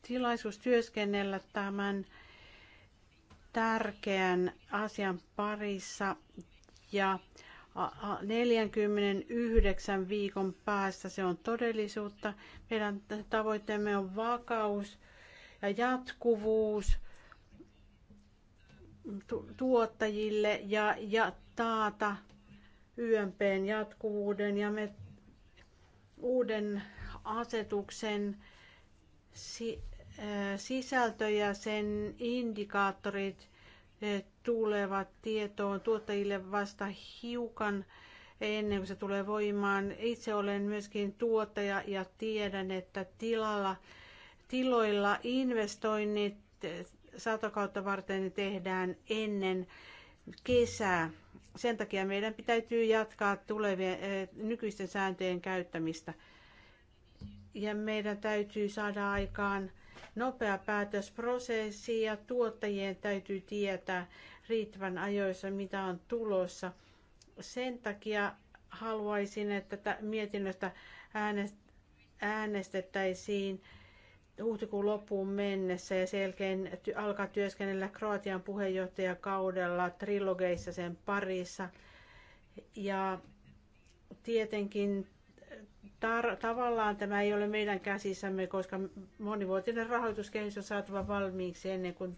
tilaisuus työskennellä tämän tärkeän asian parissa ja 49 viikon päästä se on todellisuutta. Meidän tavoitteemme on vakaus ja jatkuvuus tuottajille ja, ja taata YMPn jatkuvuuden ja me uuden asetuksen si- sisältö ja sen indikaattorit eh, tulevat tietoon tuottajille vasta hiukan ennen kuin se tulee voimaan. Itse olen myöskin tuottaja ja tiedän, että tilalla, tiloilla investoinnit eh, satokautta varten tehdään ennen kesää. Sen takia meidän pitäytyy jatkaa tulevien, eh, nykyisten sääntöjen käyttämistä. Ja meidän täytyy saada aikaan nopea päätösprosessi ja tuottajien täytyy tietää riittävän ajoissa, mitä on tulossa. Sen takia haluaisin, että mietinnöstä äänestettäisiin huhtikuun loppuun mennessä ja sen jälkeen alkaa työskennellä Kroatian puheenjohtajakaudella trilogeissa sen parissa. Ja tietenkin tar- tavallaan tämä ei ole meidän käsissämme, koska monivuotinen rahoituskehys on saatava valmiiksi ennen kuin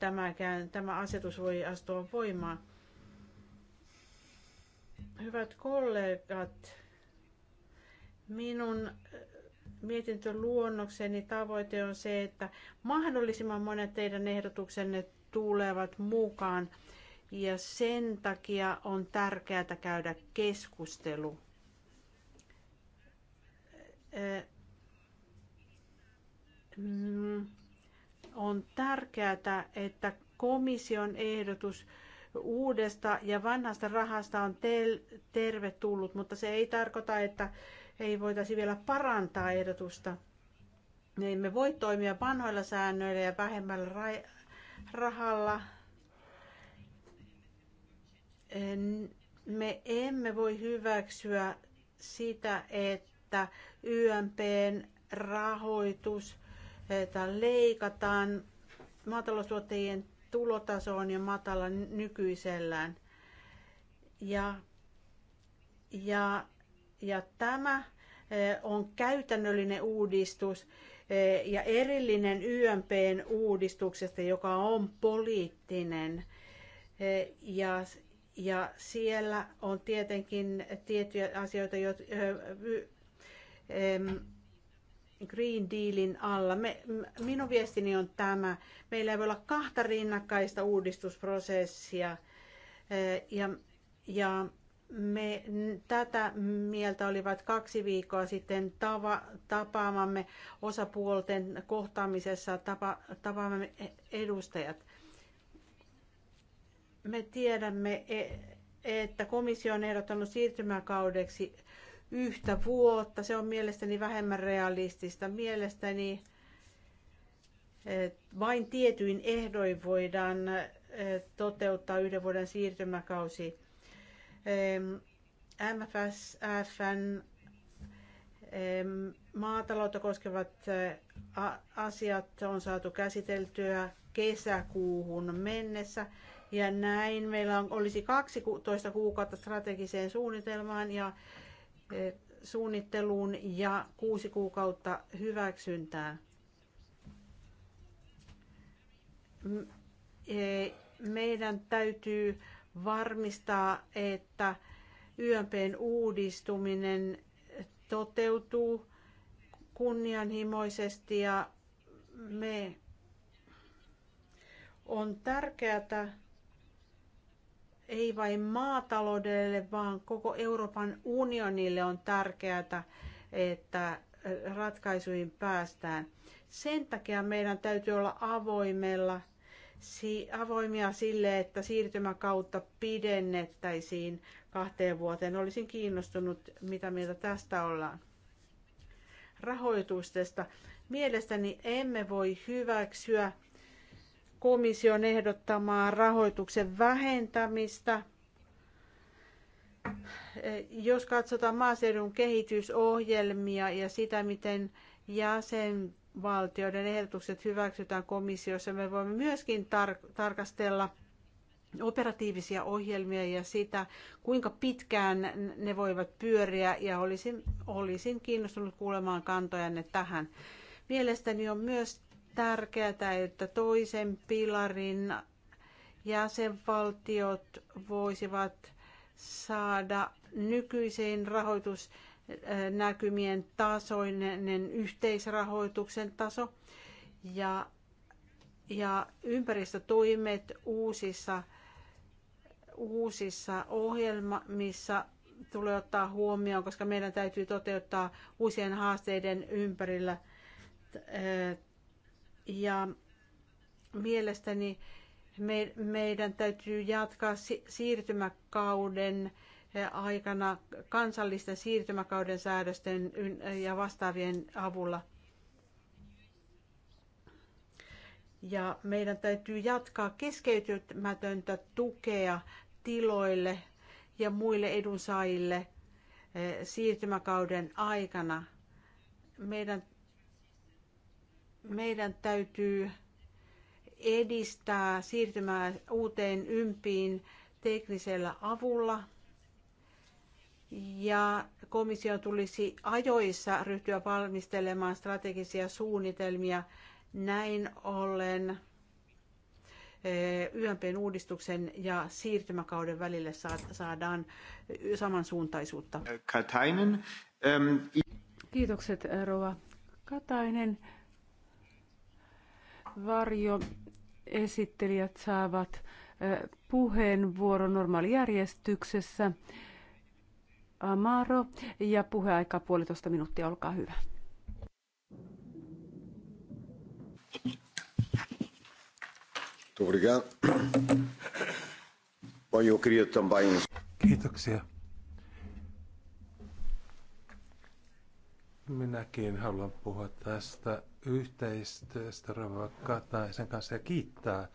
tämäkään, tämä asetus voi astua voimaan. Hyvät kollegat, minun äh, mietintöluonnokseni tavoite on se, että mahdollisimman monet teidän ehdotuksenne tulevat mukaan ja sen takia on tärkeää käydä keskustelu Mm, on tärkeää, että komission ehdotus uudesta ja vanhasta rahasta on tervetullut, mutta se ei tarkoita, että ei voitaisi vielä parantaa ehdotusta. Me emme voi toimia vanhoilla säännöillä ja vähemmällä rahalla. Me emme voi hyväksyä sitä, että että YMPn rahoitus leikataan maataloustuottajien tulotasoon ja matala nykyisellään. Ja, ja, ja tämä e, on käytännöllinen uudistus e, ja erillinen YMPn uudistuksesta, joka on poliittinen. E, ja, ja siellä on tietenkin tiettyjä asioita, Green Dealin alla. Me, minun viestini on tämä. Meillä ei voi olla kahta rinnakkaista uudistusprosessia. Ja, ja me, tätä mieltä olivat kaksi viikkoa sitten tava, tapaamamme osapuolten kohtaamisessa tapa, tapaamamme e, edustajat. Me tiedämme, e, että komissio on ehdottanut siirtymäkaudeksi yhtä vuotta. Se on mielestäni vähemmän realistista. Mielestäni eh, vain tietyin ehdoin voidaan eh, toteuttaa yhden vuoden siirtymäkausi. MFSFn maataloutta koskevat eh, asiat on saatu käsiteltyä kesäkuuhun mennessä. Ja näin meillä on, olisi 12 kuukautta strategiseen suunnitelmaan ja Eh, suunnitteluun ja kuusi kuukautta hyväksyntään. Eh, meidän täytyy varmistaa, että YMPn uudistuminen toteutuu kunnianhimoisesti ja me on tärkeää, ei vain maataloudelle, vaan koko Euroopan unionille on tärkeää, että äh, ratkaisuihin päästään. Sen takia meidän täytyy olla avoimella, avoimia sille, että siirtymäkautta pidennettäisiin kahteen vuoteen. Olisin kiinnostunut, mitä mieltä tästä ollaan. Rahoitustesta. Mielestäni emme voi hyväksyä komission ehdottamaa rahoituksen vähentämistä. Jos katsotaan maaseudun kehitysohjelmia ja sitä, miten jäsenvaltioiden ehdotukset hyväksytään komissiossa, me voimme myöskin tar- tarkastella operatiivisia ohjelmia ja sitä, kuinka pitkään ne voivat pyöriä ja olisin, olisin kiinnostunut kuulemaan kantojanne tähän. Mielestäni on myös tärkeää, että toisen pilarin jäsenvaltiot voisivat saada nykyiseen rahoitusnäkymien tasoinen yhteisrahoituksen taso ja, ja ympäristötoimet uusissa, uusissa ohjelmissa tulee ottaa huomioon, koska meidän täytyy toteuttaa uusien haasteiden ympärillä ja mielestäni me, meidän täytyy jatkaa siirtymäkauden eh, aikana kansallisten siirtymäkauden säädösten eh, ja vastaavien avulla. Ja meidän täytyy jatkaa keskeytymätöntä tukea tiloille ja muille edunsaajille eh, siirtymäkauden aikana. Meidän meidän täytyy edistää siirtymää uuteen ympiin teknisellä avulla ja komission tulisi ajoissa ryhtyä valmistelemaan strategisia suunnitelmia. Näin ollen eh, YMPn uudistuksen ja siirtymäkauden välille saadaan samansuuntaisuutta. Katainen. Ehm, Kiitokset Rova Katainen. Varjo esittelijät saavat puheenvuoron normaalijärjestyksessä. Amaro ja puheaika puolitoista minuuttia, olkaa hyvä. Kiitoksia. Minäkin haluan puhua tästä yhteistyöstä Rova Kataisen kanssa ja kiittää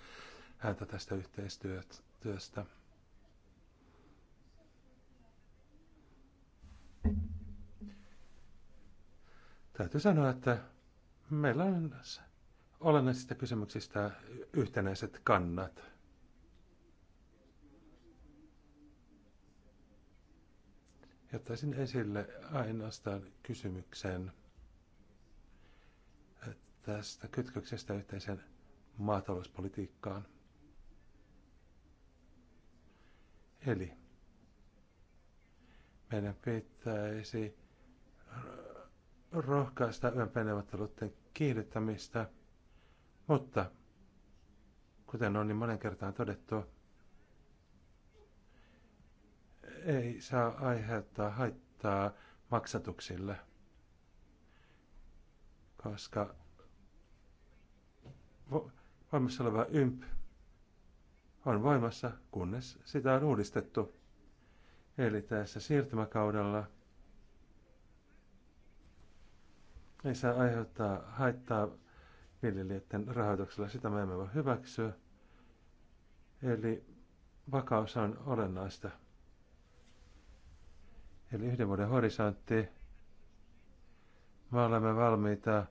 häntä tästä yhteistyöstä. Täytyy sanoa, että meillä on olennaisista kysymyksistä yhtenäiset kannat. Jättäisin esille ainoastaan kysymyksen äh, tästä kytköksestä yhteiseen maatalouspolitiikkaan. Eli meidän pitäisi rohkaista ympäneuvotteluiden kiihdyttämistä, mutta kuten on niin monen kertaan todettu, ei saa aiheuttaa haittaa maksatuksille, koska voimassa oleva ymp on voimassa, kunnes sitä on uudistettu. Eli tässä siirtymäkaudella ei saa aiheuttaa haittaa viljelijöiden rahoituksella. Sitä me emme voi hyväksyä. Eli vakaus on olennaista. Eli yhden vuoden horisontti. Me olemme valmiita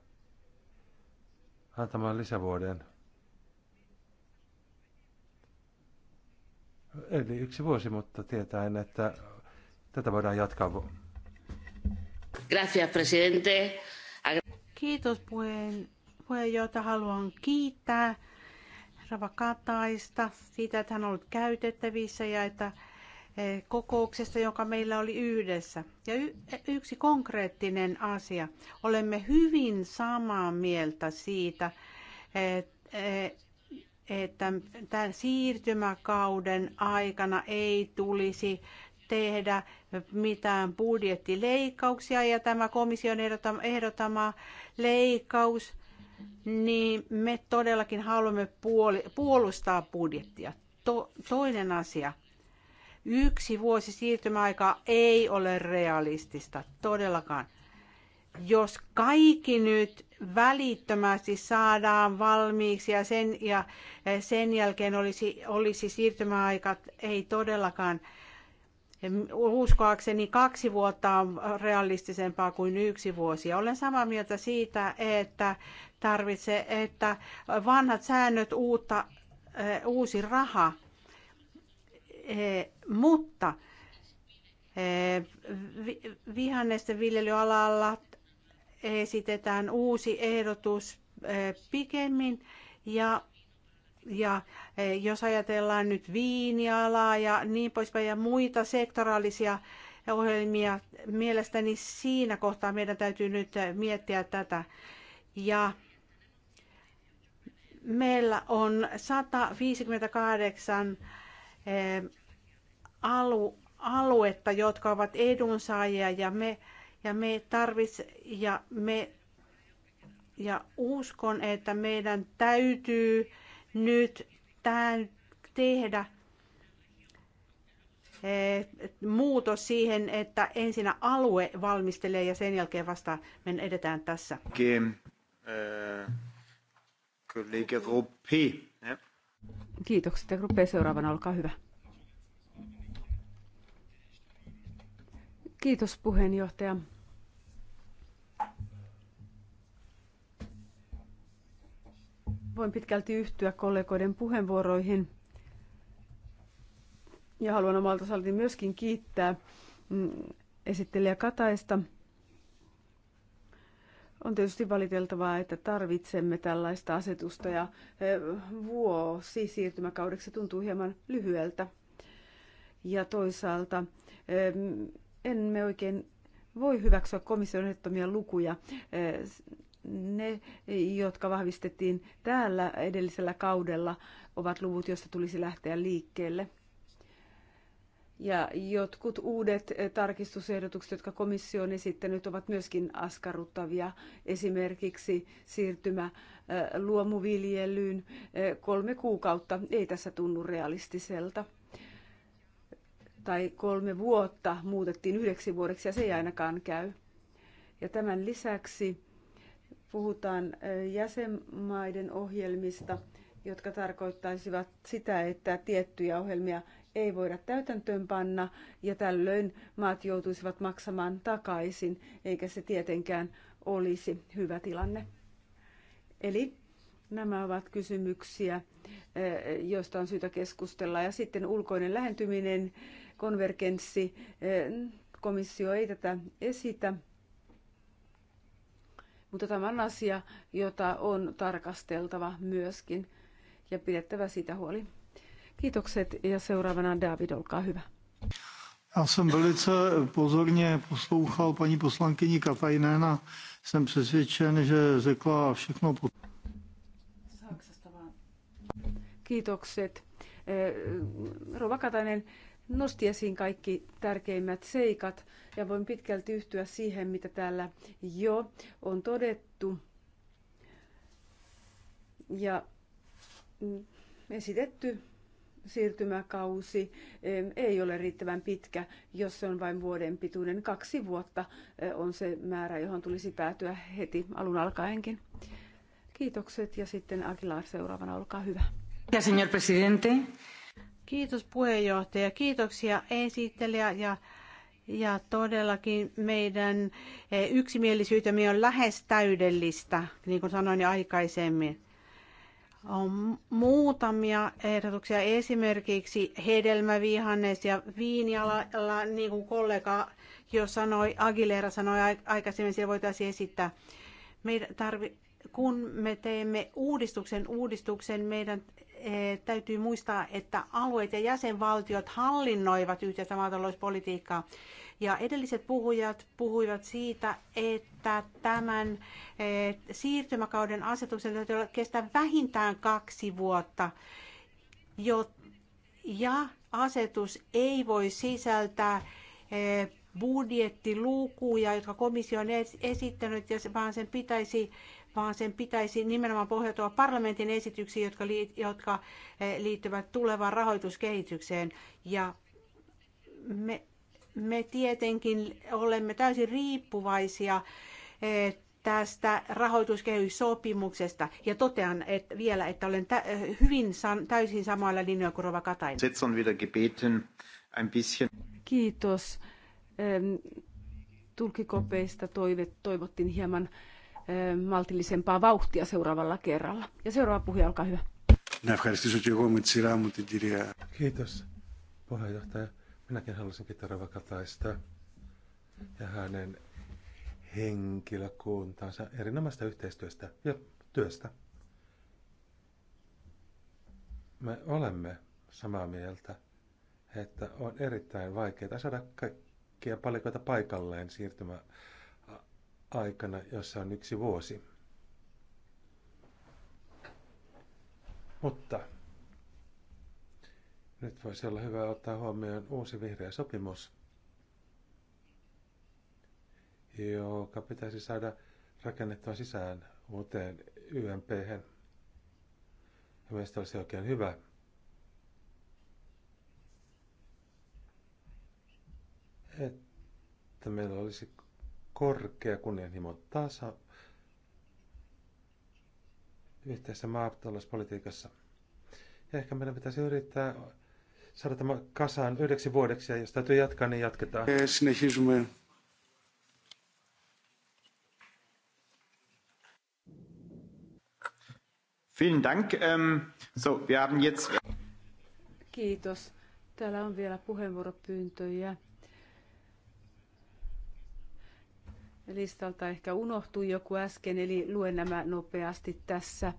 antamaan lisävuoden. Eli yksi vuosi, mutta tietäen, että tätä voidaan jatkaa. Gracias, presidente. Kiitos puheen, puheenjohtaja. Haluan kiittää Rava Kataista siitä, että hän on ollut käytettävissä ja että Eh, kokouksesta, joka meillä oli yhdessä. Ja yksi konkreettinen asia. Olemme hyvin samaa mieltä siitä, eh, että tämän siirtymäkauden aikana ei tulisi tehdä mitään budjettileikkauksia ja tämä komission ehdottama leikkaus, niin me todellakin haluamme puolustaa budjettia. toinen asia, Yksi vuosi siirtymäaika ei ole realistista, todellakaan. Jos kaikki nyt välittömästi saadaan valmiiksi ja sen, ja sen jälkeen olisi, olisi siirtymäaikat, ei todellakaan. Uskoakseni kaksi vuotta on realistisempaa kuin yksi vuosi. Ja olen samaa mieltä siitä, että tarvitsee, että vanhat säännöt uutta, eh, uusi raha Eh, mutta eh, vihannesten viljelyalalla esitetään uusi ehdotus eh, pikemmin ja ja jos ajatellaan nyt viinialaa ja niin poispäin ja muita sektoraalisia ohjelmia, mielestäni siinä kohtaa meidän täytyy nyt miettiä tätä. Ja meillä on 158 Eh, alu, aluetta, jotka ovat edunsaajia ja me, ja me tarvits, ja me ja uskon, että meidän täytyy nyt tämän tehdä eh, muutos siihen, että ensin alue valmistelee ja sen jälkeen vasta me edetään tässä. Okay. Uh, eh, Kiitokset ja rupeaa seuraavana, olkaa hyvä. Kiitos puheenjohtaja. Voin pitkälti yhtyä kollegoiden puheenvuoroihin ja haluan omalta osaltani myöskin kiittää mm, esittelijä Kataista. On tietysti valiteltavaa, että tarvitsemme tällaista asetusta ja e, vuosi siirtymäkaudeksi tuntuu hieman lyhyeltä. Ja toisaalta e, emme oikein voi hyväksyä komission ehdottomia lukuja. E, ne, jotka vahvistettiin täällä edellisellä kaudella, ovat luvut, joista tulisi lähteä liikkeelle – ja jotkut uudet eh, tarkistusehdotukset, jotka komissio on esittänyt, ovat myöskin askarruttavia. Esimerkiksi siirtymä eh, luomuviljelyyn eh, kolme kuukautta ei tässä tunnu realistiselta. Tai kolme vuotta muutettiin yhdeksi vuodeksi ja se ei ainakaan käy. Ja tämän lisäksi puhutaan jäsenmaiden ohjelmista, jotka tarkoittaisivat sitä, että tiettyjä ohjelmia ei voida täytäntöönpanna ja tällöin maat joutuisivat maksamaan takaisin, eikä se tietenkään olisi hyvä tilanne. Eli nämä ovat kysymyksiä, eh, joista on syytä keskustella. Ja sitten ulkoinen lähentyminen, konvergenssi, eh, komissio ei tätä esitä, mutta tämä on asia, jota on tarkasteltava myöskin ja pidettävä siitä huoli. Kiitokset ja seuraavana David, olkaa hyvä. Já jsem velice pozorně poslouchal paní poslankyni Katajnén a jsem přesvědčen, že řekla všechno. Kiitokset. Eh, Rova Katainen nosti esiin kaikki tärkeimmät seikat ja voin pitkälti yhtyä siihen, mitä täällä jo on todettu. Ja mm, esitetty siirtymäkausi ei ole riittävän pitkä, jos se on vain vuoden pituinen. Kaksi vuotta e, on se määrä, johon tulisi päätyä heti alun alkaenkin. Kiitokset ja sitten Aguilar seuraavana, olkaa hyvä. Ja señor presidente. Kiitos puheenjohtaja, kiitoksia esittelijä ja ja todellakin meidän e, yksimielisyytemme on lähes täydellistä, niin kuin sanoin jo aikaisemmin on muutamia ehdotuksia, esimerkiksi hedelmävihannes ja viinialalla, niin kuin kollega jo sanoi, Aguilera sanoi aikaisemmin, siellä voitaisiin esittää. Meidän tarvi, kun me teemme uudistuksen uudistuksen, meidän eh, täytyy muistaa, että alueet ja jäsenvaltiot hallinnoivat yhteistä maatalouspolitiikkaa. Ja edelliset puhujat puhuivat siitä, että tämän eh, siirtymäkauden asetuksen täytyy kestää vähintään kaksi vuotta, ja asetus ei voi sisältää eh, budjettilukuja, jotka komissio on esittänyt, vaan sen pitäisi vaan sen pitäisi nimenomaan pohjautua parlamentin esityksiin, jotka, jotka eh, liittyvät tulevaan rahoituskehitykseen. Ja me, me tietenkin olemme täysin riippuvaisia eh, tästä rahoituskehyssopimuksesta. Ja totean et vielä, että olen tä- hyvin san- täysin samoilla linjoilla kuin Rova Katainen. Kiitos. Tulkikopeista toive, toivottiin hieman maltillisempaa vauhtia seuraavalla kerralla. Ja seuraava puhuja, olkaa hyvä. Kiitos, puheenjohtaja. Minäkin haluaisin kiittää Kataista ja hänen henkilökuntaansa erinomaista yhteistyöstä ja työstä. Me olemme samaa mieltä, että on erittäin vaikeaa saada kaikkia palikoita paikalleen siirtymä aikana, jossa on yksi vuosi. Mutta nyt voisi olla hyvä ottaa huomioon uusi vihreä sopimus, joka pitäisi saada rakennettua sisään uuteen YMP. Mielestäni olisi oikein hyvä. Että meillä olisi korkea kunnianhimon tasa yhteisessä maatalouspolitiikassa. Ja ehkä meidän pitäisi yrittää saada tämä kasaan yhdeksi vuodeksi ja jos täytyy jatkaa, niin jatketaan. Συνεχίζουμε. Vielen Dank. Ähm, so, wir haben jetzt... Kiitos. Täällä on vielä puheenvuoropyyntöjä. Listalta ehkä unohtui joku äsken, eli luen nämä nopeasti tässä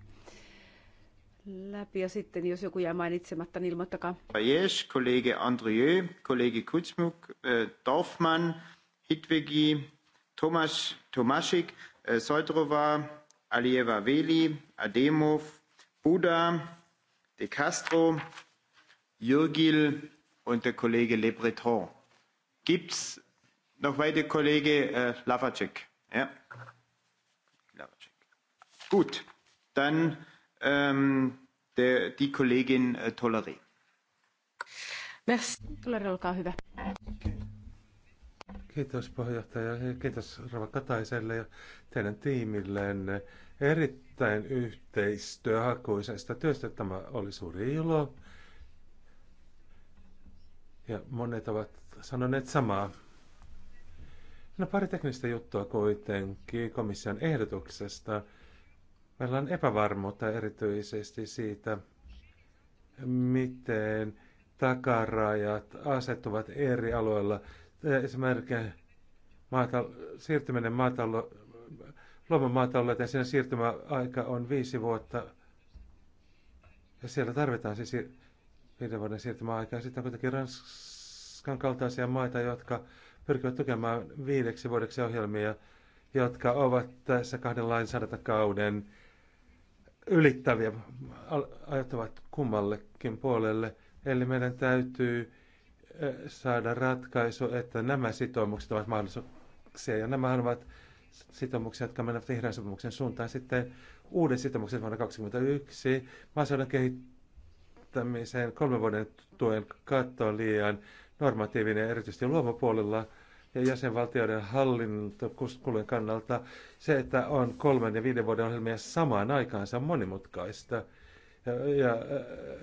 läpi ja sitten jos joku jää mainitsematta, niin ilmoittakaa. Yes, kollege Andrieu, kollege Kutsmuk, äh, Dorfman, Hitvegi, Thomas, Tomasik, äh, Soitrova, Alieva Veli, Ademov, Buda, De Castro, Jürgil und der Kollege Le Breton. Gibt es noch weitere Kollege äh, Lavacek? Ja. Lavacek. Gut, dann ähm, de, die Kollegin äh, Tolleré. Merci. Tolleré, olkaa hyvä. Kiitos puheenjohtaja ja kiitos Rava Kataiselle ja teidän tiimillenne erittäin yhteistyöhakuisesta työstä. Tämä oli suuri ilo. Ja monet ovat sanoneet samaa. No pari teknistä juttua kuitenkin komission ehdotuksesta. Meillä on epävarmuutta erityisesti siitä, miten takarajat asettuvat eri alueilla. Esimerkiksi maata, siirtyminen maatalo, luoman maatalouteen, siinä siirtymäaika on viisi vuotta. Ja siellä tarvitaan siis viiden vuoden Ja Sitten on kuitenkin Ranskan kaltaisia maita, jotka pyrkivät tukemaan viideksi vuodeksi ohjelmia, jotka ovat tässä kahden lainsäädäntökauden kauden ylittäviä ajattavat kummallekin puolelle. Eli meidän täytyy saada ratkaisu, että nämä sitoumukset ovat mahdollisia. Ja nämä ovat sitoumuksia, jotka menevät vihreän sopimuksen suuntaan. Sitten uuden sitoumuksen vuonna 2021 maaseudun kehittämiseen kolmen vuoden tuen katto on liian normatiivinen, erityisesti luomapuolella – ja jäsenvaltioiden hallintokulujen kannalta se, että on kolmen ja viiden vuoden ohjelmia samaan aikaansa monimutkaista. Ja, ja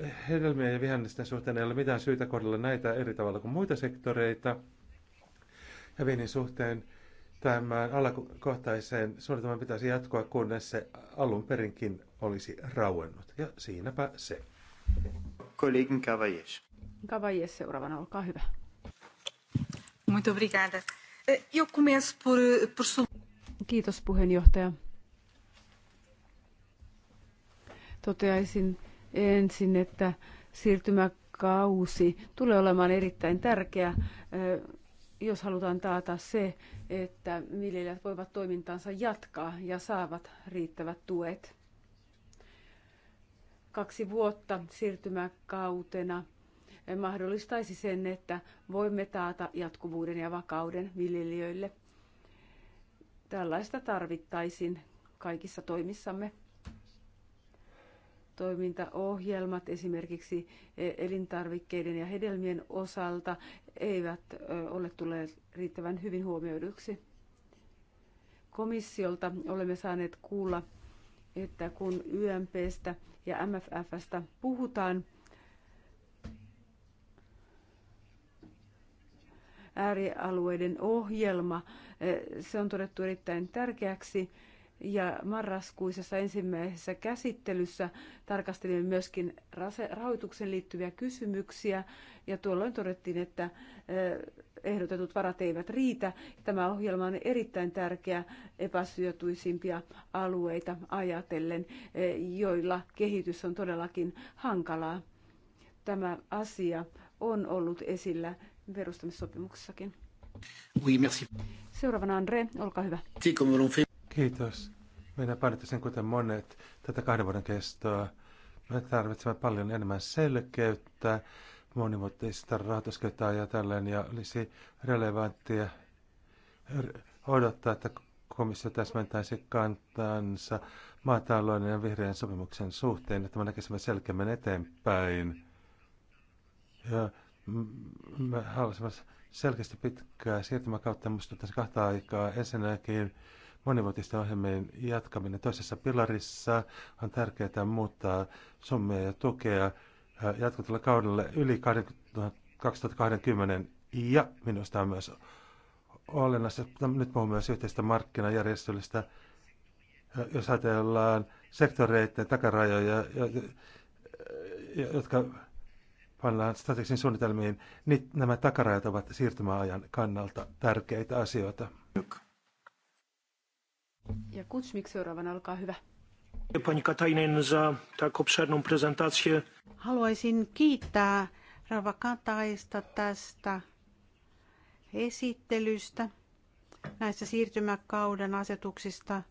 äh, hedelmien ja vihannisten suhteen ei ole mitään syytä kohdella näitä eri tavalla kuin muita sektoreita. Ja viinin suhteen tämän alakohtaiseen suunnitelman pitäisi jatkoa, kunnes se alun perinkin olisi rauennut. Ja siinäpä se. Kollegin Kavajes. Kavajes seuraavana, olkaa hyvä. Muito obrigada. Eh, eu começo por, eh, por... Kiitos puheenjohtaja. Toteaisin ensin, että siirtymäkausi tulee olemaan erittäin tärkeä, eh, jos halutaan taata se, että viljelijät voivat toimintaansa jatkaa ja saavat riittävät tuet. Kaksi vuotta siirtymäkautena – mahdollistaisi sen, että voimme taata jatkuvuuden ja vakauden viljelijöille. Tällaista tarvittaisiin kaikissa toimissamme. Toimintaohjelmat esimerkiksi e- elintarvikkeiden ja hedelmien osalta eivät ole tulleet riittävän hyvin huomioiduksi. Komissiolta olemme saaneet kuulla, että kun YMPstä ja MFFstä puhutaan, äärialueiden ohjelma. Eh, se on todettu erittäin tärkeäksi ja marraskuisessa ensimmäisessä käsittelyssä tarkastelimme myöskin rahoituksen liittyviä kysymyksiä ja tuolloin todettiin, että eh, ehdotetut varat eivät riitä. Tämä ohjelma on erittäin tärkeä epäsyötuisimpia alueita ajatellen, eh, joilla kehitys on todellakin hankalaa. Tämä asia on ollut esillä perustamissopimuksessakin. Oui, merci. Seuraavana Andre, olkaa hyvä. Kiitos. Minä painottaisin kuten monet tätä kahden vuoden kestoa. Me tarvitsemme paljon enemmän selkeyttä, monimuotoista ja ajatellen ja olisi relevanttia odottaa, että komissio täsmentäisi kantansa maatalouden ja vihreän sopimuksen suhteen, että me näkisimme selkeämmin eteenpäin. Ja me mm, haluaisimme selkeästi pitkää siirtymäkautta. mutta tässä kahta aikaa. Ensinnäkin monivuotisten ohjelmien jatkaminen toisessa pilarissa on tärkeää muuttaa summia ja tukea äh, jatkotella kaudelle yli 2020 ja minusta on myös olennaista, nyt puhun myös yhteistä markkinajärjestelystä, äh, jos ajatellaan sektoreiden takarajoja, jotka pannaan strategisiin suunnitelmiin, niin nämä takarajat ovat siirtymäajan kannalta tärkeitä asioita. Ja Kutsmik seuraavana, olkaa hyvä. Pani Katainen za tak obszerną prezentację. Haluaisin kiittää Rava Kataista tästä esittelystä näistä siirtymäkauden asetuksista.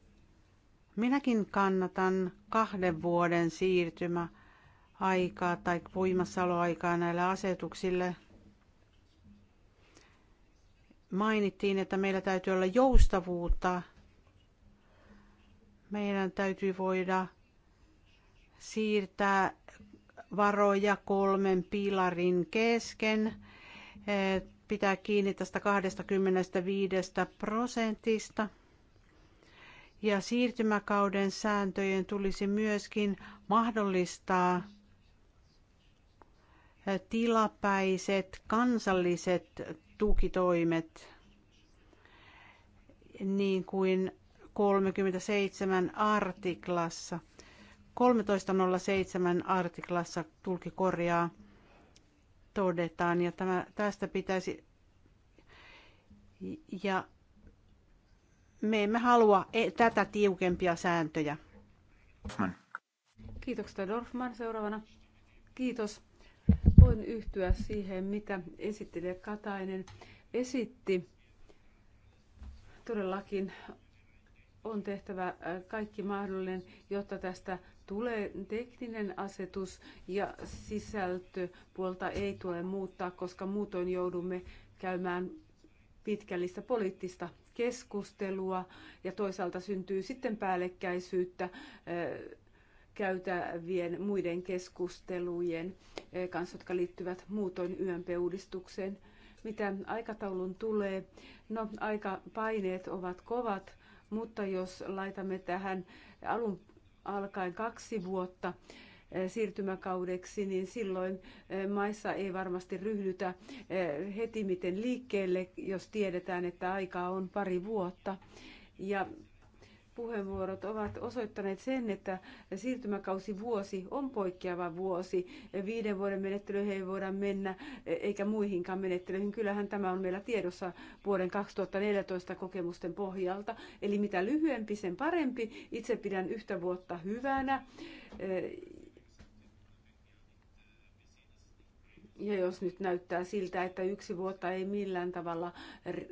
Minäkin kannatan kahden vuoden siirtymä aikaa tai voimassaoloaikaa näille asetuksille. Mainittiin, että meillä täytyy olla joustavuutta. Meidän täytyy voida siirtää varoja kolmen pilarin kesken, eh, pitää kiinni tästä 25 prosentista. Ja siirtymäkauden sääntöjen tulisi myöskin mahdollistaa tilapäiset kansalliset tukitoimet, niin kuin 37 artiklassa, 13.07 artiklassa tulki korjaa todetaan ja tämä, tästä pitäisi ja me emme halua e, tätä tiukempia sääntöjä. Kiitoksia Dorfman seuraavana. Kiitos Voin yhtyä siihen, mitä esittelijä Katainen esitti. Todellakin on tehtävä äh, kaikki mahdollinen, jotta tästä tulee tekninen asetus ja sisältöpuolta ei tule muuttaa, koska muutoin joudumme käymään pitkällistä poliittista keskustelua ja toisaalta syntyy sitten päällekkäisyyttä äh, käytävien muiden keskustelujen eh, kanssa, jotka liittyvät muutoin YMP-uudistukseen. Mitä aikataulun tulee? No, aikapaineet ovat kovat, mutta jos laitamme tähän alun alkaen kaksi vuotta, eh, siirtymäkaudeksi, niin silloin eh, maissa ei varmasti ryhdytä heti miten liikkeelle, jos tiedetään, että aikaa on pari vuotta. Ja puheenvuorot ovat osoittaneet sen, että siirtymäkausi vuosi on poikkeava vuosi. Viiden vuoden menettelyihin ei voida mennä, eikä muihinkaan menettelyihin. Kyllähän tämä on meillä tiedossa vuoden 2014 kokemusten pohjalta. Eli mitä lyhyempi, sen parempi. Itse pidän yhtä vuotta hyvänä. Ja jos nyt näyttää siltä, että yksi vuotta ei millään tavalla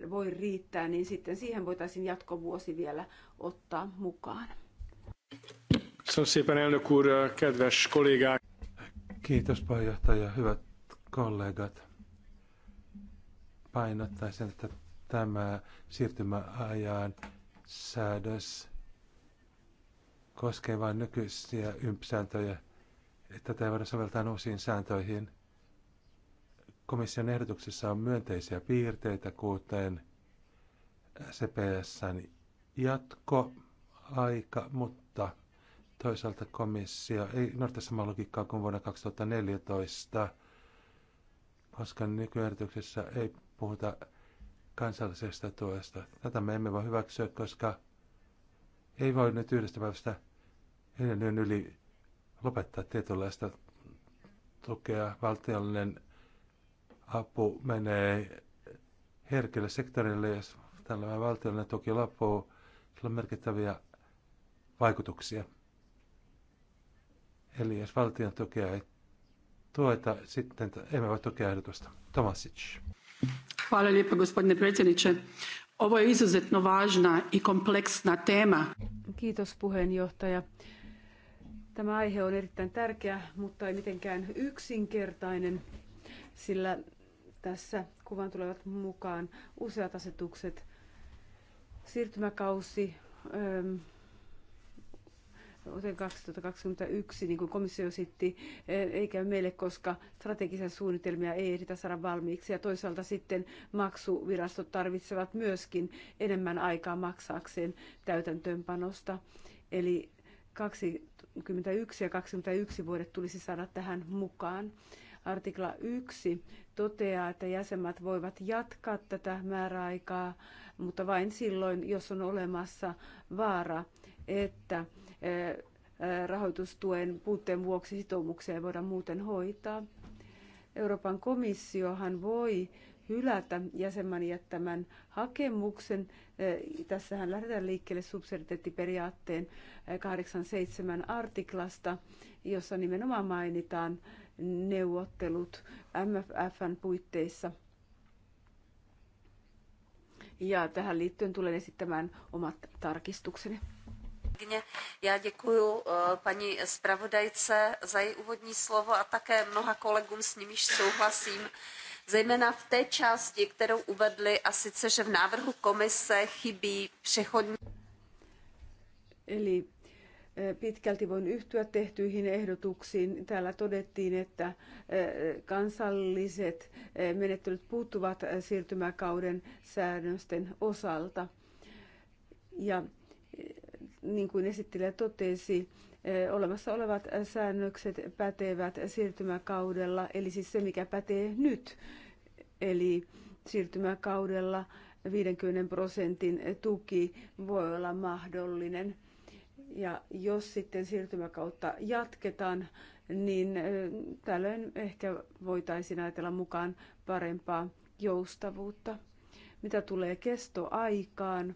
voi riittää, niin sitten siihen voitaisiin jatkovuosi vielä ottaa mukaan. Kiitos puheenjohtaja, hyvät kollegat. Painottaisin, että tämä siirtymäajan säädös koskee vain nykyisiä ympsääntöjä, että tätä ei voida soveltaa uusiin sääntöihin. Komission ehdotuksessa on myönteisiä piirteitä, kuten CPSn jatkoaika, mutta toisaalta komissio ei noudata samaa logiikkaa kuin vuonna 2014, koska nykyjärjestyksessä ei puhuta kansallisesta tuesta. Tätä me emme voi hyväksyä, koska ei voi nyt yhdestä päivästä ennen yli lopettaa tietynlaista tukea. Valtiollinen apu menee herkille sektorille, jos tällainen valtiollinen tuki loppuu, on merkittäviä vaikutuksia. Eli jos valtion tukea ei tueta, sitten emme voi tukea ehdotusta. Tomasic. Hvala lijepa gospodine predsjedniče. Ovo je izuzetno važna i kompleksna tema. Kiitos puheenjohtaja. Tämä aihe on erittäin tärkeä, mutta ei mitenkään yksinkertainen, sillä tässä kuvan tulevat mukaan useat asetukset, siirtymäkausi vuoteen 2021, niin kuin komissio sitti, e, ei käy meille, koska strategisia suunnitelmia ei ehditä saada valmiiksi. Ja toisaalta sitten maksuvirastot tarvitsevat myöskin enemmän aikaa maksaakseen täytäntöönpanosta. Eli 2021 ja 2021 vuodet tulisi saada tähän mukaan. Artikla 1 toteaa, että jäsenmaat voivat jatkaa tätä määräaikaa, mutta vain silloin, jos on olemassa vaara, että eh, eh, rahoitustuen puutteen vuoksi sitoumuksia ei voida muuten hoitaa. Euroopan komissiohan voi hylätä jäsenmän jättämän hakemuksen. Eh, tässähän lähdetään liikkeelle subsidiariteettiperiaatteen 87 artiklasta, jossa nimenomaan mainitaan neuvottelut MFFn puitteissa. Ja tähän liittyen tulen esittämään omat tarkistukseni. Já děkuji eh, paní zpravodajce za její úvodní slovo a také mnoha kolegům, s nimiž souhlasím, zejména v té části, kterou uvedli, a sice, že v návrhu komise chybí přechodní. Eli Pitkälti voin yhtyä tehtyihin ehdotuksiin. Täällä todettiin, että kansalliset menettelyt puuttuvat siirtymäkauden säädösten osalta. Ja niin kuin esittelijä totesi, olemassa olevat säännökset pätevät siirtymäkaudella, eli siis se mikä pätee nyt. Eli siirtymäkaudella 50 prosentin tuki voi olla mahdollinen ja jos sitten siirtymäkautta jatketaan, niin tällöin ehkä voitaisiin ajatella mukaan parempaa joustavuutta. Mitä tulee kestoaikaan,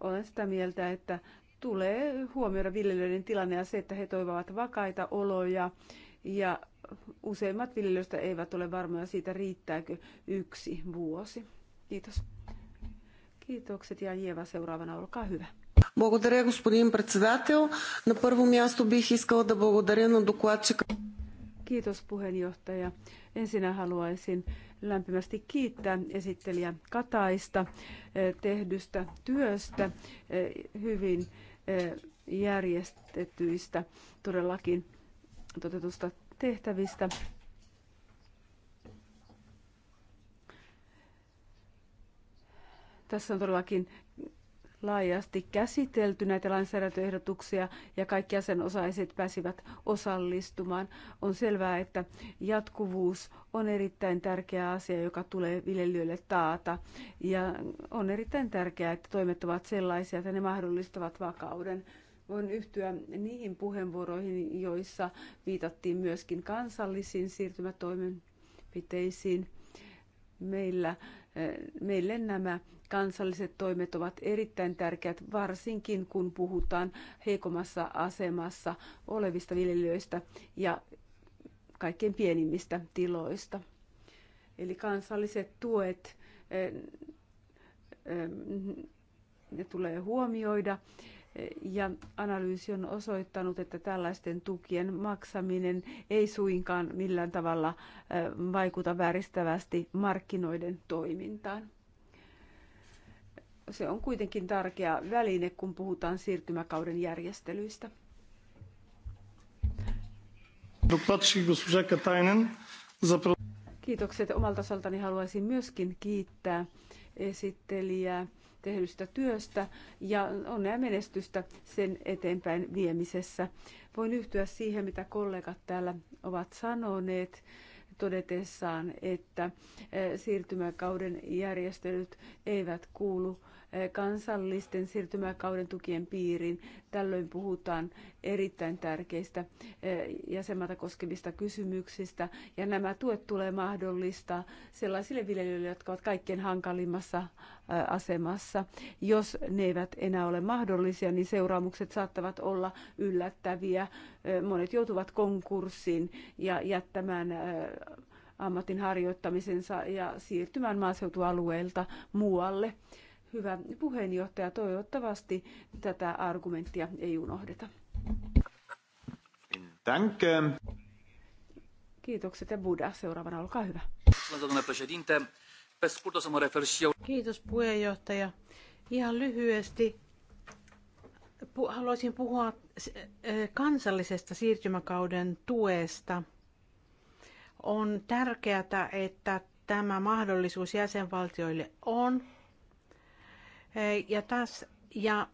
olen sitä mieltä, että tulee huomioida viljelijöiden tilanne ja se, että he toivovat vakaita oloja ja useimmat viljelijöistä eivät ole varmoja siitä, riittääkö yksi vuosi. Kiitos. Kiitokset ja Jeva seuraavana, olkaa hyvä. Благодаря, господин председател. На първо място бих искала да благодаря на докладчика. Kiitos puheenjohtaja. Ensin haluaisin lämpimästi kiittää esittelijä Kataista eh, tehdystä työstä eh, hyvin eh, järjestetyistä todellakin toteutusta tehtävistä Tässä on todellakin laajasti käsitelty näitä lainsäädäntöehdotuksia ja kaikki jäsenosaiset pääsivät osallistumaan. On selvää, että jatkuvuus on erittäin tärkeä asia, joka tulee viljelijöille taata. Ja on erittäin tärkeää, että toimet ovat sellaisia, että ne mahdollistavat vakauden. Voin yhtyä niihin puheenvuoroihin, joissa viitattiin myöskin kansallisiin siirtymätoimenpiteisiin. Meillä Meille nämä kansalliset toimet ovat erittäin tärkeät, varsinkin kun puhutaan heikommassa asemassa olevista viljelijöistä ja kaikkein pienimmistä tiloista. Eli kansalliset tuet, ne tulee huomioida ja analyysi on osoittanut, että tällaisten tukien maksaminen ei suinkaan millään tavalla vaikuta vääristävästi markkinoiden toimintaan. Se on kuitenkin tärkeä väline, kun puhutaan siirtymäkauden järjestelyistä. Kiitokset omalta osaltani haluaisin myöskin kiittää esittelijää tehdystä työstä ja onnea menestystä sen eteenpäin viemisessä. Voin yhtyä siihen, mitä kollegat täällä ovat sanoneet todetessaan, että eh, siirtymäkauden järjestelyt eivät kuulu kansallisten siirtymäkauden tukien piiriin. Tällöin puhutaan erittäin tärkeistä jäsenmaata koskevista kysymyksistä, ja nämä tuet tulee mahdollistaa sellaisille viljelijöille, jotka ovat kaikkein hankalimmassa asemassa. Jos ne eivät enää ole mahdollisia, niin seuraamukset saattavat olla yllättäviä. Monet joutuvat konkurssiin ja jättämään ammatin harjoittamisensa ja siirtymään maaseutualueelta muualle. Hyvä puheenjohtaja, toivottavasti tätä argumenttia ei unohdeta. Danke. Kiitokset ja Buddha. Seuraavana, olkaa hyvä. Kiitos puheenjohtaja. Ihan lyhyesti haluaisin puhua eh, eh, kansallisesta siirtymäkauden tuesta. On tärkeää, että tämä mahdollisuus jäsenvaltioille on ja tässä, ja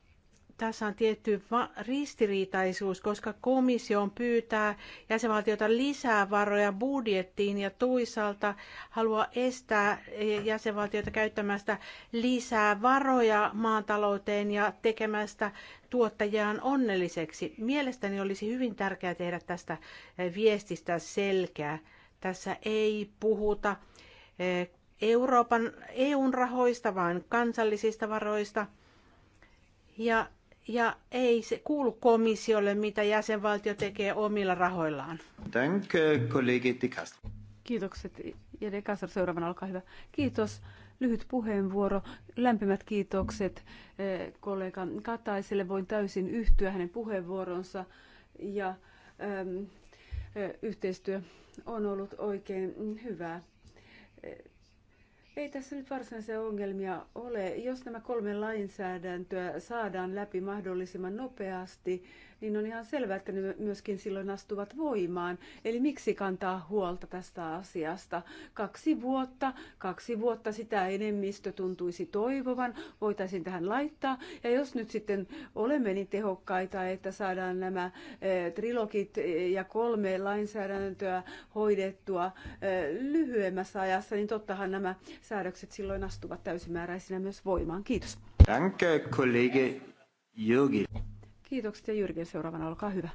tässä on tietty ristiriitaisuus, koska komissio on pyytää jäsenvaltiota lisää varoja budjettiin ja toisaalta haluaa estää e, jäsenvaltiota käyttämästä lisää varoja maantalouteen ja tekemästä tuottajiaan onnelliseksi. Mielestäni olisi hyvin tärkeää tehdä tästä e, viestistä selkeä. Tässä ei puhuta e, Euroopan EUn rahoista, vaan kansallisista varoista. Ja, ja ei se kuulu komissiolle, mitä jäsenvaltio tekee omilla rahoillaan. Dank, kollegi Kiitokset. Ja De Kasar, seuraavana, olkaa hyvä. Kiitos. Lyhyt puheenvuoro. Lämpimät kiitokset eh, kollega Kataiselle. Voin täysin yhtyä hänen puheenvuoronsa. Ja ähm, yhteistyö on ollut oikein hyvää eh, ei tässä nyt varsinaisia ongelmia ole. Jos nämä kolme lainsäädäntöä saadaan läpi mahdollisimman nopeasti, niin on ihan selvää, että ne myöskin silloin astuvat voimaan. Eli miksi kantaa huolta tästä asiasta? Kaksi vuotta, kaksi vuotta sitä enemmistö tuntuisi toivovan, voitaisiin tähän laittaa. Ja jos nyt sitten olemme niin tehokkaita, että saadaan nämä eh, trilogit eh, ja kolme lainsäädäntöä hoidettua eh, lyhyemmässä ajassa, niin tottahan nämä säädökset silloin astuvat täysimääräisinä myös voimaan. Kiitos. Danke, kollege Jürgen. Kiitokset ja Jyrgen seuraavana, olkaa hyvä.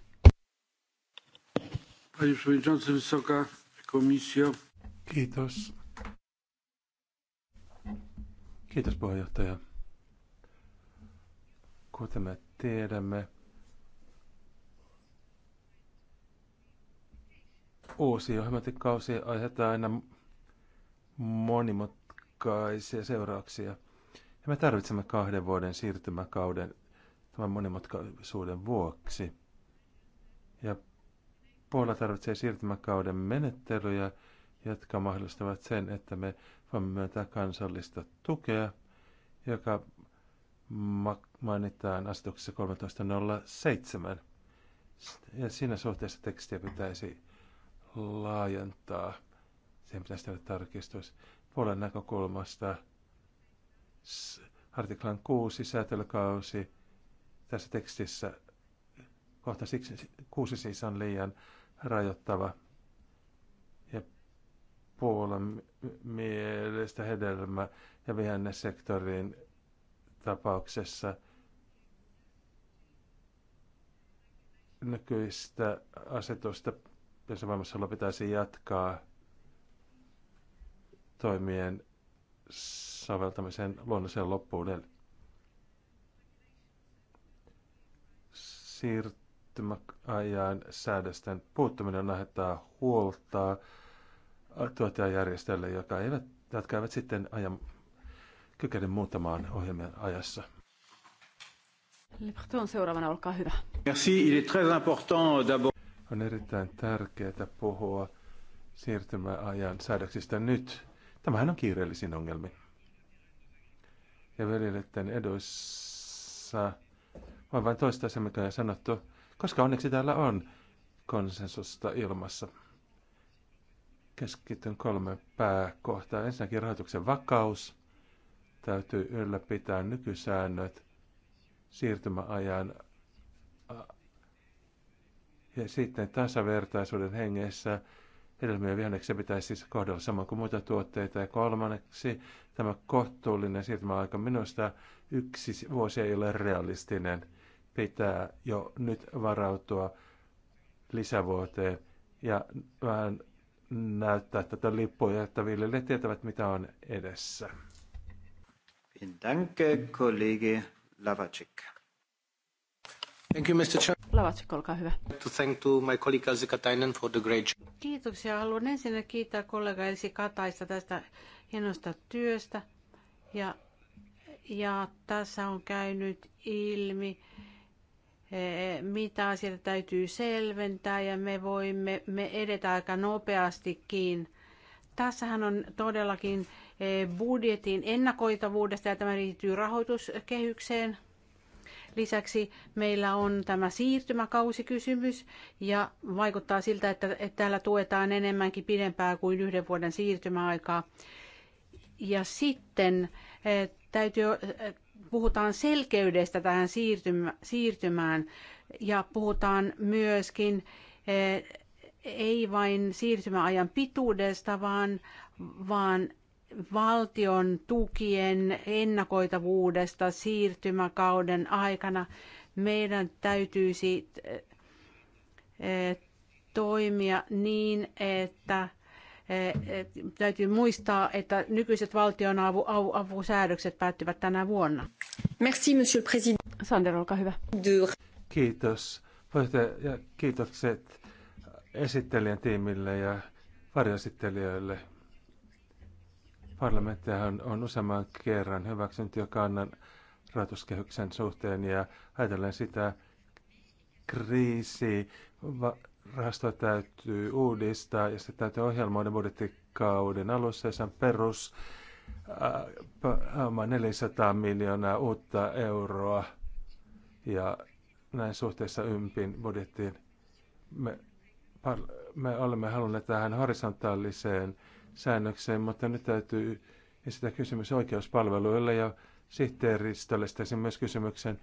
Kiitos. Kiitos puheenjohtaja. Kuten me tiedämme, uusi ohjelmatikkausi aiheuttaa aina monimutkaisia seurauksia. Ja me tarvitsemme kahden vuoden siirtymäkauden tämän monimutkaisuuden vuoksi. Ja Puola tarvitsee siirtymäkauden menettelyjä, jotka mahdollistavat sen, että me voimme myöntää kansallista tukea, joka mainitaan asetuksessa 13.07. Ja siinä suhteessa tekstiä pitäisi laajentaa. Siihen pitäisi tehdä tarkistus. Puolen näkökulmasta artiklan 6 säätelykausi tässä tekstissä. Kohta siksi, kuusi siis on liian rajoittava. Ja Puolan mielestä hedelmä ja vihannesektorin tapauksessa nykyistä asetusta pesävoimassaolo pitäisi jatkaa toimien soveltamisen luonnolliseen loppuun. siirtymäajan säädösten puuttuminen aiheuttaa huolta tuottajajärjestöille, jotka eivät, jotka eivät sitten ajan kykene muuttamaan ohjelmien ajassa. Lepreton seuraavana, olkaa hyvä. Merci, il est très important d'abord. On erittäin tärkeää puhua siirtymäajan säädöksistä nyt. Tämähän on kiireellisin ongelmi. Ja veljelleiden edoissa vaan vain toistaa se, mitä on sanottu, koska onneksi täällä on konsensusta ilmassa. Keskityn kolme pääkohtaa. Ensinnäkin rahoituksen vakaus. Täytyy ylläpitää nykysäännöt siirtymäajan ja sitten tasavertaisuuden hengessä Hedelmien vihanneksia pitäisi siis kohdella samoin kuin muita tuotteita. Ja kolmanneksi tämä kohtuullinen siirtymäaika minusta yksi vuosi ei ole realistinen pitää jo nyt varautua lisävuoteen ja vähän näyttää tätä lippua, että viljelijät tietävät, mitä on edessä. Danke, kollegi Lavacik. Thank you, Mr. Chairman. Lavacik, olkaa hyvä. To thank to my colleague Elsi Katainen for the great Kiitoksia. Haluan ensin kiittää kollega Elsi Kataista tästä hienosta työstä. Ja, ja tässä on käynyt ilmi, mitä asioita täytyy selventää ja me voimme me edetä aika nopeastikin. Tässähän on todellakin eh, budjetin ennakoitavuudesta ja tämä liittyy rahoituskehykseen. Lisäksi meillä on tämä siirtymäkausikysymys ja vaikuttaa siltä, että, että täällä tuetaan enemmänkin pidempää kuin yhden vuoden siirtymäaikaa. Ja sitten eh, täytyy eh, puhutaan selkeydestä tähän siirtymään ja puhutaan myöskin eh, ei vain siirtymäajan pituudesta, vaan, vaan valtion tukien ennakoitavuudesta siirtymäkauden aikana. Meidän täytyisi eh, eh, toimia niin, että Eh, täytyy muistaa, että nykyiset valtionavusäädökset päättyvät tänä vuonna. Merci, monsieur le président. Sander, olkaa hyvä. Kiitos. Ja kiitokset esittelijän tiimille ja varjoesittelijöille. Parlamenttihan on useamman kerran hyväksynyt jo kannan rahoituskehyksen suhteen ja ajatellen sitä kriisi rahasto täytyy uudistaa ja se täytyy ohjelmoida budjettikauden alussa ja sen perus äh, 400 äh, miljoonaa uutta euroa ja näin suhteessa ympin budjettiin. Me, par, me olemme halunneet tähän horisontaaliseen säännökseen, mutta nyt täytyy esittää kysymys oikeuspalveluille ja sihteeristölle. Sitten myös kysymyksen,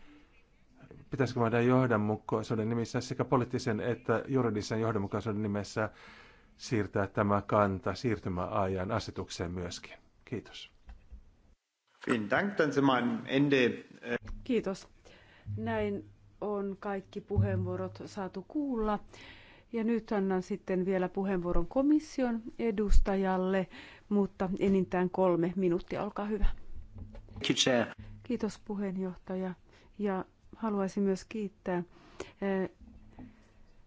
pitäisikö meidän johdonmukaisuuden nimissä sekä poliittisen että juridisen johdonmukaisuuden nimessä siirtää tämä kanta siirtymäajan asetukseen myöskin. Kiitos. Äh, Kiitos. Näin on kaikki puheenvuorot saatu kuulla. Ja nyt annan sitten vielä puheenvuoron komission edustajalle, mutta enintään kolme minuuttia, olkaa hyvä. Kiitos puheenjohtaja ja haluaisin myös kiittää eh,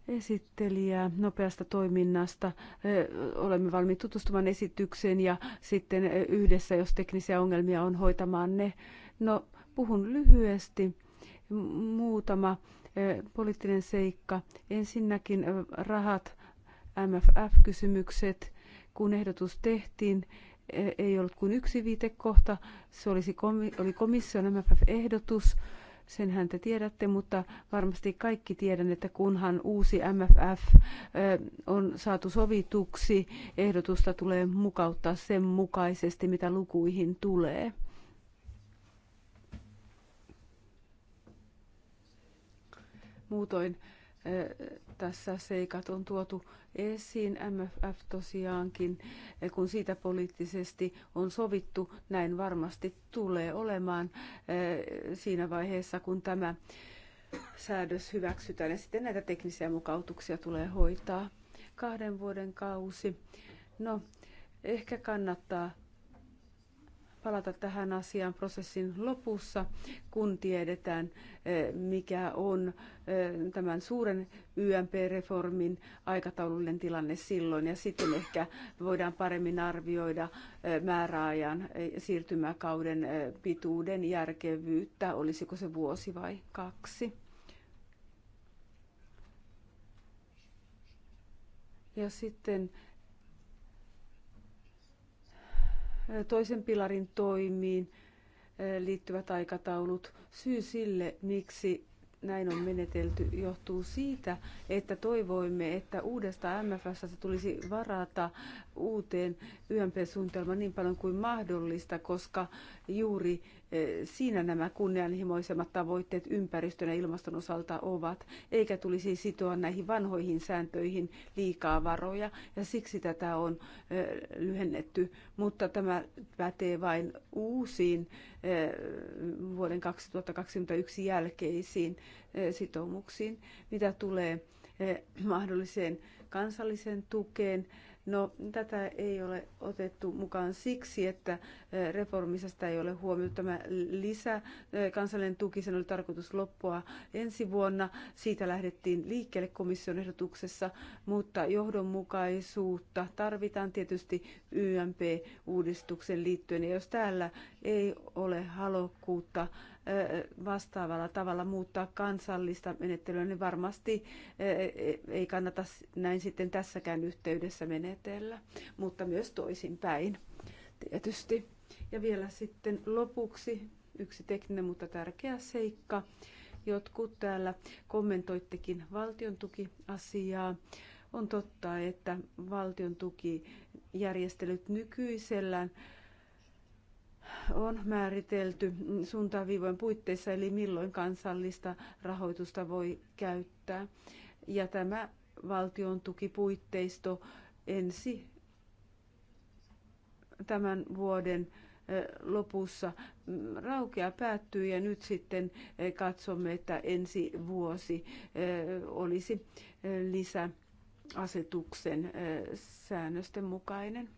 esittelijää nopeasta toiminnasta. Eh, olemme valmiit tutustumaan esitykseen ja sitten eh, yhdessä, jos teknisiä ongelmia on, hoitamaan ne. No, puhun lyhyesti. Muutama poliittinen seikka. Ensinnäkin rahat, MFF-kysymykset. Kun ehdotus tehtiin, ei ollut kuin yksi viitekohta. Se olisi, oli komission MFF-ehdotus senhän te tiedätte, mutta varmasti kaikki tiedän, että kunhan uusi MFF on saatu sovituksi, ehdotusta tulee mukauttaa sen mukaisesti, mitä lukuihin tulee. Muutoin tässä seikat on tuotu esiin. MFF tosiaankin, kun siitä poliittisesti on sovittu, näin varmasti tulee olemaan eh, siinä vaiheessa, kun tämä säädös hyväksytään. Ja sitten näitä teknisiä mukautuksia tulee hoitaa kahden vuoden kausi. No, ehkä kannattaa palata tähän asiaan prosessin lopussa, kun tiedetään, eh, mikä on eh, tämän suuren YMP-reformin aikataulullinen tilanne silloin, ja sitten ehkä voidaan paremmin arvioida eh, määräajan siirtymäkauden pituuden järkevyyttä, olisiko se vuosi vai kaksi. Ja sitten toisen pilarin toimiin eh, liittyvät aikataulut. Syy sille, miksi näin on menetelty, johtuu siitä, että toivoimme, että uudesta MFS tulisi varata uuteen YMP-suunnitelmaan niin paljon kuin mahdollista, koska juuri Siinä nämä kunnianhimoisemmat tavoitteet ympäristön ja ilmaston osalta ovat, eikä tulisi sitoa näihin vanhoihin sääntöihin liikaa varoja, ja siksi tätä on lyhennetty. Mutta tämä pätee vain uusiin vuoden 2021 jälkeisiin sitoumuksiin, mitä tulee mahdolliseen kansalliseen tukeen No, tätä ei ole otettu mukaan siksi, että reformissa ei ole huomioitu. Tämä lisä, kansallinen tuki, sen oli tarkoitus loppua ensi vuonna. Siitä lähdettiin liikkeelle komission ehdotuksessa, mutta johdonmukaisuutta tarvitaan tietysti YMP-uudistuksen liittyen. Ja jos täällä ei ole halukkuutta vastaavalla tavalla muuttaa kansallista menettelyä, niin varmasti e, e, ei kannata näin sitten tässäkään yhteydessä menetellä, mutta myös toisinpäin tietysti. Ja vielä sitten lopuksi yksi tekninen, mutta tärkeä seikka. Jotkut täällä kommentoittekin valtion tukiasiaa. On totta, että valtion tukijärjestelyt nykyisellään on määritelty suuntaviivojen puitteissa, eli milloin kansallista rahoitusta voi käyttää. Ja tämä valtion tukipuitteisto ensi tämän vuoden lopussa mm, raukea päättyy ja nyt sitten katsomme, että ensi vuosi olisi lisäasetuksen säännösten mukainen.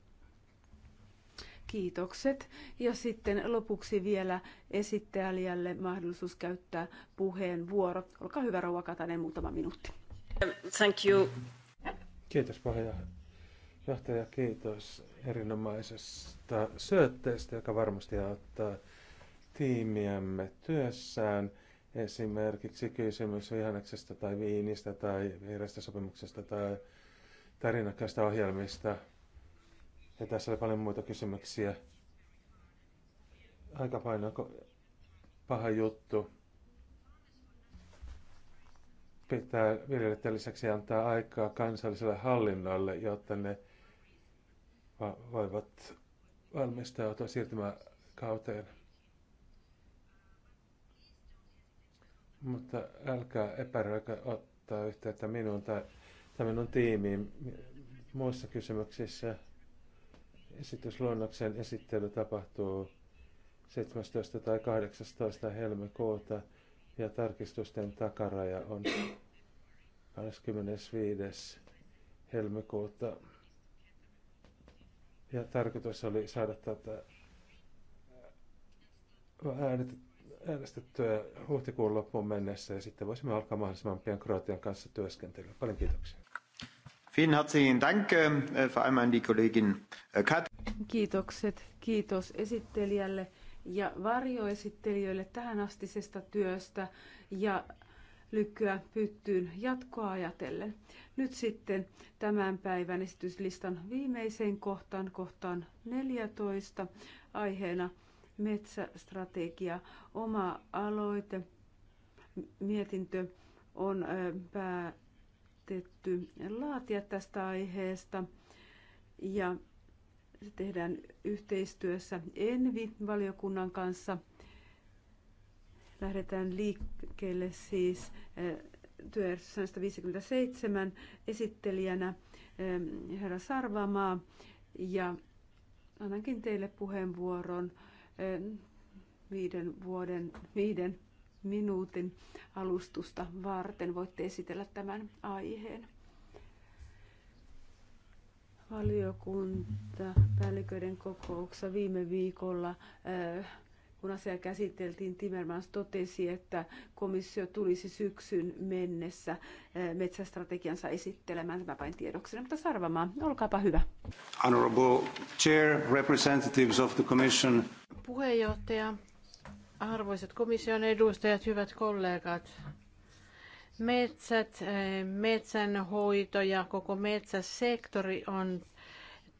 Kiitokset. Ja sitten lopuksi vielä esittäjälle mahdollisuus käyttää puheenvuoro. Olkaa hyvä, Rouva Katainen, muutama minuutti. Thank you. Kiitos Johtaja, Kiitos erinomaisesta syötteestä, joka varmasti auttaa tiimiämme työssään. Esimerkiksi kysymys vihanneksesta tai viinistä tai vihreästä sopimuksesta tai tarinakkaista ohjelmista – ja tässä oli paljon muita kysymyksiä. Aika paljon paha juttu. Pitää viljelijöiden lisäksi antaa aikaa kansalliselle hallinnolle, jotta ne voivat valmistautua siirtymään kauteen. Mutta älkää epäröikö ottaa yhteyttä minuun tai, tai minun tiimiin muissa kysymyksissä. Esitysluonnoksen esittely tapahtuu 17. tai 18. helmikuuta ja tarkistusten takaraja on 25. helmikuuta. Ja tarkoitus oli saada tätä äh, äänestettyä huhtikuun loppuun mennessä ja sitten voisimme alkaa mahdollisimman pian Kroatian kanssa työskentelyä. Paljon kiitoksia. Vielen herzlichen Dank, äh, vor allem an die Kollegin äh, Kat. Kiitokset, kiitos esittelijälle ja varjoesittelijöille tähän astisesta työstä ja lykkyä pyttyyn jatkoa ajatellen. Nyt sitten tämän päivän esityslistan viimeiseen kohtaan, kohtaan 14, aiheena metsästrategia, oma aloite, mietintö on pää yritetty laatia tästä aiheesta ja se tehdään yhteistyössä Envi-valiokunnan kanssa. Lähdetään liikkeelle siis eh, työjärjestys 157 esittelijänä eh, herra Sarvamaa ja annankin teille puheenvuoron eh, viiden vuoden, viiden minuutin alustusta varten. Voitte esitellä tämän aiheen. Valiokunta päälliköiden kokouksessa viime viikolla äh, kun asia käsiteltiin, Timmermans totesi, että komissio tulisi syksyn mennessä äh, metsästrategiansa esittelemään. Tämä vain tiedoksena, mutta Sarvamaa, olkaapa hyvä. Honorable Chair, representatives of the Commission. Puheenjohtaja, Arvoisat komission edustajat, hyvät kollegat, metsät, eh, metsänhoito ja koko metsäsektori on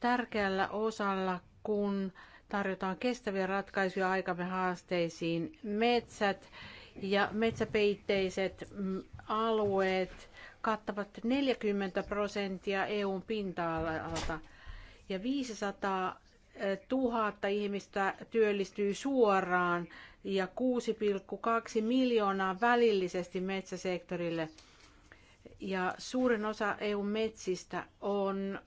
tärkeällä osalla, kun tarjotaan kestäviä ratkaisuja aikamme haasteisiin. Metsät ja metsäpeitteiset mm, alueet kattavat 40 prosenttia EUn pinta-alalta ja 500 000 eh, ihmistä työllistyy suoraan ja 6,2 miljoonaa välillisesti metsäsektorille. Ja suurin osa EU-metsistä on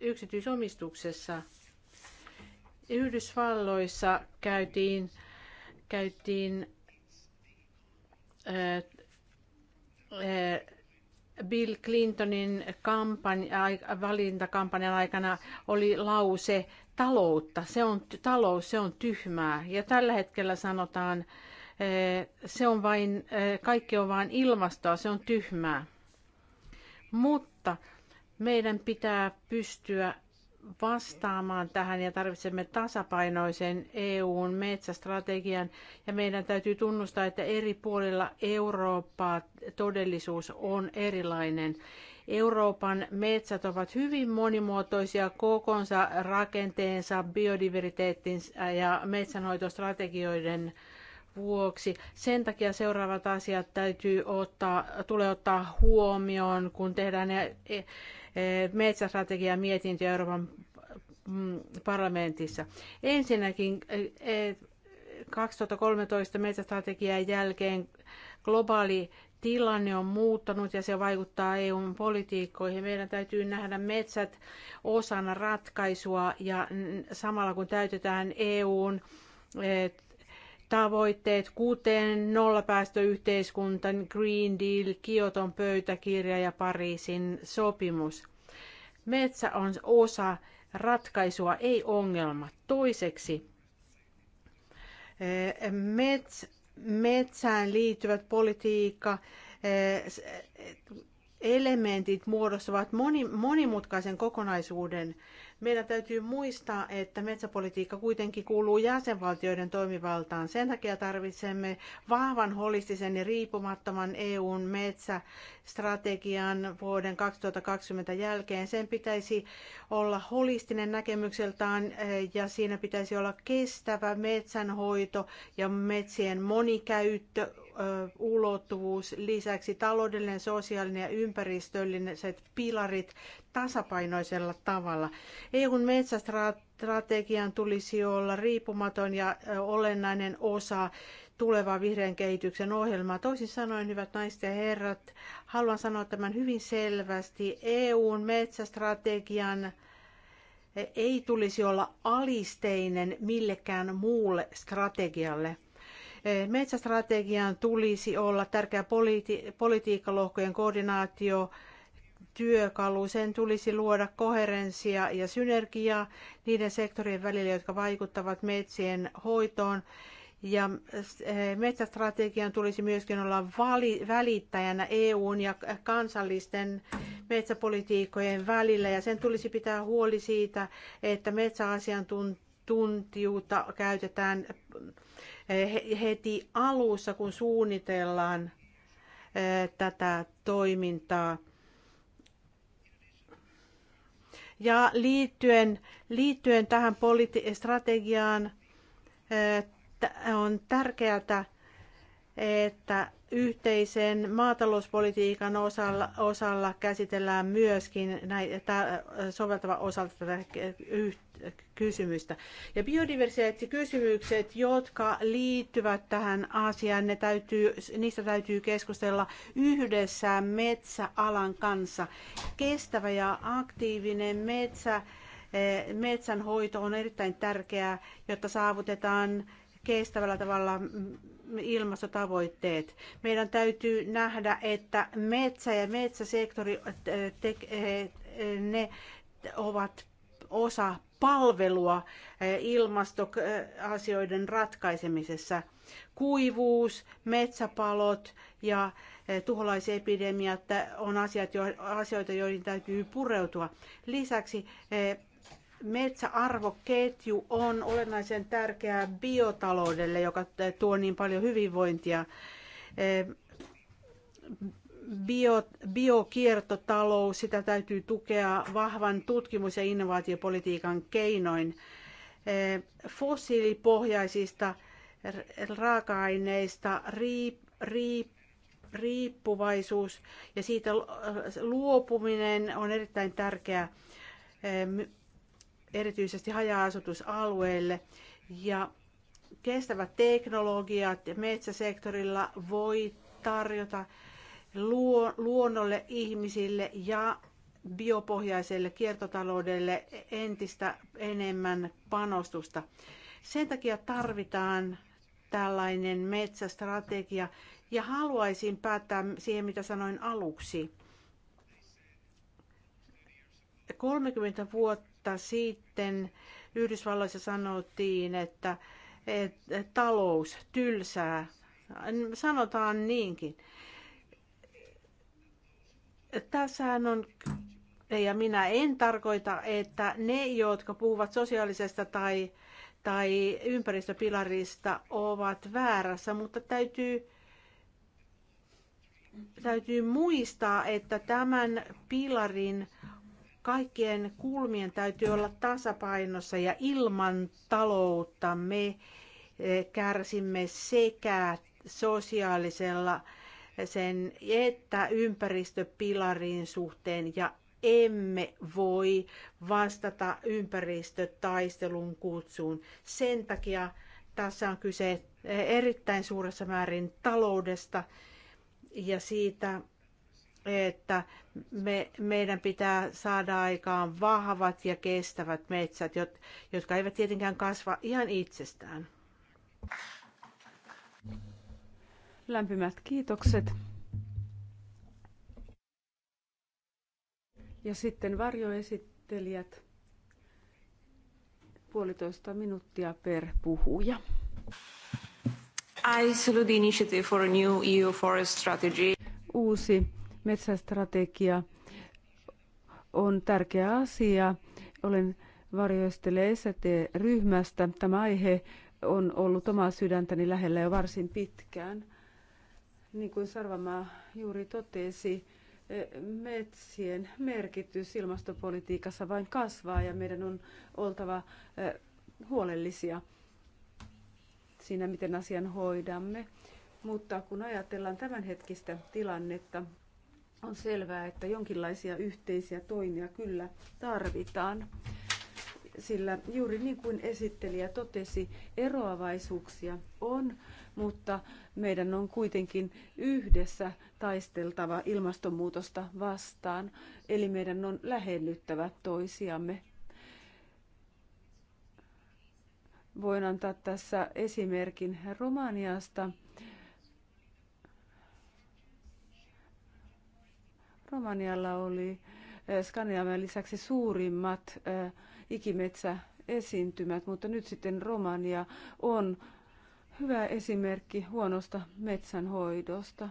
yksityisomistuksessa. Yhdysvalloissa käytiin, käytiin ää, ää, Bill Clintonin kampanja, valintakampanjan aikana oli lause taloutta. Se on, talous, se on tyhmää. Ja tällä hetkellä sanotaan, eh, se on vain, eh, kaikki on vain ilmastoa, se on tyhmää. Mutta meidän pitää pystyä vastaamaan tähän ja tarvitsemme tasapainoisen EUn metsästrategian ja meidän täytyy tunnustaa, että eri puolilla Eurooppaa todellisuus on erilainen Euroopan metsät ovat hyvin monimuotoisia kokonsa, rakenteensa, biodiversiteettinsä ja metsänhoitostrategioiden vuoksi. Sen takia seuraavat asiat täytyy ottaa, tulee ottaa huomioon, kun tehdään e, e, metsästrategia mietintö Euroopan mm, parlamentissa. Ensinnäkin 2013 e, metsästrategian jälkeen globaali tilanne on muuttanut ja se vaikuttaa EUn politiikkoihin. Meidän täytyy nähdä metsät osana ratkaisua ja samalla kun täytetään EUn eh, tavoitteet, kuten nollapäästöyhteiskunta, Green Deal, Kioton pöytäkirja ja Pariisin sopimus. Metsä on osa ratkaisua, ei ongelma. Toiseksi eh, metsä metsään liittyvät politiikka, eh, eh, elementit muodostavat monimutkaisen kokonaisuuden meidän täytyy muistaa, että metsäpolitiikka kuitenkin kuuluu jäsenvaltioiden toimivaltaan. Sen takia tarvitsemme vahvan, holistisen ja riippumattoman EUn metsästrategian vuoden 2020 jälkeen. Sen pitäisi olla holistinen näkemykseltään eh, ja siinä pitäisi olla kestävä metsänhoito ja metsien monikäyttö ulottuvuus, lisäksi taloudellinen, sosiaalinen ja ympäristölliset pilarit tasapainoisella tavalla. EUn metsästrategian tulisi olla riippumaton ja olennainen osa tulevaa vihreän kehityksen ohjelmaa. Toisin sanoen, hyvät naiset ja herrat, haluan sanoa tämän hyvin selvästi. EUn metsästrategian ei tulisi olla alisteinen millekään muulle strategialle. Metsästrategian tulisi olla tärkeä politi- politiikkalohkojen koordinaatio, työkalu. Sen tulisi luoda koherenssia ja synergiaa niiden sektorien välillä, jotka vaikuttavat metsien hoitoon. Ja eh, metsästrategian tulisi myöskin olla vali, välittäjänä EUn ja kansallisten metsäpolitiikkojen välillä ja sen tulisi pitää huoli siitä, että metsäasiantuntijat tuntiuta käytetään heti alussa, kun suunnitellaan eh, tätä toimintaa. Ja liittyen, liittyen tähän strategiaan eh, on tärkeää, että yhteisen maatalouspolitiikan osalla, osalla käsitellään myöskin näitä soveltava osalta tätä kysymystä. Ja biodiversiteettikysymykset, jotka liittyvät tähän asiaan, ne täytyy, niistä täytyy keskustella yhdessä metsäalan kanssa. Kestävä ja aktiivinen metsä, eh, metsänhoito on erittäin tärkeää, jotta saavutetaan kestävällä tavalla mm, ilmastotavoitteet. Meidän täytyy nähdä, että metsä ja metsäsektori, eh, eh, ne ovat osa palvelua eh, ilmastoasioiden ratkaisemisessa. Kuivuus, metsäpalot ja eh, tuholaisepidemiat on asiat, asioita, joihin täytyy pureutua. Lisäksi eh, metsäarvoketju on olennaisen tärkeää biotaloudelle, joka tuo niin paljon hyvinvointia bio, biokiertotalous, sitä täytyy tukea vahvan tutkimus- ja innovaatiopolitiikan keinoin. Eh, fossiilipohjaisista raaka-aineista riip, riip, riippuvaisuus ja siitä luopuminen on erittäin tärkeää eh, erityisesti haja-asutusalueille. Ja kestävät teknologiat metsäsektorilla voi tarjota luonnolle, ihmisille ja biopohjaiselle kiertotaloudelle entistä enemmän panostusta. Sen takia tarvitaan tällainen metsästrategia ja haluaisin päättää siihen, mitä sanoin aluksi. 30 vuotta sitten Yhdysvalloissa sanottiin, että, että talous tylsää. Sanotaan niinkin. Tässähän on ja minä en tarkoita, että ne, jotka puhuvat sosiaalisesta tai, tai ympäristöpilarista, ovat väärässä, mutta täytyy, täytyy muistaa, että tämän pilarin kaikkien kulmien täytyy olla tasapainossa ja ilman taloutta me eh, kärsimme sekä sosiaalisella sen että ympäristöpilarin suhteen ja emme voi vastata ympäristötaistelun kutsuun. Sen takia tässä on kyse erittäin suuressa määrin taloudesta ja siitä, että me, meidän pitää saada aikaan vahvat ja kestävät metsät, jotka eivät tietenkään kasva ihan itsestään. Lämpimät kiitokset. Ja sitten varjoesittelijät. Puolitoista minuuttia per puhuja. I salute the initiative for a new EU forest strategy. Uusi metsästrategia on tärkeä asia. Olen varjoistele ST-ryhmästä. Tämä aihe on ollut omaa sydäntäni lähellä jo varsin pitkään. Niin kuin Sarvamaa juuri totesi, eh, metsien merkitys ilmastopolitiikassa vain kasvaa ja meidän on oltava eh, huolellisia siinä, miten asian hoidamme. Mutta kun ajatellaan tämänhetkistä tilannetta, on selvää, että jonkinlaisia yhteisiä toimia kyllä tarvitaan. Sillä juuri niin kuin esittelijä totesi, eroavaisuuksia on mutta meidän on kuitenkin yhdessä taisteltava ilmastonmuutosta vastaan, eli meidän on lähellyttävä toisiamme. Voin antaa tässä esimerkin Romaniasta. Romanialla oli eh, Skandinavian lisäksi suurimmat eh, ikimetsäesiintymät, mutta nyt sitten Romania on hyvä esimerkki huonosta metsänhoidosta.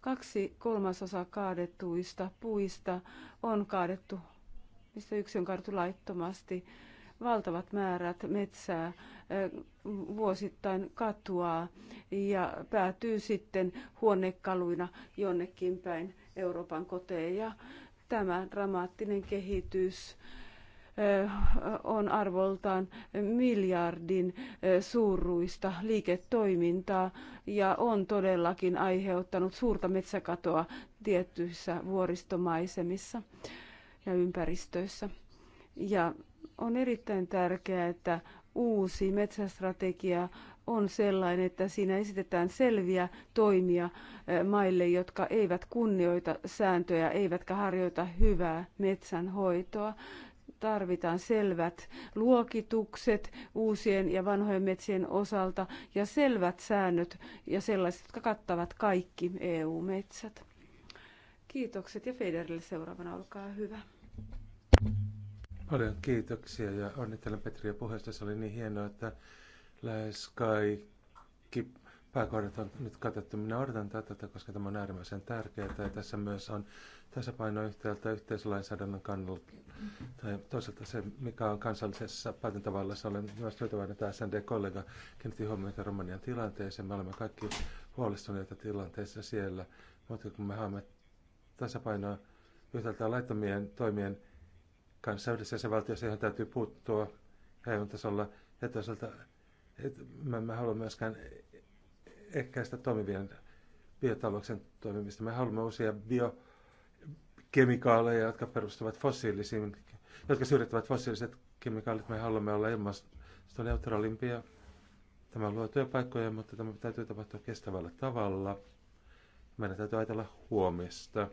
Kaksi kolmasosa kaadetuista puista on kaadettu, mistä yksi on kaadettu laittomasti. Valtavat määrät metsää vuosittain katuaa ja päätyy sitten huonekaluina jonnekin päin Euroopan koteja. Tämä dramaattinen kehitys on arvoltaan miljardin suuruista liiketoimintaa ja on todellakin aiheuttanut suurta metsäkatoa tietyissä vuoristomaisemissa ja ympäristöissä. Ja on erittäin tärkeää, että uusi metsästrategia on sellainen, että siinä esitetään selviä toimia maille, jotka eivät kunnioita sääntöjä eivätkä harjoita hyvää metsänhoitoa tarvitaan selvät luokitukset uusien ja vanhojen metsien osalta ja selvät säännöt ja sellaiset, jotka kattavat kaikki EU-metsät. Kiitokset ja Federille seuraavana, olkaa hyvä. Paljon kiitoksia ja onnittelen Petriä puheesta. Se oli niin hienoa, että lähes kaikki pääkohdat on nyt katettu. Minä odotan tätä, koska tämä on äärimmäisen tärkeää. Ja tässä myös on paino yhtäältä yhteislainsäädännön kannalta. Tai toisaalta se, mikä on kansallisessa päätäntävallassa. Olen myös tyytyväinen, että SND-kollega kiinnitti huomiota Romanian tilanteeseen. Me olemme kaikki huolestuneita tilanteessa siellä. Mutta kun me haemme tasapainoa yhtäältä laittomien toimien kanssa yhdessä se valtio, siihen täytyy puuttua eu tasolla. Ja toisaalta että me, me haluamme myöskään ehkäistä toimivien biotalouksen toimimista. Me haluamme uusia biokemikaaleja, jotka perustuvat fossiilisiin, jotka syrjittävät fossiiliset kemikaalit. Me haluamme olla ilmastoneutraalimpia. Tämä luo työpaikkoja, mutta tämä täytyy tapahtua kestävällä tavalla. Meidän täytyy ajatella huomista.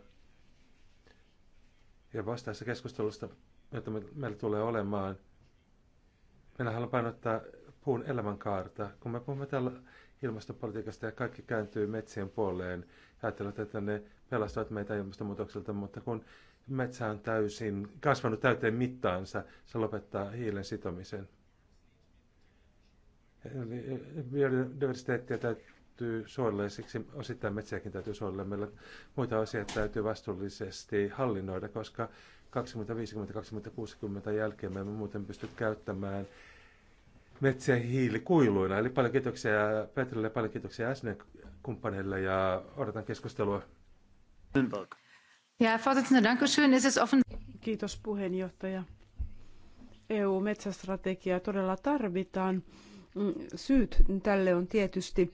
Ja vastaessa keskustelusta, jota meillä tulee olemaan, minä haluan painottaa puun elämänkaarta. Kun me puhumme täällä ilmastopolitiikasta ja kaikki kääntyy metsien puoleen. Ajattelevat, että ne pelastavat meitä ilmastonmuutokselta, mutta kun metsä on täysin kasvanut täyteen mittaansa, se lopettaa hiilen sitomisen. Eli biodiversiteettiä täytyy suojella ja siksi osittain metsiäkin täytyy suojella. Meillä muita asioita täytyy vastuullisesti hallinnoida, koska 2050-2060 jälkeen me emme muuten pysty käyttämään hiili hiilikuiluina. Eli paljon kiitoksia Petrille, paljon kiitoksia Asnen kumppaneille ja odotan keskustelua. Ja, Kiitos puheenjohtaja. EU-metsästrategiaa todella tarvitaan. Mm, syyt tälle on tietysti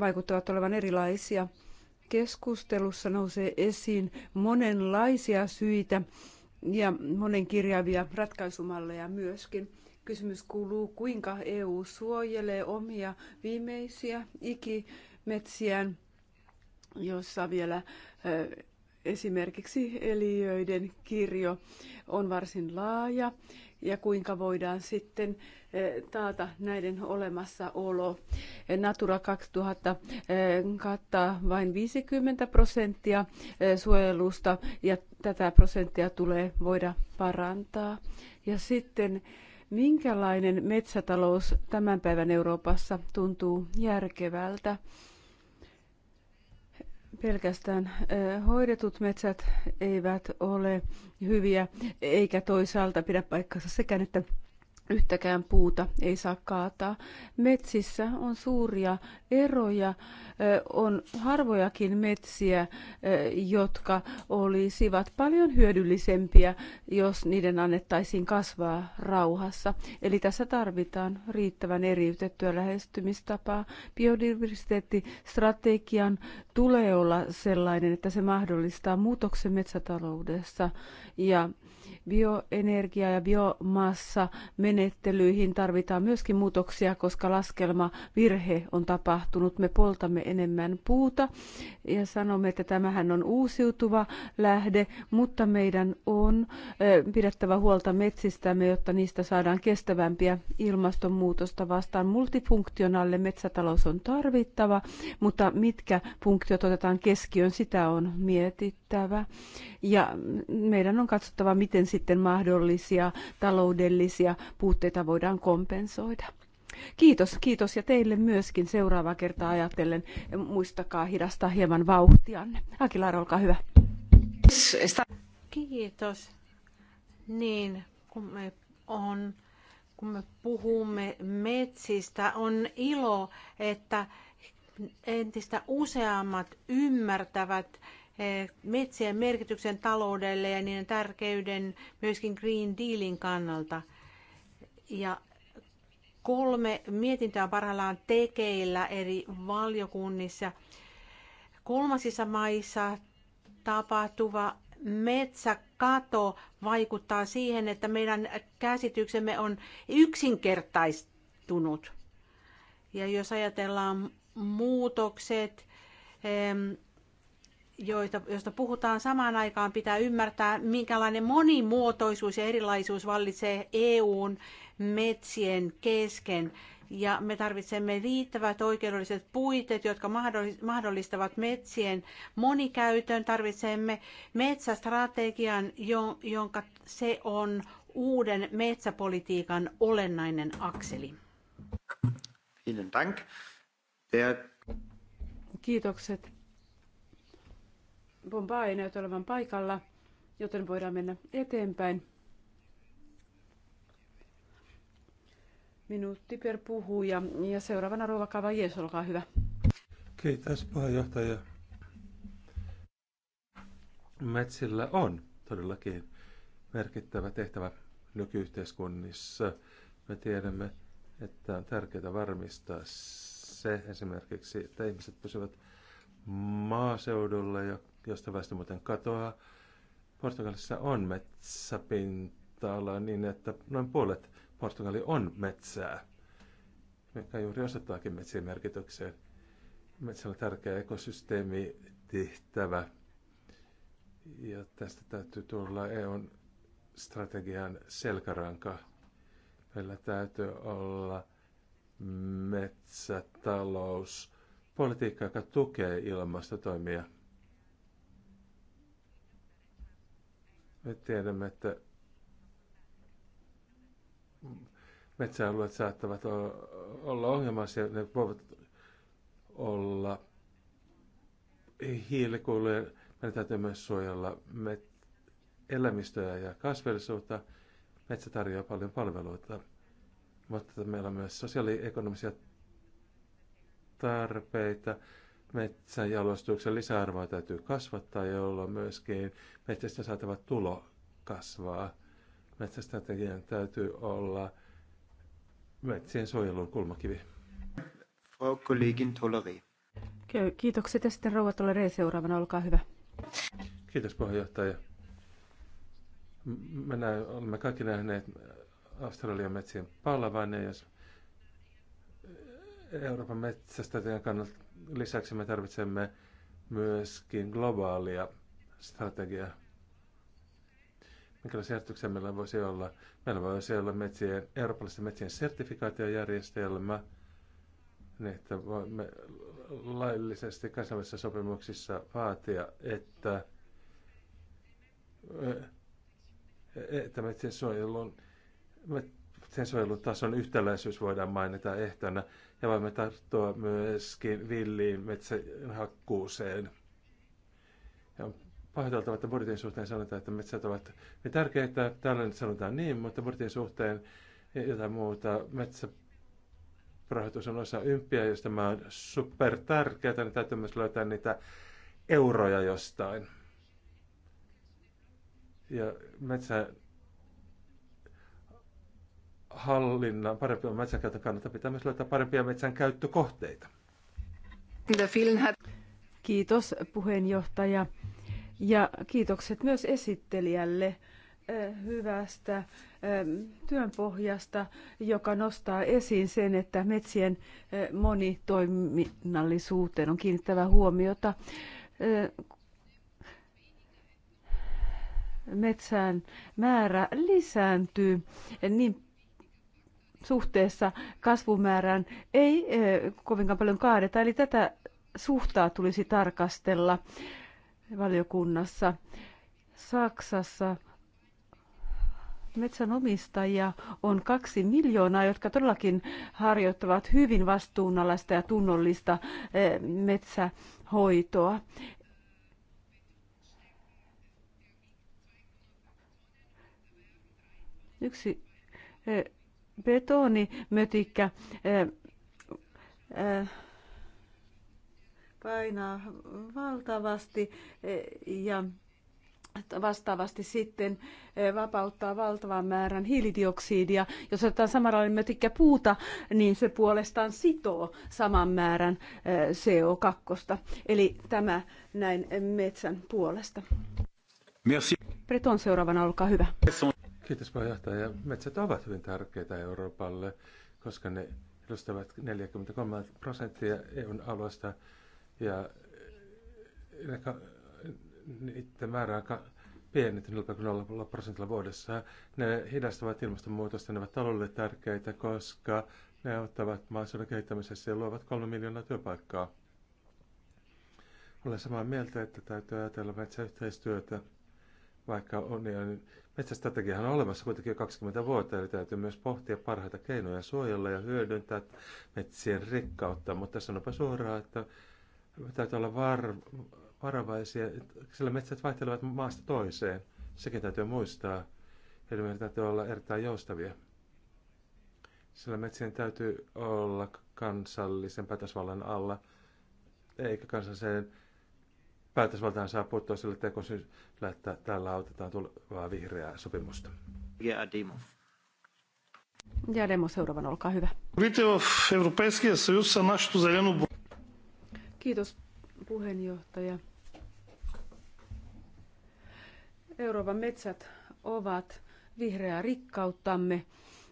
vaikuttavat olevan erilaisia. Keskustelussa nousee esiin monenlaisia syitä ja monenkirjavia ratkaisumalleja myöskin Kysymys kuuluu, kuinka EU suojelee omia viimeisiä ikimetsiään, jossa vielä esimerkiksi eliöiden kirjo on varsin laaja ja kuinka voidaan sitten taata näiden olemassaolo. Natura 2000 kattaa vain 50 prosenttia suojelusta ja tätä prosenttia tulee voida parantaa. Ja sitten Minkälainen metsätalous tämän päivän Euroopassa tuntuu järkevältä? Pelkästään hoidetut metsät eivät ole hyviä, eikä toisaalta pidä paikkansa sekään, että yhtäkään puuta ei saa kaataa. Metsissä on suuria eroja, on harvojakin metsiä, jotka olisivat paljon hyödyllisempiä, jos niiden annettaisiin kasvaa rauhassa. Eli tässä tarvitaan riittävän eriytettyä lähestymistapaa. Biodiversiteettistrategian tulee olla sellainen, että se mahdollistaa muutoksen metsätaloudessa ja Bioenergia- ja biomassa-menettelyihin tarvitaan myöskin muutoksia, koska laskelmavirhe on tapahtunut. Me poltamme enemmän puuta ja sanomme, että tämähän on uusiutuva lähde, mutta meidän on pidettävä huolta metsistämme, jotta niistä saadaan kestävämpiä ilmastonmuutosta vastaan. Multifunktionaalinen metsätalous on tarvittava, mutta mitkä funktiot otetaan keskiöön, sitä on mietittävä. Ja meidän on katsottava, miten sitten mahdollisia taloudellisia puutteita voidaan kompensoida. Kiitos, kiitos ja teille myöskin seuraava kertaa ajatellen. Muistakaa hidastaa hieman vauhtianne. Akilar, olkaa hyvä. Kiitos. Niin, kun me, on, kun me puhumme metsistä, on ilo, että entistä useammat ymmärtävät, Eh, metsien merkityksen taloudelle ja niiden tärkeyden myöskin Green Dealin kannalta. Ja kolme mietintöä parhaillaan tekeillä eri valiokunnissa. Kolmasissa maissa tapahtuva metsäkato vaikuttaa siihen, että meidän käsityksemme on yksinkertaistunut. Ja jos ajatellaan muutokset, joita, joista puhutaan samaan aikaan, pitää ymmärtää, minkälainen monimuotoisuus ja erilaisuus vallitsee EUn metsien kesken. Ja me tarvitsemme riittävät oikeudelliset puitteet, jotka mahdollistavat metsien monikäytön. Tarvitsemme metsästrategian, jonka se on uuden metsäpolitiikan olennainen akseli. Vielen Dank. Kiitokset. Bombaa ei näytä olevan paikalla, joten voidaan mennä eteenpäin. Minuutti per puhuja. Ja seuraavana Rova Kava Jees, olkaa hyvä. Kiitos puheenjohtaja. Metsillä on todellakin merkittävä tehtävä nykyyhteiskunnissa. Me tiedämme, että on tärkeää varmistaa se esimerkiksi, että ihmiset pysyvät maaseudulla, ja josta väestö muuten katoaa. Portugalissa on metsäpinta-alaa niin, että noin puolet Portugali on metsää, mikä juuri osoittaakin metsien merkitykseen. Metsä on tärkeä ekosysteemi, tehtävä. Ja tästä täytyy tulla EUn strategian selkäranka. Meillä täytyy olla metsätalous, politiikka, joka tukee ilmastotoimia. Me tiedämme, että metsäalueet saattavat olla ongelmassa ja ne voivat olla hiilikuuluja. Meidän täytyy myös suojella met- elämistöä ja kasvillisuutta. Metsä tarjoaa paljon palveluita, mutta meillä on myös sosiaaliekonomisia tarpeita metsäjalostuksen lisäarvoa täytyy kasvattaa, jolloin myöskin metsästä saatava tulo kasvaa. Metsästrategian täytyy olla metsien suojelun kulmakivi. Kollegin Kiitokset ja sitten rouva Toleri seuraavana, olkaa hyvä. Kiitos puheenjohtaja. Me näin, olemme kaikki nähneet Australian metsien palavan ja jos Euroopan metsästä kannalta lisäksi me tarvitsemme myöskin globaalia strategiaa. Minkälaisia järjestyksiä meillä voisi olla? Meillä voisi olla metsien, eurooppalaisten metsien sertifikaatiojärjestelmä, niin että voimme laillisesti kansainvälisissä sopimuksissa vaatia, että, että metsien suojelun, metsien suojelun tason yhtäläisyys voidaan mainita ehtona. Ja voimme tarttua myöskin villiin metsähakkuuseen. Ja on pahoiteltava, että budjetin suhteen sanotaan, että metsät ovat niin tärkeitä. Täällä nyt sanotaan niin, mutta budjetin suhteen jotain muuta. Metsärahoitus on osa ympiä, josta mä oon super tärkeää, niin täytyy myös löytää niitä euroja jostain. Ja metsän hallinnan parempia metsänkäytön kannalta pitää myös löytää parempia metsänkäyttökohteita. Kiitos puheenjohtaja ja kiitokset myös esittelijälle eh, hyvästä eh, työnpohjasta, joka nostaa esiin sen, että metsien eh, monitoiminnallisuuteen on kiinnittävä huomiota. Metsän määrä lisääntyy niin suhteessa kasvumäärään ei eh, kovinkaan paljon kaadeta, eli tätä suhtaa tulisi tarkastella valiokunnassa. Saksassa metsänomistajia on kaksi miljoonaa, jotka todellakin harjoittavat hyvin vastuunalaista ja tunnollista eh, metsähoitoa. Yksi eh, betonimötikkä eh, eh, painaa valtavasti eh, ja vastaavasti sitten vapauttaa valtavan määrän hiilidioksidia. Jos otetaan samanlainen mötikkä puuta, niin se puolestaan sitoo saman määrän CO2. Eli tämä näin metsän puolesta. Merci. Breton seuraavana, olkaa hyvä. Kiitos puheenjohtaja. Metsät ovat hyvin tärkeitä Euroopalle, koska ne edustavat 43 prosenttia EUn alueesta ja eh, niiden määrä on pieni 0,0 prosentilla vuodessa. Ne hidastavat ilmastonmuutosta, ne ovat taloudelle tärkeitä, koska ne auttavat maaseudun kehittämisessä ja luovat kolme miljoonaa työpaikkaa. Olen samaa mieltä, että täytyy ajatella metsäyhteistyötä vaikka niin, niin metsästrategiahan on olemassa kuitenkin jo 20 vuotta, eli täytyy myös pohtia parhaita keinoja suojella ja hyödyntää metsien rikkautta. Mutta sanonpa suoraan, että täytyy olla var, varovaisia, sillä metsät vaihtelevat maasta toiseen. Sekin täytyy muistaa. Eli meidän täytyy olla erittäin joustavia. Sillä metsien täytyy olla kansallisen päätösvallan alla, eikä kansalliseen päätösvaltaan saa puuttua sillä tekosyllä, että täällä autetaan tulevaa vihreää sopimusta. Ja Dimo. Ja Demo seuraavan, olkaa hyvä. Kiitos puheenjohtaja. Euroopan metsät ovat vihreää rikkauttamme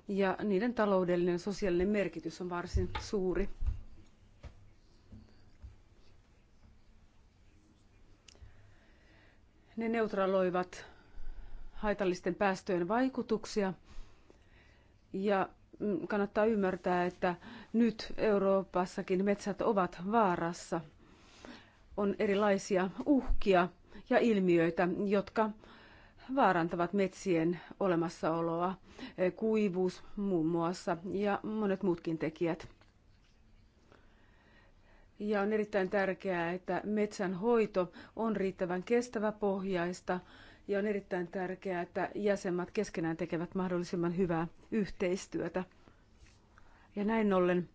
ja niiden taloudellinen ja sosiaalinen merkitys on varsin suuri. Ne neutraloivat haitallisten päästöjen vaikutuksia ja mm, kannattaa ymmärtää, että nyt Euroopassakin metsät ovat vaarassa. On erilaisia uhkia ja ilmiöitä, jotka vaarantavat metsien olemassaoloa, kuivuus muun muassa ja monet muutkin tekijät. Ja on erittäin tärkeää, että metsän hoito on riittävän kestävä pohjaista ja on erittäin tärkeää, että jäsenmaat keskenään tekevät mahdollisimman hyvää yhteistyötä. Ja näin ollen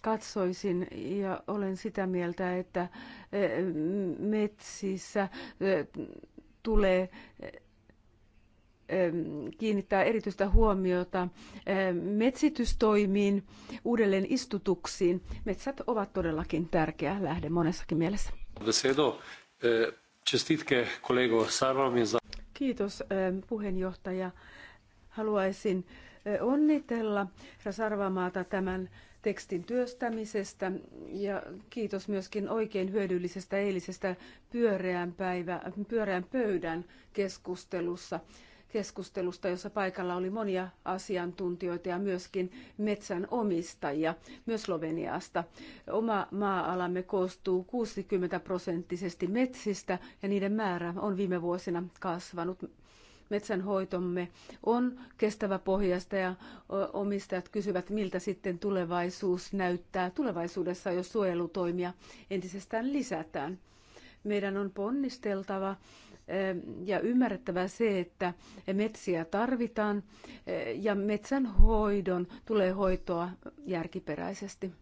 katsoisin ja olen sitä mieltä, että eh, metsissä eh, tulee eh, kiinnittää erityistä huomiota metsitystoimiin, uudelleen istutuksiin. Metsät ovat todellakin tärkeä lähde monessakin mielessä. Kiitos puheenjohtaja. Haluaisin onnitella Sarvamaata tämän tekstin työstämisestä ja kiitos myöskin oikein hyödyllisestä eilisestä pyöreän, päivä, pyöreän pöydän keskustelussa keskustelusta, jossa paikalla oli monia asiantuntijoita ja myöskin metsänomistajia, myös Sloveniasta. Oma maa-alamme koostuu 60 prosenttisesti metsistä ja niiden määrä on viime vuosina kasvanut metsänhoitomme on kestävä pohjasta ja omistajat kysyvät, miltä sitten tulevaisuus näyttää tulevaisuudessa, jos suojelutoimia entisestään lisätään. Meidän on ponnisteltava ja ymmärrettävä se, että metsiä tarvitaan ja metsän hoidon tulee hoitoa järkiperäisesti.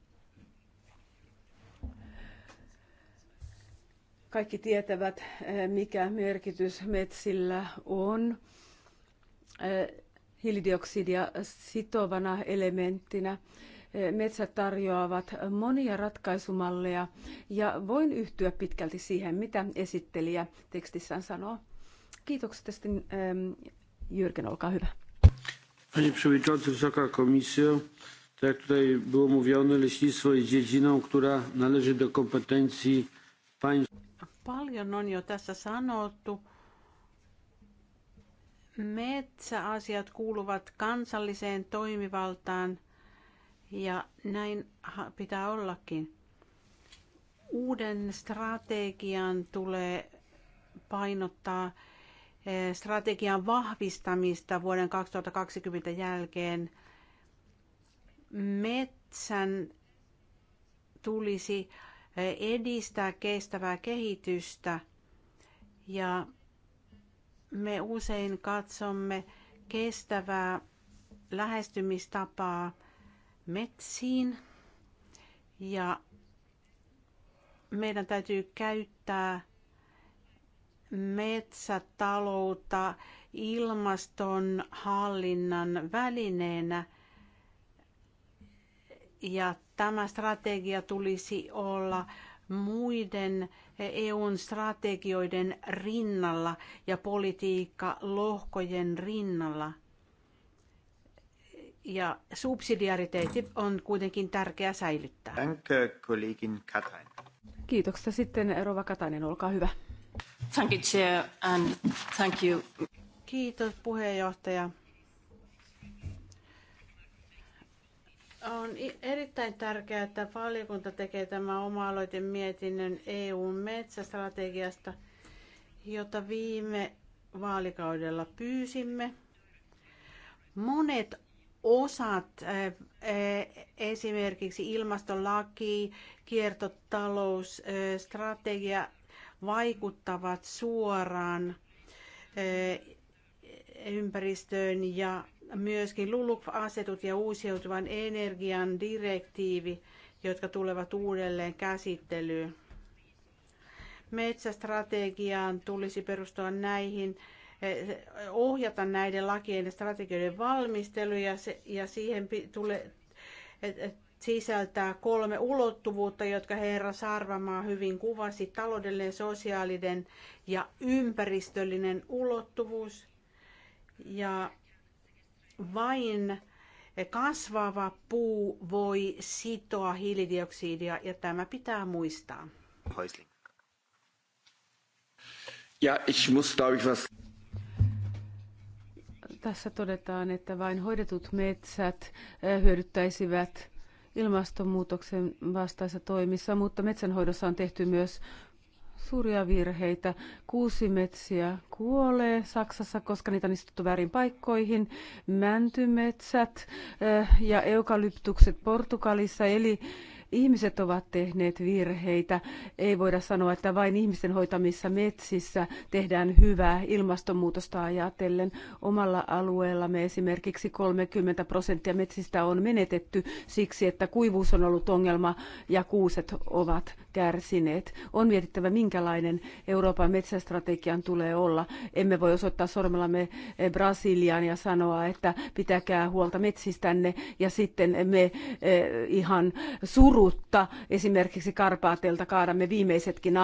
Kaikki tietävät, mikä merkitys metsillä on hiilidioksidia sitovana elementtinä Metsät tarjoavat monia ratkaisumalleja ja voin yhtyä pitkälti siihen, mitä esittelijä tekstissään sanoo. Kiitokset tästä. Ähm, Jyrken, olkaa hyvä. Panie Przewodniczący, Wysoka Komisjo, tak jak tutaj było mówione, leśnictwo jest dziedziną, która należy do kompetencji państw. Paljon on jo tässä sanottu. Metsäasiat kuuluvat kansalliseen toimivaltaan – ja näin pitää ollakin. Uuden strategian tulee painottaa eh, strategian vahvistamista vuoden 2020 jälkeen. Metsän tulisi eh, edistää kestävää kehitystä ja me usein katsomme kestävää lähestymistapaa – metsiin ja meidän täytyy käyttää metsätaloutta ilmastonhallinnan välineenä ja tämä strategia tulisi olla muiden EUn strategioiden rinnalla ja politiikka lohkojen rinnalla – ja subsidiariteetti on kuitenkin tärkeä säilyttää. Danke, kollegin Katainen. Kiitoksia sitten, Rova Katainen, olkaa hyvä. Thank you, Chair, and thank you. Kiitos, puheenjohtaja. On erittäin tärkeää, että valiokunta tekee tämä oma mietinnön eu metsästrategiasta, jota viime vaalikaudella pyysimme. Monet osat, esimerkiksi ilmastolaki, kiertotalous, strategia, vaikuttavat suoraan ympäristöön ja myöskin LULUP-asetut ja uusiutuvan energian direktiivi, jotka tulevat uudelleen käsittelyyn. Metsästrategiaan tulisi perustua näihin Eh, ohjata näiden lakien ja strategioiden valmisteluja ja siihen tulee sisältää kolme ulottuvuutta, jotka herra Sarvamaa hyvin kuvasi, taloudellinen, sosiaalinen ja ympäristöllinen ulottuvuus. Ja vain kasvava puu voi sitoa hiilidioksidia ja tämä pitää muistaa. Häusling. Ja, ich muss, glaube ich, was... Tässä todetaan, että vain hoidetut metsät eh, hyödyttäisivät ilmastonmuutoksen vastaisessa toimissa, mutta metsänhoidossa on tehty myös suuria virheitä. Kuusi metsiä kuolee Saksassa, koska niitä on istuttu väärin paikkoihin. Mäntymetsät eh, ja eukalyptukset Portugalissa, eli Ihmiset ovat tehneet virheitä. Ei voida sanoa, että vain ihmisten hoitamissa metsissä tehdään hyvää ilmastonmuutosta ajatellen. Omalla alueellamme esimerkiksi 30 prosenttia metsistä on menetetty siksi, että kuivuus on ollut ongelma ja kuuset ovat kärsineet. On mietittävä, minkälainen Euroopan metsästrategian tulee olla. Emme voi osoittaa sormellamme Brasiliaan ja sanoa, että pitäkää huolta metsistänne ja sitten me eh, ihan suru surutta esimerkiksi Karpaatelta kaadamme viimeisetkin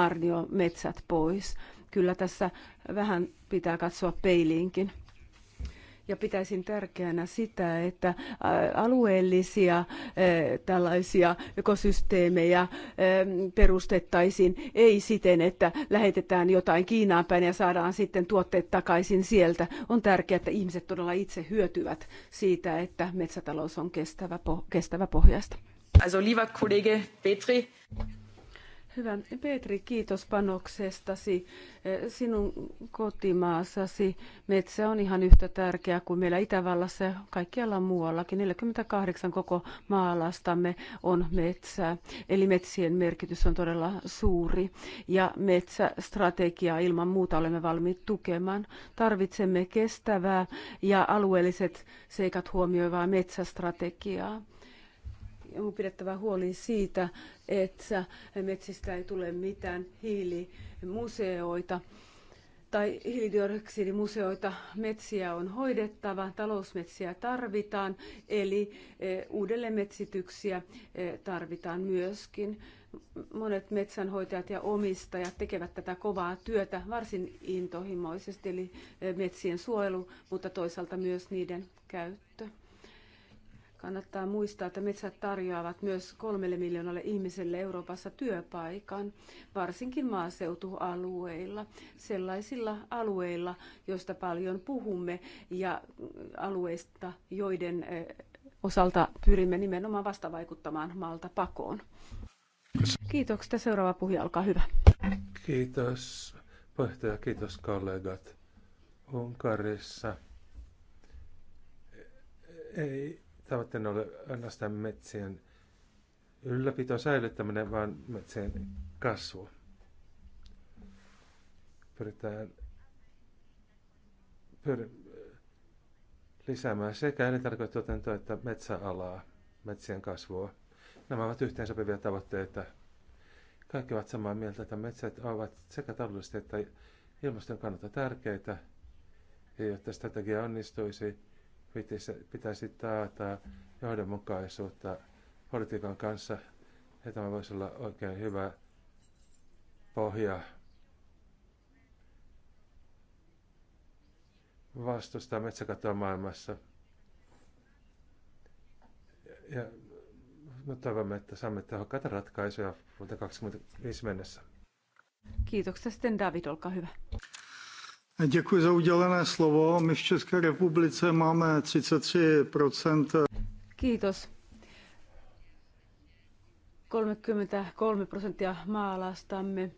Metsät pois. Kyllä tässä vähän pitää katsoa peiliinkin ja pitäisin tärkeänä sitä, että alueellisia tällaisia ekosysteemejä perustettaisiin, ei siten, että lähetetään jotain Kiinaan päin ja saadaan sitten tuotteet takaisin sieltä. On tärkeää, että ihmiset todella itse hyötyvät siitä, että metsätalous on kestävä, kestävä pohjasta. Also lieber Kollege Petri. Hyvä. Petri, kiitos panoksestasi. Eh, sinun kotimaassasi metsä on ihan yhtä tärkeä kuin meillä Itävallassa ja kaikkialla muuallakin. 48 koko maalastamme on metsää, eli metsien merkitys on todella suuri. Ja metsästrategiaa ilman muuta olemme valmiit tukemaan. Tarvitsemme kestävää ja alueelliset seikat huomioivaa metsästrategiaa on pidettävä huoli siitä, että metsistä ei tule mitään hiilimuseoita tai hiilidioksidimuseoita. Metsiä on hoidettava, talousmetsiä tarvitaan, eli eh, uudelleenmetsityksiä eh, tarvitaan myöskin. Monet metsänhoitajat ja omistajat tekevät tätä kovaa työtä varsin intohimoisesti, eli eh, metsien suojelu, mutta toisaalta myös niiden käyttö. Kannattaa muistaa, että metsät tarjoavat myös kolmelle miljoonalle ihmiselle Euroopassa työpaikan, varsinkin maaseutualueilla, sellaisilla alueilla, joista paljon puhumme ja alueista, joiden eh, osalta pyrimme nimenomaan vastavaikuttamaan maalta pakoon. Kiitokset ja seuraava puhuja, olkaa hyvä. Kiitos puheenjohtaja, kiitos kollegat Unkarissa. Ei tavoitteena ole ainoastaan metsien ylläpito säilyttäminen, vaan metsien kasvu. Pyritään pyr- lisäämään sekä elintarkoituotantoa että metsäalaa, metsien kasvua. Nämä ovat yhteensopivia tavoitteita. Kaikki ovat samaa mieltä, että metsät ovat sekä taloudellisesti että ilmaston kannalta tärkeitä. Ja jotta strategia onnistuisi, pitäisi taata johdonmukaisuutta politiikan kanssa. Ja tämä voisi olla oikein hyvä pohja vastustaa metsäkatoa maailmassa. Ja me toivomme, että saamme tehokkaita ratkaisuja vuoteen 2025 mennessä. Kiitoksia sitten David, olkaa hyvä. Děkuji za udělené slovo. My v České republice máme 33%. Kiitos. 33 prosenttia maalastamme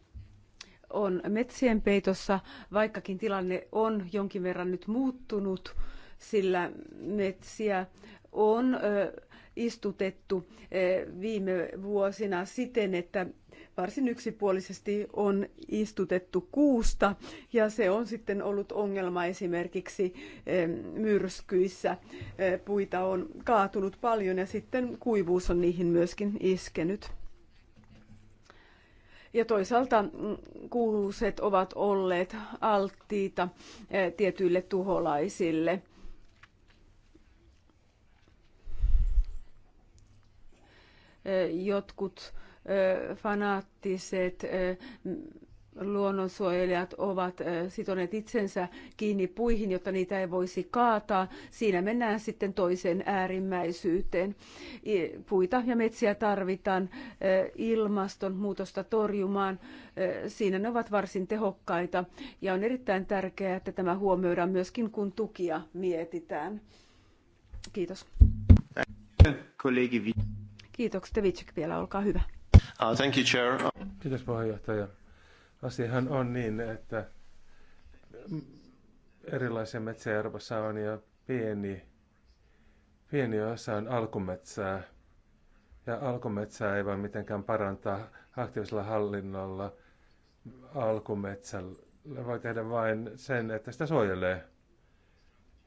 on metsien peitossa, vaikkakin tilanne on jonkin verran nyt muuttunut, sillä metsiä on ö, istutettu eh, viime vuosina siten, että varsin yksipuolisesti on istutettu kuusta ja se on sitten ollut ongelma esimerkiksi eh, myrskyissä. Eh, puita on kaatunut paljon ja sitten kuivuus on niihin myöskin iskenyt. Ja toisaalta mm, kuuset ovat olleet alttiita tietyille tuholaisille – jotkut fanaattiset luonnonsuojelijat ovat sitoneet itsensä kiinni puihin, jotta niitä ei voisi kaataa. Siinä mennään sitten toiseen äärimmäisyyteen. Puita ja metsiä tarvitaan ilmastonmuutosta torjumaan. Siinä ne ovat varsin tehokkaita ja on erittäin tärkeää, että tämä huomioidaan myöskin, kun tukia mietitään. Kiitos. Kollegi Kiitokset. Vitsik vielä, olkaa hyvä. Uh, thank you, Chair. Kiitos puheenjohtaja. Asiahan on niin, että erilaisia metsiä Euroopassa on ja pieni, pieni osa on alkumetsää. Ja alkumetsää ei voi mitenkään parantaa aktiivisella hallinnolla alkumetsällä. Voi tehdä vain sen, että sitä suojelee.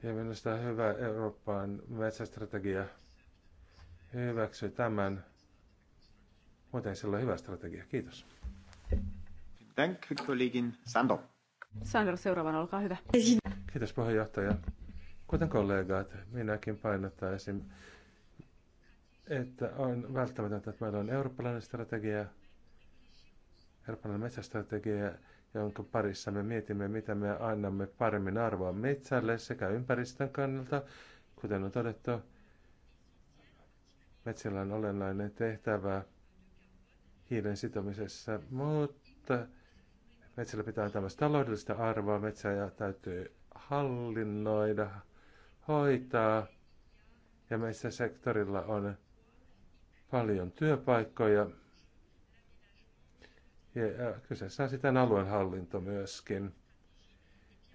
Ja minusta hyvä Euroopan metsästrategia – hyväksy tämän. Muuten sillä on hyvä strategia. Kiitos. you, kollegin Sandor. Sandor, seuraavan, olkaa hyvä. Kiitos puheenjohtaja. Kuten kollegat, minäkin painottaisin, että on välttämätöntä, että meillä on eurooppalainen strategia, eurooppalainen metsästrategia, jonka parissa me mietimme, mitä me annamme paremmin arvoa metsälle sekä ympäristön kannalta, kuten on todettu, Metsillä on olennainen tehtävä hiilen sitomisessa, mutta metsillä pitää olla tämmöistä taloudellista arvoa. Metsää täytyy hallinnoida, hoitaa. Ja meissä sektorilla on paljon työpaikkoja. Ja kyseessä on sitten aluehallinto myöskin.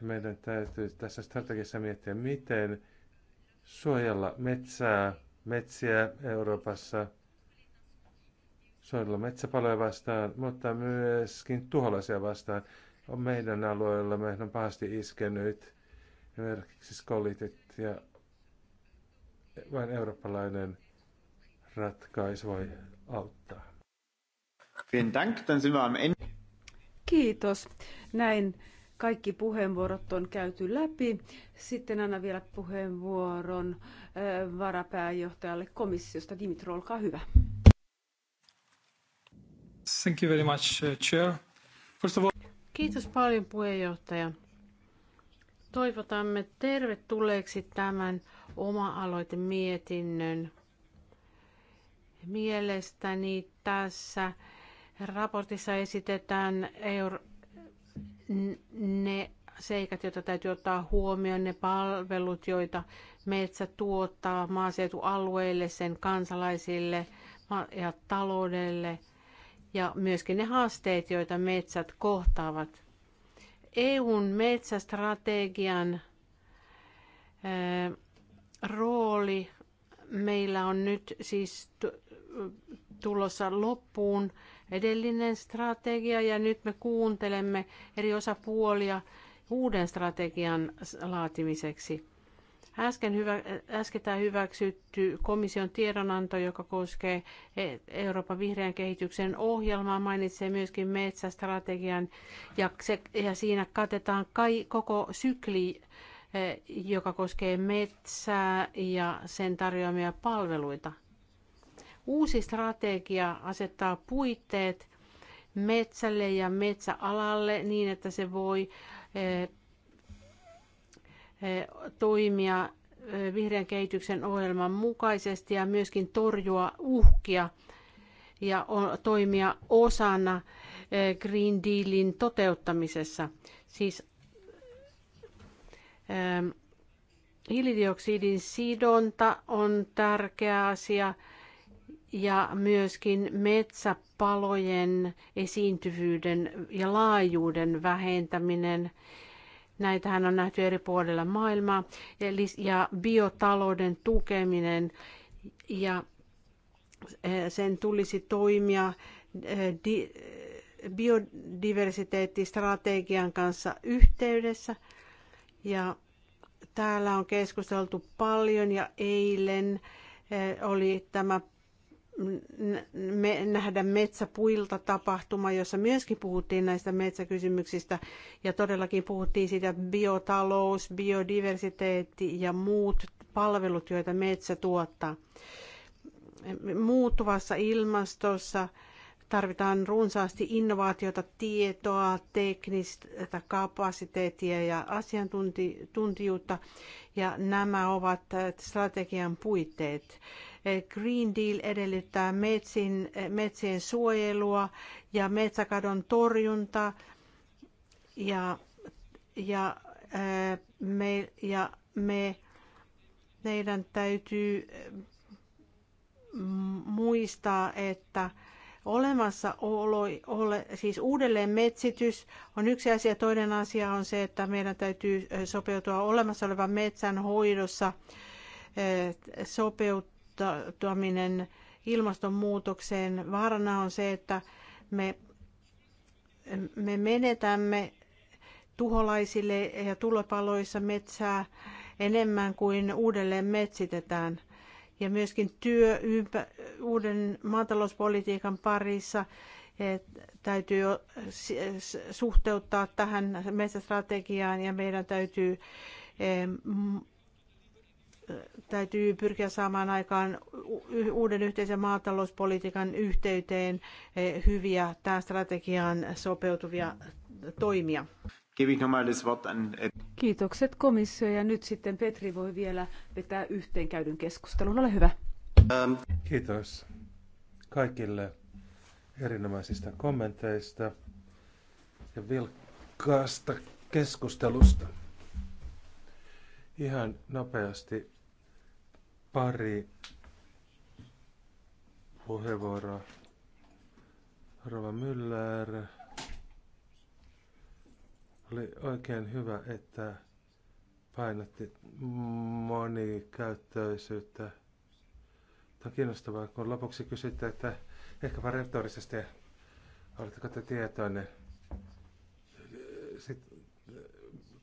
Ja meidän täytyy tässä strategiassa miettiä, miten suojella metsää metsiä Euroopassa, suojella metsäpaloja vastaan, mutta myöskin tuholaisia vastaan. On meidän alueella meidän on pahasti iskenyt esimerkiksi skolitit ja vain eurooppalainen ratkaisu voi auttaa. Vielen Dank, dann sind wir am Ende. Kiitos. Näin kaikki puheenvuorot on käyty läpi. Sitten annan vielä puheenvuoron äh, varapääjohtajalle komissiosta. Dimitro, olkaa hyvä. Thank you very much, uh, Chair. First of all... Kiitos paljon puheenjohtaja. Toivotamme tervetulleeksi tämän oma-aloitemietinnön. Mielestäni tässä raportissa esitetään Euro- ne seikat, joita täytyy ottaa huomioon, ne palvelut, joita metsä tuottaa maaseutualueille, sen kansalaisille ja taloudelle ja myöskin ne haasteet, joita metsät kohtaavat. EUn metsästrategian rooli meillä on nyt siis tulossa loppuun edellinen strategia ja nyt me kuuntelemme eri osapuolia uuden strategian laatimiseksi. Äsken hyvä, äsketään hyväksytty komission tiedonanto, joka koskee e, Euroopan vihreän kehityksen ohjelmaa, mainitsee myöskin metsästrategian ja, se, ja siinä katetaan kai, koko sykli, e, joka koskee metsää ja sen tarjoamia palveluita. Uusi strategia asettaa puitteet metsälle ja metsäalalle niin, että se voi eh, eh, toimia eh, vihreän kehityksen ohjelman mukaisesti ja myöskin torjua uhkia ja toimia osana Green Dealin toteuttamisessa. Siis hiilidioksidin sidonta on tärkeä asia ja myöskin metsäpalojen esiintyvyyden ja laajuuden vähentäminen. Näitähän on nähty eri puolilla maailmaa ja biotalouden tukeminen ja e, sen tulisi toimia e, biodiversiteettistrategian kanssa yhteydessä. Ja täällä on keskusteltu paljon ja eilen e, oli tämä me, nähdä metsäpuilta tapahtuma, jossa myöskin puhuttiin näistä metsäkysymyksistä ja todellakin puhuttiin siitä biotalous, biodiversiteetti ja muut palvelut, joita metsä tuottaa. Muuttuvassa ilmastossa tarvitaan runsaasti innovaatiota, tietoa, teknistä kapasiteettia ja asiantuntijuutta ja nämä ovat strategian puitteet Green Deal edellyttää metsin, metsien suojelua ja metsäkadon torjuntaa ja, ja, äh, me, ja me, meidän täytyy mm, muistaa, että olemassaolo, ole, siis uudelleen metsitys on yksi asia. Toinen asia on se, että meidän täytyy äh, sopeutua olemassa olevan metsän hoidossa, äh, sopeut, suhtautuminen ilmastonmuutokseen. Vaarana on se, että me, me menetämme tuholaisille ja tulopaloissa metsää enemmän kuin uudelleen metsitetään. Ja myöskin työ ympä, uuden maatalouspolitiikan parissa täytyy suhteuttaa tähän metsästrategiaan ja meidän täytyy täytyy pyrkiä saamaan aikaan uuden yhteisen maatalouspolitiikan yhteyteen eh, hyviä tähän strategiaan sopeutuvia toimia. Kiitokset komissio ja nyt sitten Petri voi vielä vetää yhteen käydyn keskustelun. Ole hyvä. Ähm. Kiitos kaikille erinomaisista kommenteista ja vilkkaasta keskustelusta. Ihan nopeasti Pari puheenvuoroa. Rova Müller. Oli oikein hyvä, että painotti monikäyttöisyyttä. Tämä on kiinnostavaa, kun lopuksi kysytte, että vain retorisesti, oletteko te tietoinen, sit,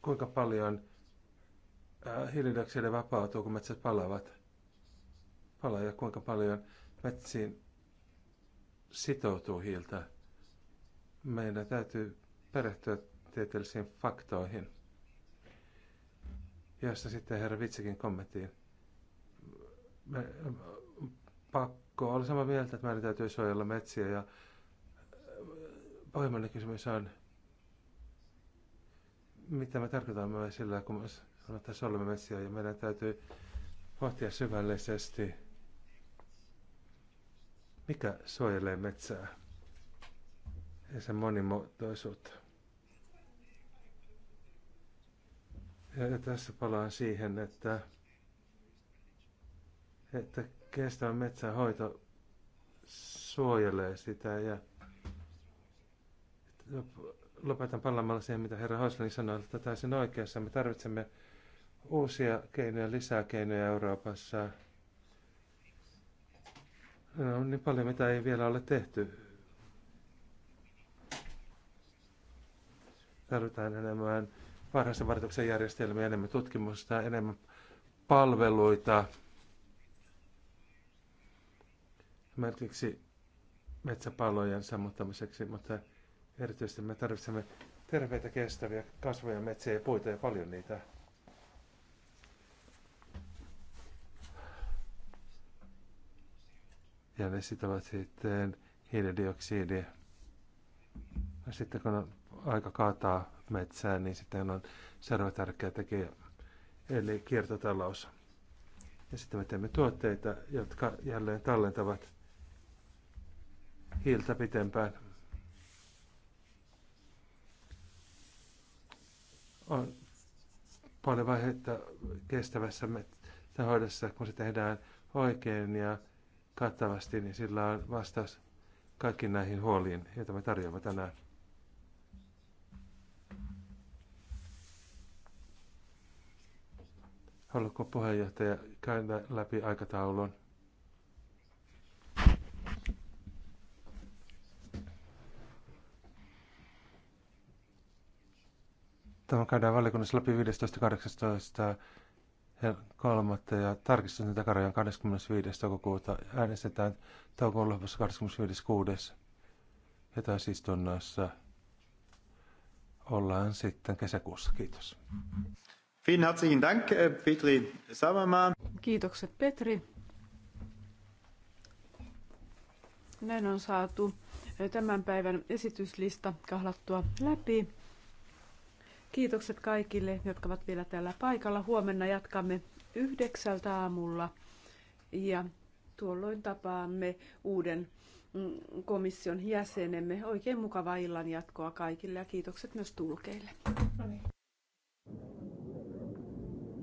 kuinka paljon äh, hiilidioksidia vapautuu, kun metsät palavat pala ja kuinka paljon metsiin sitoutuu hiiltä. Meidän täytyy perehtyä tieteellisiin faktoihin. Josta sitten herra Vitsikin kommenttiin. Me, pakko olla samaa mieltä, että meidän täytyy suojella metsiä ja pohjimmainen kysymys on, mitä me tarkoitamme sillä, kun me sanotaan, että metsiä ja meidän täytyy pohtia syvällisesti mikä suojelee metsää ja sen monimuotoisuutta? Ja tässä palaan siihen, että, että kestävä metsänhoito suojelee sitä ja lopetan palaamalla siihen, mitä herra Hoisling sanoi, että täysin oikeassa. Me tarvitsemme uusia keinoja, lisää keinoja Euroopassa No, on niin paljon, mitä ei vielä ole tehty. Tarvitaan enemmän varhaisen varoituksen järjestelmiä, enemmän tutkimusta, enemmän palveluita. Esimerkiksi metsäpalojen sammuttamiseksi, mutta erityisesti me tarvitsemme terveitä, kestäviä kasvoja, metsiä ja puita ja paljon niitä. ja ne sitovat sitten hiilidioksidia. Ja sitten kun on aika kaataa metsää, niin sitten on seuraava tärkeä tekijä, eli kiertotalous. Ja sitten me teemme tuotteita, jotka jälleen tallentavat hiiltä pitempään. On paljon vaiheita kestävässä metsähoidossa, kun se tehdään oikein ja kattavasti, niin sillä on vastaus kaikkiin näihin huoliin, joita me tarjoamme tänään. Haluatko puheenjohtaja käydä läpi aikataulun? Tämä käydään valiokunnassa läpi 15.18 ja kolmatta ja tarkistetun takarajan 25. toukokuuta äänestetään toukokuun lopussa 25.6. ja istunnoissa ollaan sitten kesäkuussa. Kiitos. Vielen herzlichen Dank, äh, Petri Savamaa. Kiitokset, Petri. Näin on saatu tämän päivän esityslista kahlattua läpi. Kiitokset kaikille, jotka ovat vielä täällä paikalla. Huomenna jatkamme yhdeksältä aamulla ja tuolloin tapaamme uuden mm, komission jäsenemme. Oikein mukavaa illan jatkoa kaikille ja kiitokset myös tulkeille. No niin.